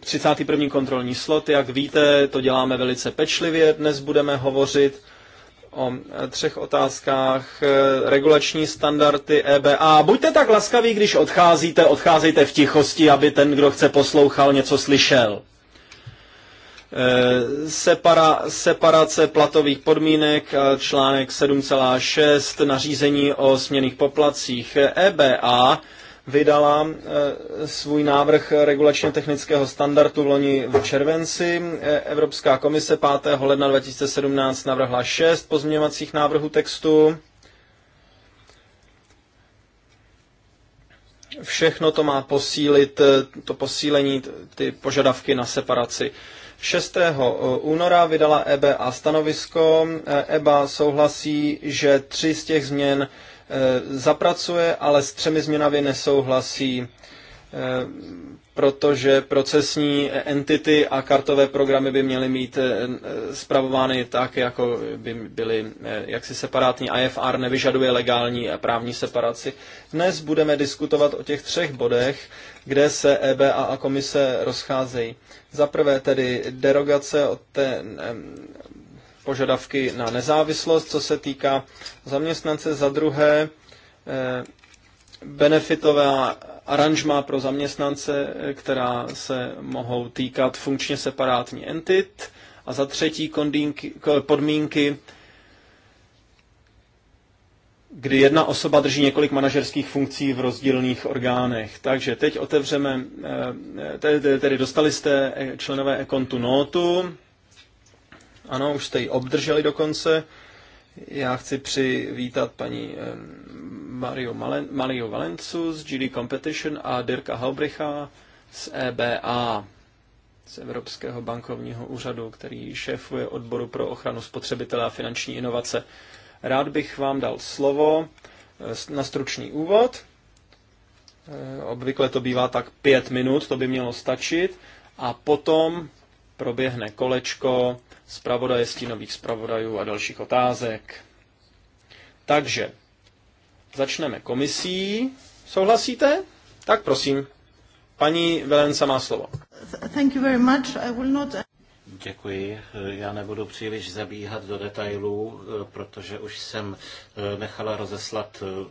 31. Eh, eh, kontrolní slot. Jak víte, to děláme velice pečlivě. Dnes budeme hovořit o třech otázkách. Regulační standardy EBA. Buďte tak laskaví, když odcházíte, odcházejte v tichosti, aby ten, kdo chce poslouchal, něco slyšel. Eh, separa, separace platových podmínek, eh, článek 7,6 nařízení o směných poplacích EBA vydala eh, svůj návrh regulačně technického standardu v loni v červenci. Evropská komise 5. ledna 2017 navrhla šest pozměňovacích návrhů textu. Všechno to má posílit, to posílení, ty požadavky na separaci. 6. Eh, února vydala EBA stanovisko. EBA eh, e souhlasí, že tři z těch změn eh, zapracuje, ale s třemi změnami nesouhlasí protože procesní entity a kartové programy by měly mít zpravovány eh, eh, tak, jako by byly eh, jaksi separátní. IFR nevyžaduje legální a právní separaci. Dnes budeme diskutovat o těch třech bodech, kde se EBA a komise rozcházejí. Za prvé tedy derogace od té požadavky na nezávislost, co se týká zaměstnance. Za druhé benefitová aranžma pro zaměstnance, která se mohou týkat funkčně separátní entit. A za třetí kondínky, podmínky, kdy jedna osoba drží několik manažerských funkcí v rozdílných orgánech. Takže teď otevřeme, eh, tedy, dostali jste eh, členové kontu notu, ano, už jste ji obdrželi dokonce. Já chci přivítat paní eh, Mario Malen, Mario Valencu z GD Competition a Dirka Halbricha z EBA, z Evropského bankovního úřadu, který šéfuje odboru pro ochranu spotřebitele a finanční inovace. Rád bych vám dal slovo eh, na stručný úvod. Eh, obvykle to bývá tak pět minut, to by mělo stačit. A potom proběhne kolečko zpravodaje stínových zpravodajů a dalších otázek. Takže Začneme komisí. Souhlasíte? Tak prosím. Paní Velenca má slovo. Thank you very much. I will not... Děkuji. Já nebudu příliš zabíhat do detailů, protože už jsem eh, nechala rozeslat eh,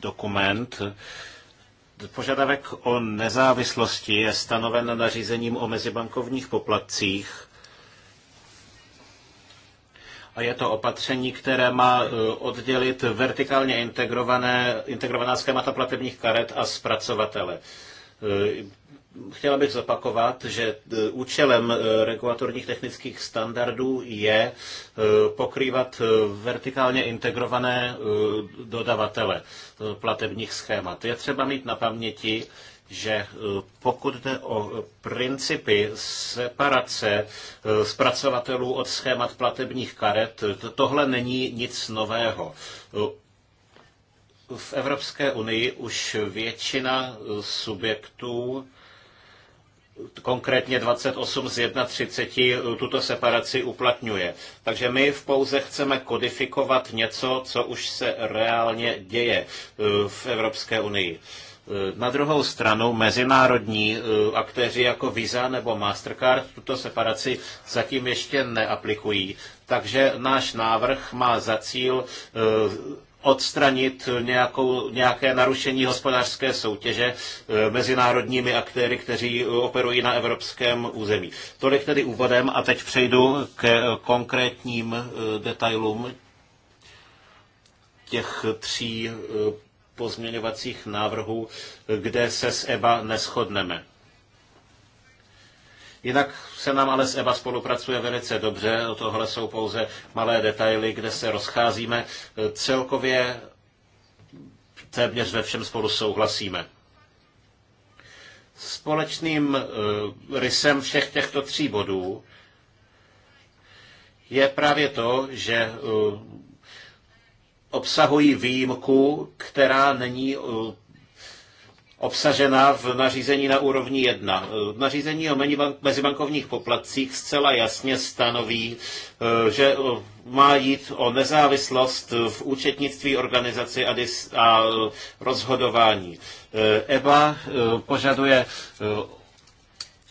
dokument. Požadavek o nezávislosti je stanoven nařízením o mezibankovních poplatcích a je to opatření, které má e, oddělit vertikálně integrované, integrovaná schémata platebních karet a zpracovatele. E, chtěla bych zopakovat, že e, účelem regulatorních technických standardů je pokrývat vertikálně integrované dodavatele platebních schémat. Je třeba mít na paměti, že eh, pokud jde o eh, principy separace eh, zpracovatelů od schémat platebních karet, tohle není nic nového v Evropské unii už většina subjektů, konkrétně 28 z 31, tuto separaci uplatňuje. Takže my v pouze chceme kodifikovat něco, co už se reálně děje v Evropské unii. Eh, na druhou stranu mezinárodní eh, aktéři jako Visa nebo Mastercard tuto separaci zatím ještě neaplikují. Takže náš návrh má za cíl eh, odstranit nějakou, nějaké narušení hospodářské soutěže mezinárodními aktéry, kteří operují na evropském území. Tolik tedy úvodem a teď přejdu k konkrétním detailům těch tří pozměňovacích návrhů, kde se s EBA neschodneme. Jinak se nám ale s EBA spolupracuje velice dobře, tohle jsou pouze malé detaily, kde se rozcházíme. Celkově téměř ve všem spolu souhlasíme. Společným eh, rysem všech těchto tří bodů je právě to, že eh, obsahují výjimku, která není eh, obsažena v nařízení na úrovni 1. Eh, nařízení o mezibankovních poplatcích zcela jasně stanoví, eh, že má jít o nezávislost v účetnictví organizaci a, a rozhodování. EBA e požaduje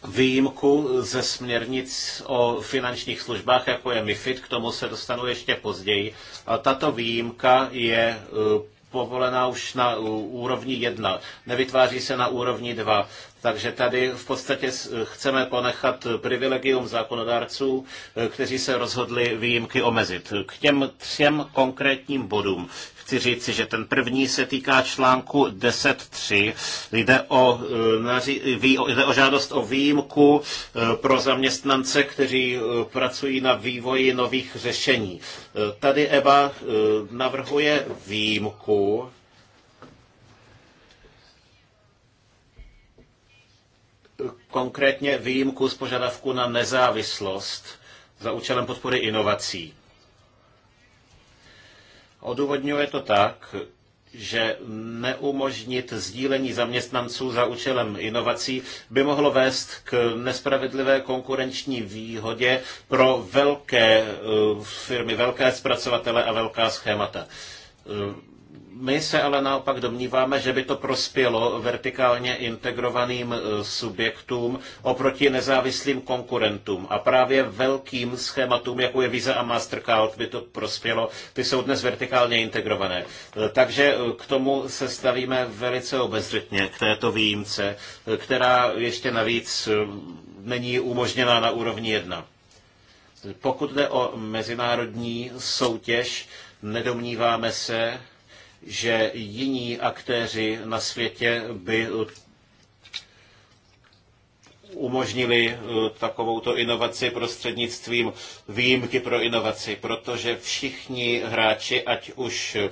výjimku ze směrnic o finančních službách, jako je MIFID, k tomu se dostanu ještě později. A tato výjimka je eh, povolená už na eh, úrovni 1, nevytváří se na úrovni 2. Takže tady v podstatě eh, chceme ponechat privilegium zákonodárců, kteří se rozhodli výjimky omezit. K těm třem konkrétním bodům chci říci, že ten první se týká článku 10.3. Jde o, e, jde o žádost o výjimku e, pro zaměstnance, kteří e, pracují na vývoji nových řešení. Tady EBA navrhuje výjimku konkrétně výjimku z požadavku na nezávislost za účelem podpory inovací. Odůvodňuje to tak, že neumožnit sdílení zaměstnanců za účelem inovací by mohlo vést k nespravedlivé konkurenční výhodě pro velké eh, firmy, velké zpracovatele a velká schémata. Eh, my se ale naopak domníváme, že by to prospělo vertikálně integrovaným e, subjektům oproti nezávislým konkurentům. A právě velkým schématům, jako je Visa a Mastercard, by to prospělo. Ty jsou dnes vertikálně integrované. E, takže e, k tomu se stavíme velice obezřetně, k této výjimce, která ještě navíc není umožněna na úrovni jedna. Pokud jde o mezinárodní soutěž, nedomníváme se, že jiní aktéři na světě by umožnili eh, takovouto inovaci prostřednictvím výjimky pro inovaci, protože všichni hráči, ať už eh,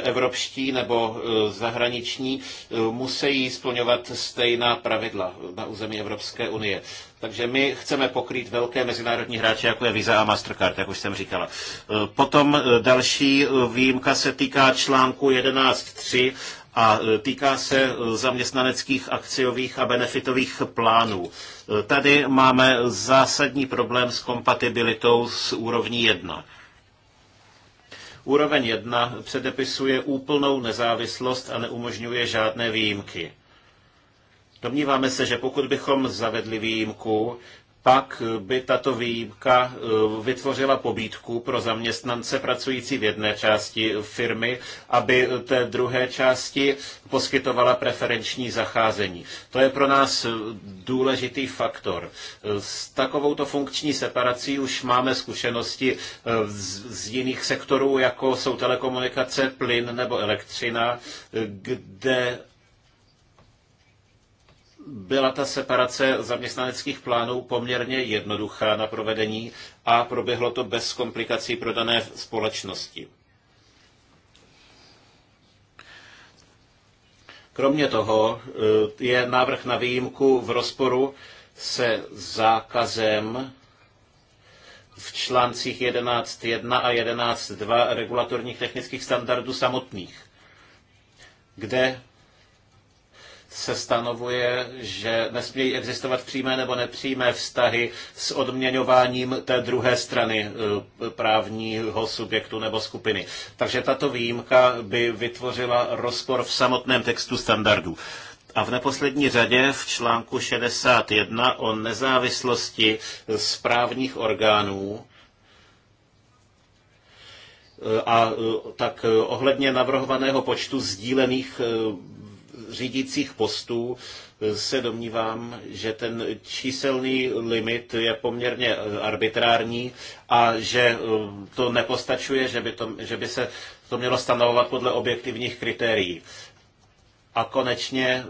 evropští nebo eh, zahraniční, musí splňovat stejná pravidla na území Evropské unie. Takže my chceme pokrýt velké mezinárodní hráče, jako je Visa a Mastercard, jak už jsem říkala. E, potom e, další e, výjimka se týká článku 11.3 a týká se zaměstnaneckých akciových a benefitových plánů. Tady máme zásadní problém s kompatibilitou s úrovní 1. Úroveň 1 předepisuje úplnou nezávislost a neumožňuje žádné výjimky. Domníváme se, že pokud bychom zavedli výjimku, pak by tato výjimka eh, vytvořila pobídku pro zaměstnance pracující v jedné části firmy, aby eh, té druhé části poskytovala preferenční zacházení. To je pro nás eh, důležitý faktor. S takovouto funkční separací už máme zkušenosti z jiných sektorů, jako jsou telekomunikace, plyn nebo elektřina, kde byla ta separace zaměstnaneckých plánů poměrně jednoduchá na provedení a proběhlo to bez komplikací pro dané společnosti. Kromě toho eh, je návrh na výjimku v rozporu se zákazem v článcích 11.1 a 11.2 regulatorních technických standardů samotných, kde se stanovuje, že nesmějí existovat přímé nebo nepřímé vztahy s odměňováním té druhé strany eh, právního subjektu nebo skupiny. Takže tato výjimka by vytvořila rozpor v samotném textu standardů. A v neposlední řadě v článku 61 o nezávislosti eh, správních orgánů eh, a tak ohledně navrhovaného počtu sdílených řídících postů eh, se domnívám, že ten číselný limit je poměrně eh, arbitrární a že eh, to nepostačuje, že by, to, že by se to mělo stanovovat podle objektivních kritérií. A konečně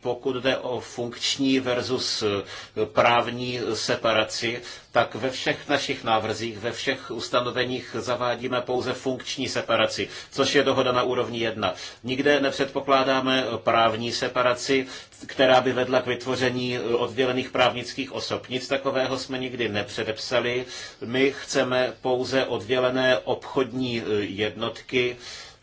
pokud jde o funkční versus eh, právní separaci, tak ve všech našich návrzích, ve všech ustanoveních zavádíme pouze funkční separaci, což je dohoda na úrovni jedna. Nikde nepředpokládáme eh, právní separaci, která by vedla k vytvoření eh, oddělených právnických osob. Nic takového jsme nikdy nepředepsali. My chceme pouze oddělené obchodní jednotky,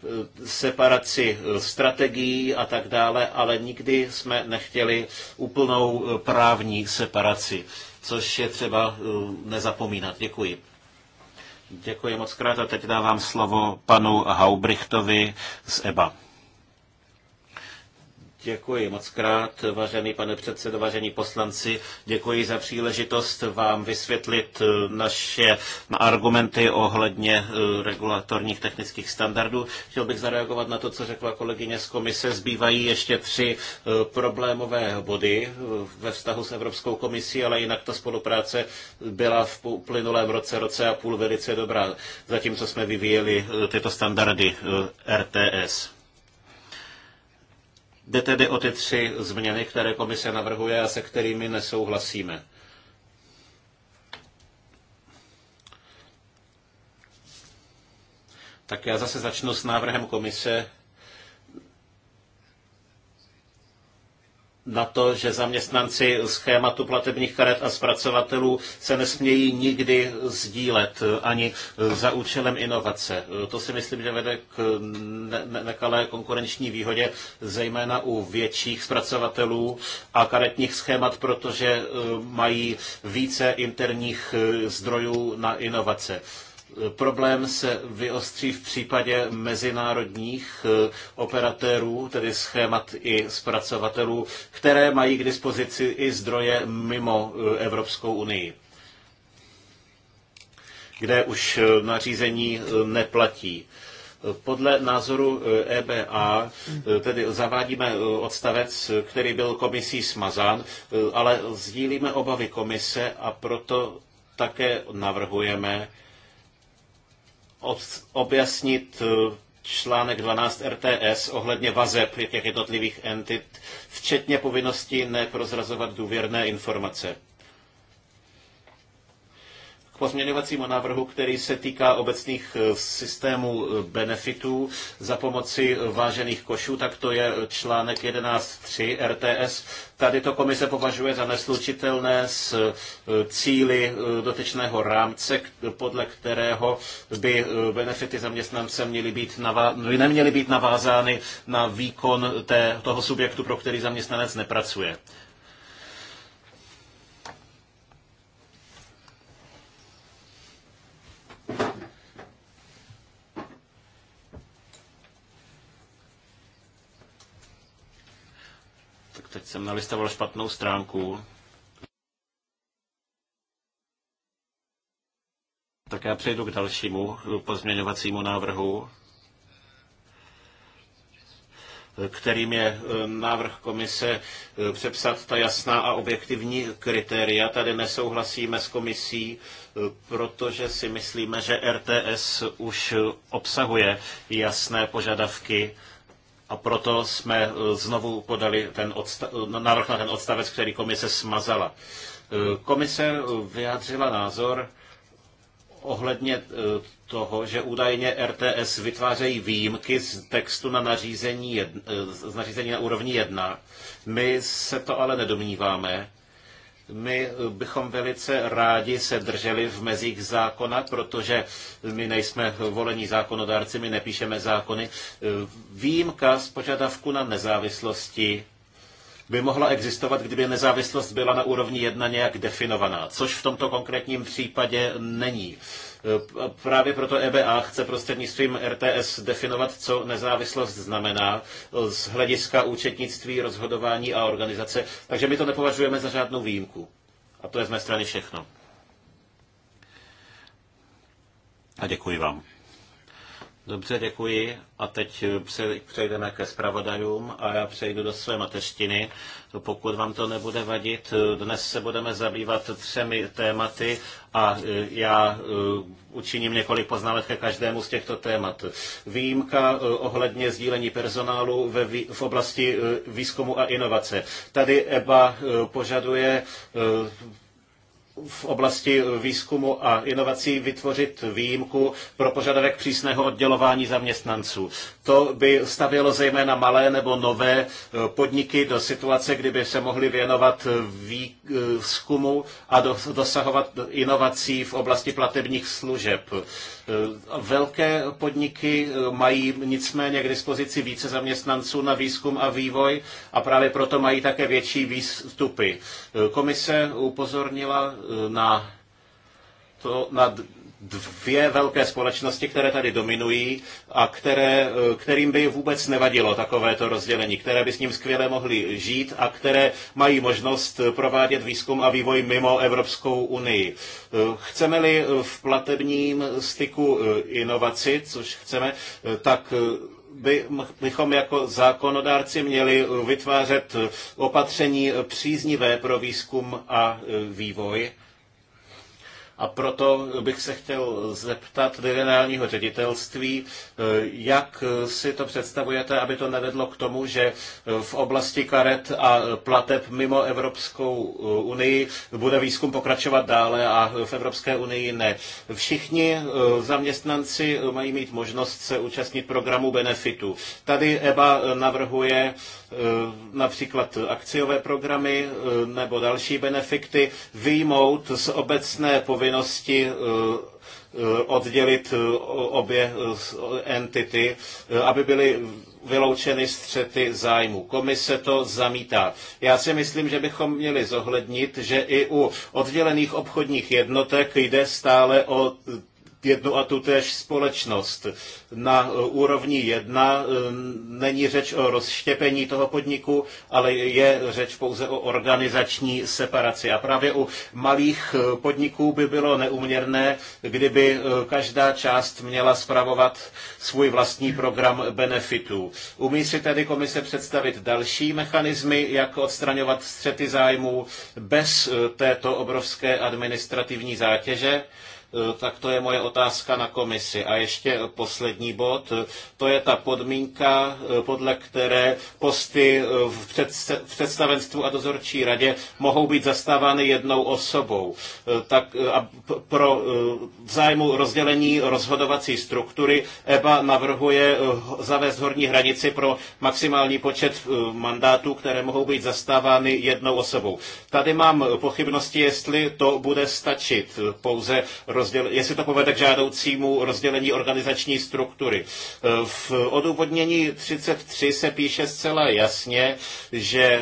Eh, separaci eh, strategií a tak dále, ale nikdy jsme nechtěli úplnou eh, právní separaci, což je třeba nezapomínat. Děkuji. Děkuji moc krát a teď dávám slovo panu Haubrichtovi z EBA. Děkuji moc krát, vážený pane předsedo, vážení poslanci. Děkuji za příležitost vám vysvětlit eh, naše argumenty ohledně eh, regulatorních technických standardů. Chtěl bych zareagovat na to, co řekla kolegyně z komise. Zbývají ještě tři eh, problémové body ve vztahu s Evropskou komisí, ale jinak ta spolupráce byla v uplynulém roce, roce a půl velice dobrá, zatímco jsme vyvíjeli tyto standardy RTS. Jde tedy o ty tři změny, které komise navrhuje a se kterými nesouhlasíme. Tak já zase začnu s návrhem komise, na to, že zaměstnanci schématu platebních karet a zpracovatelů se nesmějí nikdy sdílet ani za účelem inovace. To si myslím, že vede k nekalé konkurenční výhodě, zejména u větších zpracovatelů a karetních schémat, protože eh, mají více interních eh, zdrojů na inovace. Problém se vyostří v případě mezinárodních eh, operatérů, tedy schémat i zpracovatelů, které mají k dispozici i zdroje mimo eh, Evropskou unii kde už eh, nařízení neplatí. Podle názoru EBA e tedy zavádíme odstavec, který byl komisí smazán, ale sdílíme obavy komise a proto také navrhujeme, objasnit eh, článek 12 RTS ohledně vazeb těch jednotlivých entit, včetně povinnosti neprozrazovat důvěrné informace k pozměňovacímu návrhu, který se týká obecných eh, systémů eh, benefitů za pomoci eh, vážených košů, tak to je článek 11.3 RTS. Tady to komise považuje za neslučitelné s cíly dotyčného rámce, podle kterého by benefity zaměstnance měly být navá- neměly být navázány na výkon té, toho subjektu, pro který zaměstnanec nepracuje. jsem nalistoval špatnou stránku. Tak já přejdu k dalšímu pozměňovacímu návrhu, kterým je eh, návrh komise eh, přepsat ta jasná a objektivní kritéria. Tady nesouhlasíme s komisí, eh, protože si myslíme, že RTS už obsahuje jasné požadavky a proto jsme eh, znovu podali ten odsta- eh, návrh na ten odstavec, který komise smazala. Eh, komise vyjádřila názor ohledně toho, že údajně RTS vytvářejí výjimky z textu na nařízení, jedna, z nařízení na úrovni 1. My se to ale nedomníváme my bychom velice rádi se drželi v mezích zákona, protože my nejsme volení zákonodárci, my nepíšeme zákony. Výjimka z požadavku na nezávislosti by mohla existovat, kdyby nezávislost byla na úrovni jedna nějak definovaná, což v tomto konkrétním případě není. Právě proto EBA chce prostřednictvím RTS definovat, co nezávislost znamená z hlediska účetnictví, rozhodování a organizace. Takže my to nepovažujeme za žádnou výjimku. A to je z mé strany všechno. A děkuji vám. Dobře, děkuji. A teď eh, přejdeme ke zpravodajům a já přejdu do své mateřtiny. Pokud vám to nebude vadit, eh, dnes se budeme zabývat třemi tématy a eh, já učiním několik poznámek ke každému z těchto témat. Výjimka ohledně sdílení personálu ve, v oblasti výzkumu a inovace. Tady EBA požaduje v oblasti výzkumu a inovací vytvořit výjimku pro požadavek přísného oddělování zaměstnanců. To by stavělo zejména malé nebo nové eh, podniky do situace, kdyby se mohly věnovat výzkumu eh, a dosahovat inovací v oblasti platebních služeb. Eh, velké podniky mají nicméně k dispozici více zaměstnanců na výzkum a vývoj a právě proto mají také větší výstupy. Komise upozornila na, to, na dvě velké společnosti, které tady dominují a které, eh, kterým by vůbec nevadilo takovéto rozdělení, které by s ním skvěle mohly žít a které mají možnost eh, provádět výzkum a vývoj mimo Evropskou unii. Eh, chceme-li v platebním styku inovaci, což chceme, tak by, bychom jako zákonodárci měli vytvářet opatření příznivé pro výzkum a e, vývoj a proto bych se chtěl zeptat generálního ředitelství, eh, jak si to představujete, aby to nevedlo k tomu, že eh, v oblasti karet a plateb mimo Evropskou eh, unii bude výzkum pokračovat dále a v Evropské unii ne. Všichni zaměstnanci mají mít možnost se účastnit programu benefitu. Tady EBA navrhuje Eh, například akciové programy eh, nebo další benefity vyjmout z obecné povinnosti eh, oddělit obě entity, aby byly vyloučeny střety zájmu. Komise to zamítá. Já si myslím, že bychom měli zohlednit, že i u oddělených obchodních jednotek jde stále o jednu a tu též společnost. Na úrovni jedna eh, není řeč o rozštěpení toho podniku, ale je řeč pouze o organizační separaci. A právě u malých eh, podniků by bylo neuměrné, kdyby eh, každá část měla spravovat svůj vlastní program benefitů. Umí si tedy komise představit další mechanismy, jak odstraňovat střety zájmů bez této obrovské administrativní zátěže? E, tak to je moje otázka na komisi. A ještě poslední bod, to je ta podmínka, e, podle které posty e, v představenstvu a dozorčí radě mohou být zastávány jednou osobou. Tak a pro v zájmu rozdělení rozhodovací struktury EBA navrhuje zavést horní hranici pro maximální počet mandátů, které mohou být zastávány jednou osobou. Tady mám pochybnosti, jestli to bude stačit pouze roz rozděl, jestli to povede k žádoucímu rozdělení organizační struktury. E, v odůvodnění 33 se píše zcela jasně, že e,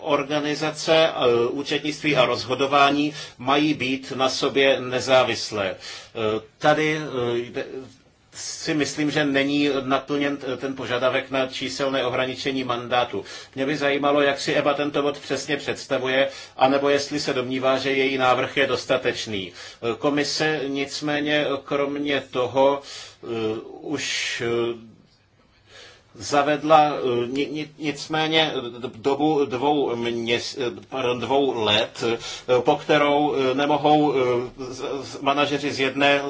organizace, e, účetnictví a rozhodování mají být na sobě nezávislé. Tady si myslím, že není naplněn ten požadavek na číselné ohraničení mandátu. Mě by zajímalo, jak si EBA tento bod přesně představuje, anebo jestli se domnívá, že její návrh je dostatečný. Komise nicméně kromě toho eh, už eh, zavedla eh, nicméně dobu dvou, měs, eh, pardon, dvou let, eh, po kterou nemohou manažeři z jedné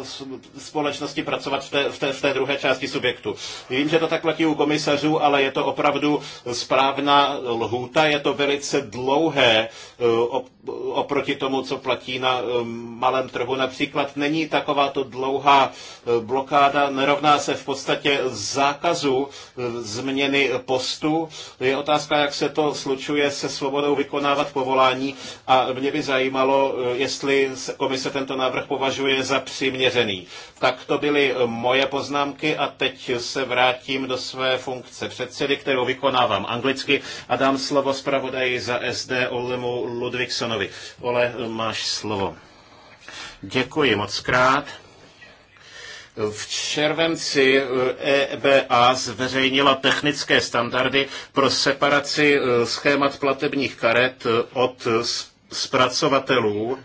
společnosti pracovat v té, v, té, v té druhé části subjektu. Vím, že to tak platí u komisařů, ale je to opravdu správná lhůta, je to velice dlouhé oproti tomu, co platí na malém trhu. Například není takováto dlouhá blokáda, nerovná se v podstatě zákazu změny postu. Je otázka, jak se to slučuje se svobodou vykonávat povolání a mě by zajímalo, jestli komise tento návrh považuje za přiměřený. Tak to byly moje poznámky a teď se vrátím do své funkce předsedy, kterou vykonávám anglicky a dám slovo zpravodaji za SD Olemu Ludvigsonovi. Ole, máš slovo. Děkuji moc krát. V červenci EBA eh, e zveřejnila technické standardy pro separaci eh, schémat platebních karet eh, od zpracovatelů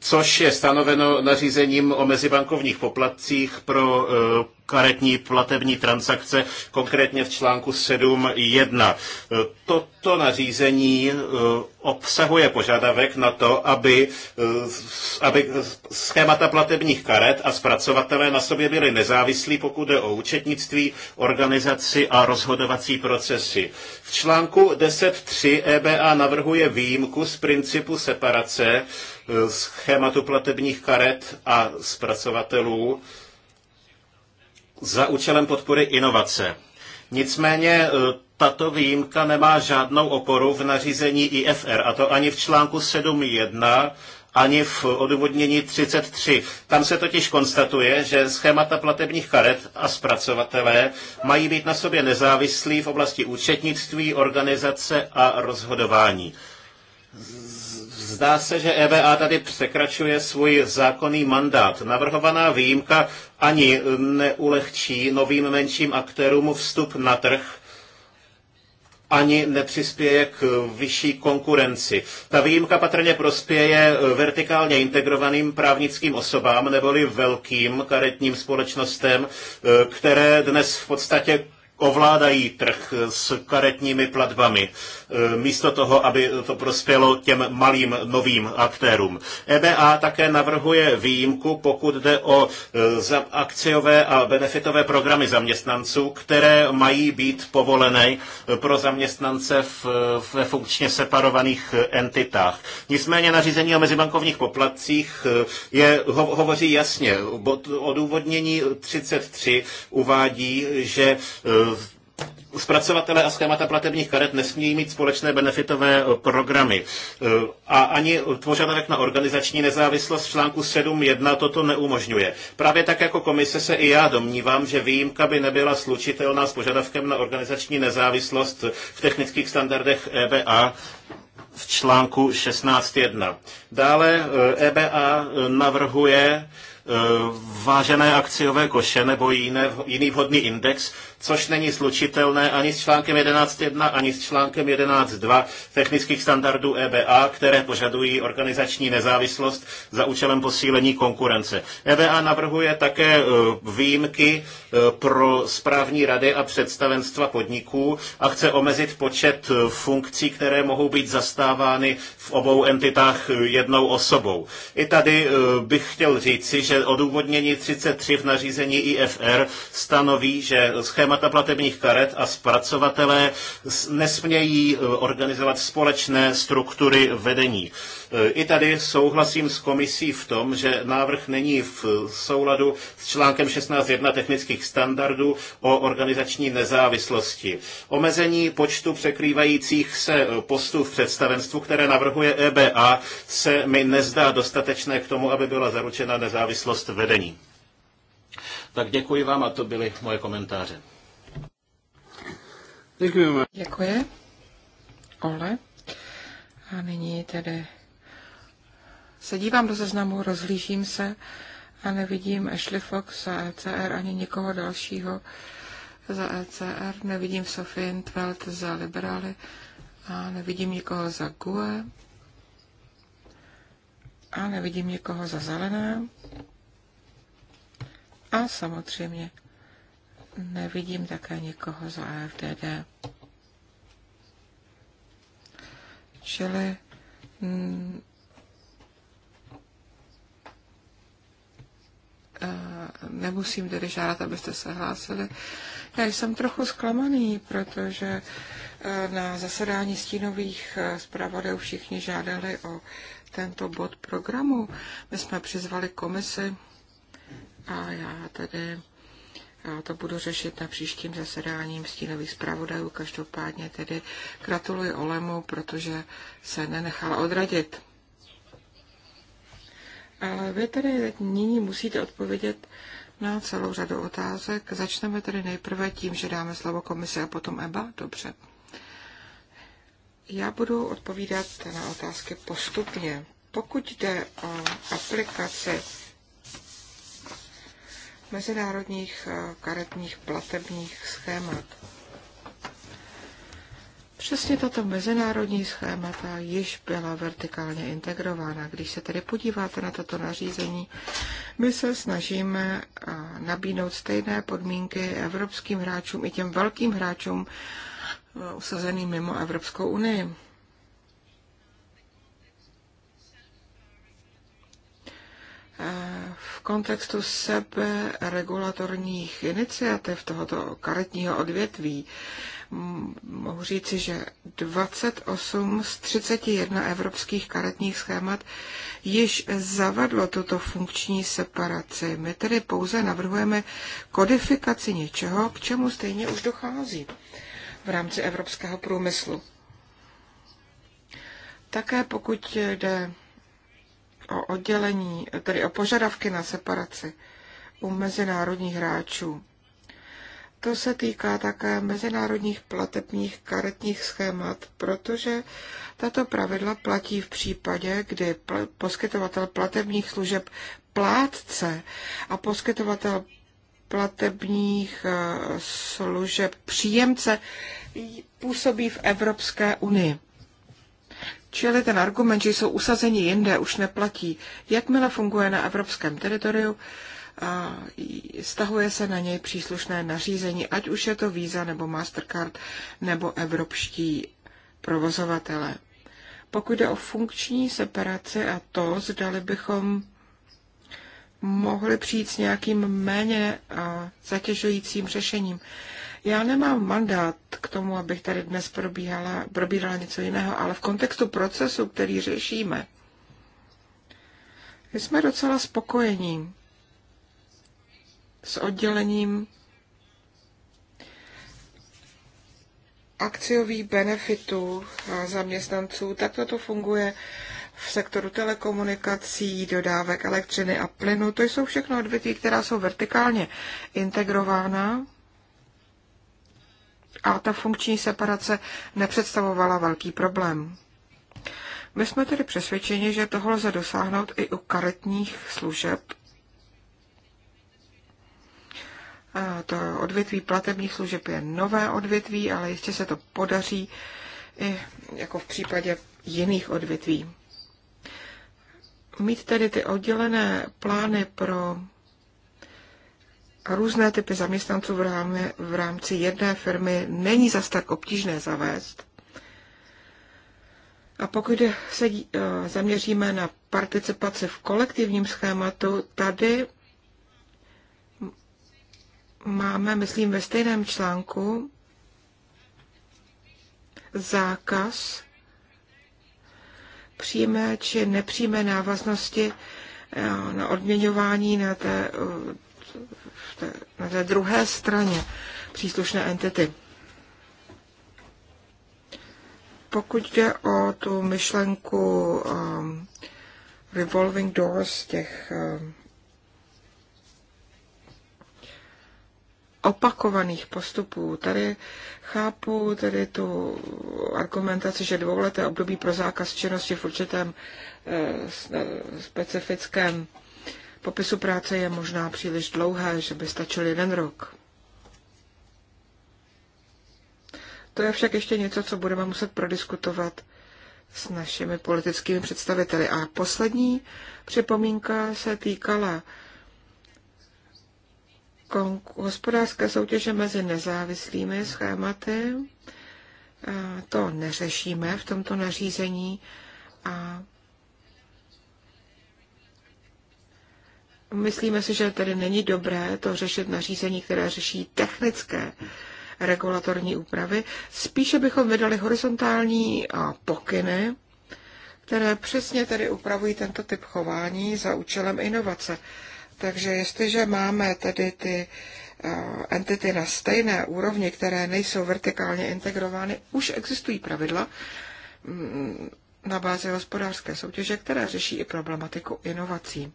což je stanoveno nařízením o mezibankovních poplatcích pro eh, karetní platební transakce, konkrétně v článku 7.1. Eh, toto nařízení eh, obsahuje požadavek na to, aby, aby schémata platebních karet a zpracovatelé na sobě byly nezávislí, pokud jde o účetnictví, organizaci a rozhodovací procesy. V článku 10.3 EBA navrhuje výjimku z principu separace, schématu platebních karet a zpracovatelů za účelem podpory inovace. Nicméně e, tato výjimka nemá žádnou oporu v nařízení IFR, a to ani v článku 7.1, ani v odůvodnění 33. Tam se totiž konstatuje, že schémata platebních karet a zpracovatelé mají být na sobě nezávislí v oblasti účetnictví, organizace a rozhodování. Zdá se, že EVA tady překračuje svůj zákonný mandát. Navrhovaná výjimka ani neulehčí novým menším aktérům vstup na trh, ani nepřispěje k vyšší konkurenci. Ta výjimka patrně prospěje vertikálně integrovaným právnickým osobám neboli velkým karetním společnostem, které dnes v podstatě ovládají trh s karetními platbami, e, místo toho, aby to prospělo těm malým novým aktérům. EBA také navrhuje výjimku, pokud jde o e, akciové a benefitové programy zaměstnanců, které mají být povolené e, pro zaměstnance ve funkčně separovaných entitách. Nicméně nařízení o mezibankovních poplatcích je, ho, hovoří jasně. Odůvodnění 33 uvádí, že Eh, Zpracovatele a schémata platebních karet nesmí mít společné benefitové eh, programy. Eh, a ani požadavek na organizační nezávislost v článku 7.1 toto neumožňuje. Právě tak jako komise se i já domnívám, že výjimka by nebyla slučitelná s požadavkem na organizační nezávislost v technických standardech EBA, v článku 16.1. Dále EBA e navrhuje vážené akciové koše nebo jiné, jiný vhodný index, což není slučitelné ani s článkem 11.1, ani s článkem 11.2 technických standardů EBA, které požadují organizační nezávislost za účelem posílení konkurence. EBA navrhuje také e, výjimky e, pro správní rady a představenstva podniků a chce omezit počet e, funkcí, které mohou být zastávány v obou entitách jednou osobou. I tady bych chtěl říci, že odůvodnění 33 v nařízení IFR stanoví, že schéma schémata platebních karet a zpracovatelé nesmějí eh, organizovat společné struktury vedení. Eh, I tady souhlasím s komisí v tom, že návrh není v souladu s článkem 16.1 technických standardů o organizační nezávislosti. Omezení počtu překrývajících se eh, postů v představenstvu, které navrhuje EBA, se mi nezdá dostatečné k tomu, aby byla zaručena nezávislost vedení. Tak děkuji vám a to byly moje komentáře. Děkujeme. Děkuji. Ole. A nyní tedy se dívám do seznamu, rozhlížím se a nevidím Ashley Fox za ECR ani nikoho dalšího za ECR, nevidím Sophie Intveld za liberály a nevidím nikoho za GUE a nevidím nikoho za zelené a samozřejmě Nevidím také nikoho za AFDD. E Čili mm, eh, nemusím tedy žádat, abyste se hlásili. Já jsem trochu zklamaný, protože eh, na zasedání stínových eh, zpravodajů všichni žádali o tento bod programu. My jsme přizvali komisi a já tedy a to budu řešit na příštím zasedáním stínových zpravodajů. Každopádně tedy gratuluji Olemu, protože se nenechal odradit. Ale vy tedy nyní musíte odpovědět na celou řadu otázek. Začneme tedy nejprve tím, že dáme slovo komise a potom EBA. Dobře. Já budu odpovídat na otázky postupně. Pokud jde o aplikaci mezinárodních eh, karetních platebních schémat. Přesně tato mezinárodní schémata již byla vertikálně integrována. Když se tedy podíváte na toto nařízení, my se snažíme eh, nabídnout stejné podmínky evropským hráčům i těm velkým hráčům eh, usazeným mimo Evropskou unii v kontextu sebe regulatorních iniciativ tohoto karetního odvětví mohu říci, že 28 z 31 evropských karetních schémat již zavadlo tuto funkční separaci. My tedy pouze navrhujeme kodifikaci něčeho, k čemu stejně už dochází v rámci evropského průmyslu. Také pokud jde o oddělení, tedy o požadavky na separaci u mezinárodních hráčů. To se týká také mezinárodních platebních karetních schémat, protože tato pravidla platí v případě, kdy poskytovatel platebních služeb plátce a poskytovatel platebních eh, služeb příjemce působí v Evropské unii. Čili ten argument, že jsou usazeni jinde, už neplatí. Jakmile funguje na evropském teritoriu, a stahuje se na něj příslušné nařízení, ať už je to Visa nebo Mastercard nebo evropští provozovatele. Pokud jde o funkční separaci a to, zdali bychom mohli přijít s nějakým méně zatěžujícím řešením. Já nemám mandát k tomu, abych tady dnes probíhala, probírala něco jiného, ale v kontextu procesu, který řešíme, my jsme docela spokojení s oddělením akciových benefitů zaměstnanců. Takto to funguje v sektoru telekomunikací, dodávek elektřiny a plynu. To jsou všechno odvětví, která jsou vertikálně integrována a ta funkční separace nepředstavovala velký problém. My jsme tedy přesvědčeni, že toho lze dosáhnout i u karetních služeb. to odvětví platebních služeb je nové odvětví, ale jistě se to podaří i jako v případě jiných odvětví. Mít tedy ty oddělené plány pro různé typy zaměstnanců v, rámě, v rámci jedné firmy není zas tak obtížné zavést. A pokud se eh, zaměříme na participaci v kolektivním schématu, tady máme, myslím, ve stejném článku zákaz přímé či nepřímé návaznosti eh, na odměňování na té eh, na té druhé straně příslušné entity. Pokud jde o tu myšlenku um, revolving doors, těch um, opakovaných postupů. Tady chápu tady tu argumentaci, že dvouleté období pro zákaz činnosti v určitém uh, specifickém popisu práce je možná příliš dlouhé, že by stačil jeden rok. To je však ještě něco, co budeme muset prodiskutovat s našimi politickými představiteli. A poslední připomínka se týkala hospodářské soutěže mezi nezávislými schématy. To neřešíme v tomto nařízení a Myslíme si, že tedy není dobré to řešit nařízení, které řeší technické regulatorní úpravy. Spíše bychom vydali horizontální pokyny, které přesně tedy upravují tento typ chování za účelem inovace. Takže jestliže máme tedy ty entity na stejné úrovni, které nejsou vertikálně integrovány, už existují pravidla mm, na bázi hospodářské soutěže, které řeší i problematiku inovací.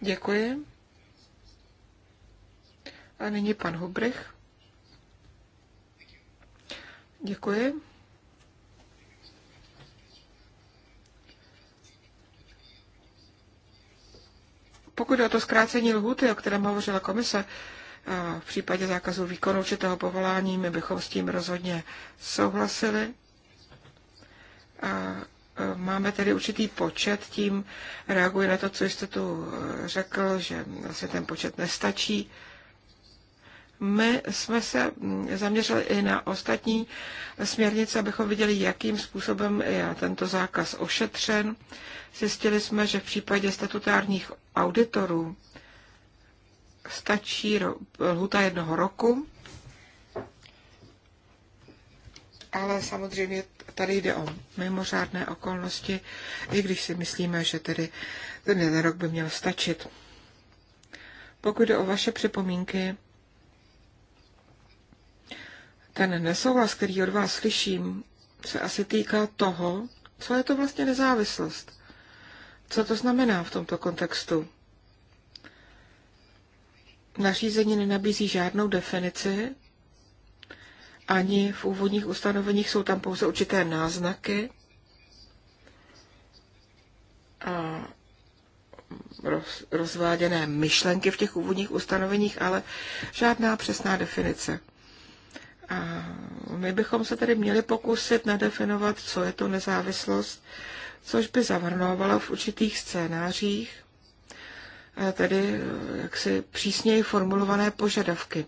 Děkuji. A nyní pan Hubrich. Děkuji. Pokud je o to zkrácení lhuty, o kterém hovořila komise, eh, v případě zákazu výkonu určitého povolání, my bychom s tím rozhodně souhlasili. Eh, máme tady určitý počet, tím reaguje na to, co jste tu eh, řekl, že vlastně ten počet nestačí. My jsme se mm, zaměřili i na ostatní směrnice, abychom viděli, jakým způsobem je tento zákaz ošetřen. Zjistili jsme, že v případě statutárních auditorů stačí lhuta jednoho roku ale samozřejmě tady jde o mimořádné okolnosti, i když si myslíme, že tedy ten jeden rok by měl stačit. Pokud jde o vaše připomínky, ten nesouhlas, který od vás slyším, se asi týká toho, co je to vlastně nezávislost. Co to znamená v tomto kontextu? Nařízení nenabízí žádnou definici, ani v úvodních ustanoveních, jsou tam pouze určité náznaky. A rozváděné myšlenky v těch úvodních ustanoveních, ale žádná přesná definice. A my bychom se tedy měli pokusit nadefinovat, co je to nezávislost, což by zavrnovalo v určitých scénářích eh, tedy eh, jaksi přísněji formulované požadavky.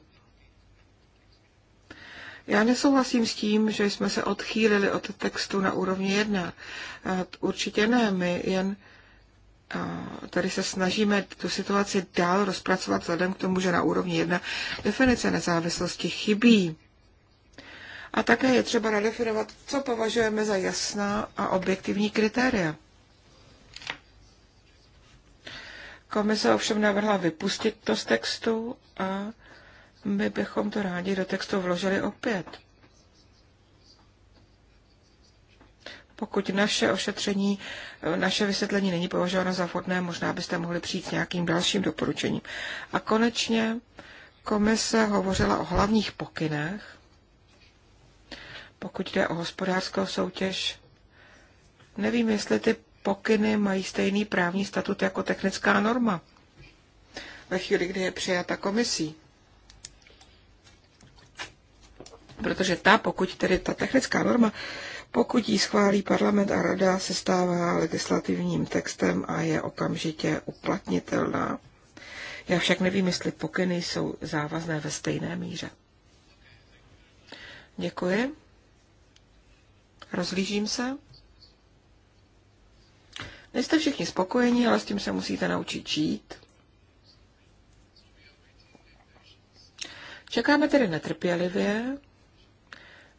Já nesouhlasím s tím, že jsme se odchýlili od textu na úrovni jedna. Určitě ne, my jen tady se snažíme tu situaci dál rozpracovat vzhledem k tomu, že na úrovni jedna. definice nezávislosti chybí. A také je třeba nadefinovat, co považujeme za jasná a objektivní kritéria. Komise ovšem navrhla vypustit to z textu a my bychom to rádi do textu vložili opět. Pokud naše ošetření, naše vysvětlení není považováno za vhodné, možná byste mohli přijít s nějakým dalším doporučením. A konečně komise hovořila o hlavních pokynech, pokud jde o hospodářskou soutěž. Nevím, jestli ty pokyny mají stejný právní statut jako technická norma ve chvíli, kdy je přijata komisí. protože ta, pokud tedy ta technická norma, pokud ji schválí parlament a rada, se stává legislativním textem a je okamžitě uplatnitelná. Já však nevím, jestli pokyny jsou závazné ve stejné míře. Děkuji. Rozlížím se. Nejste všichni spokojeni, ale s tím se musíte naučit žít. Čekáme tedy netrpělivě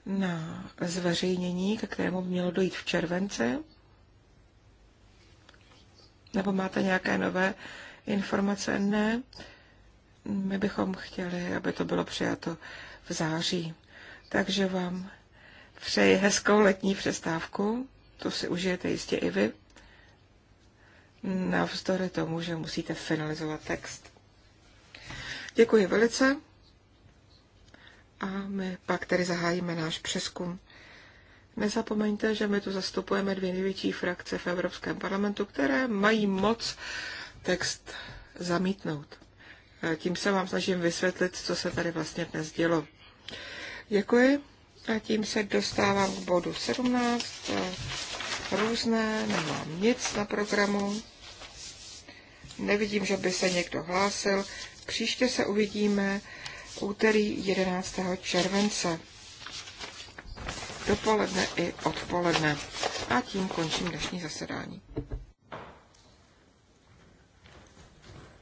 na zveřejnění, ke kterému mělo dojít v července? Nebo máte nějaké nové informace? Ne. My bychom chtěli, aby to bylo přijato v září. Takže vám přeji hezkou letní přestávku. To si užijete jistě i vy. Navzdory tomu, že musíte finalizovat text. Děkuji velice. A my pak tedy zahájíme náš přeskum. Nezapomeňte, že my tu zastupujeme dvě největší frakce v Evropském parlamentu, které mají moc text zamítnout. Tím se vám snažím vysvětlit, co se tady vlastně dnes dělo. Děkuji. A tím se dostávám k bodu 17. Různé, nemám nic na programu. Nevidím, že by se někdo hlásil. Příště se uvidíme úterý 11. července dopoledne i odpoledne. A tím končím dnešní zasedání.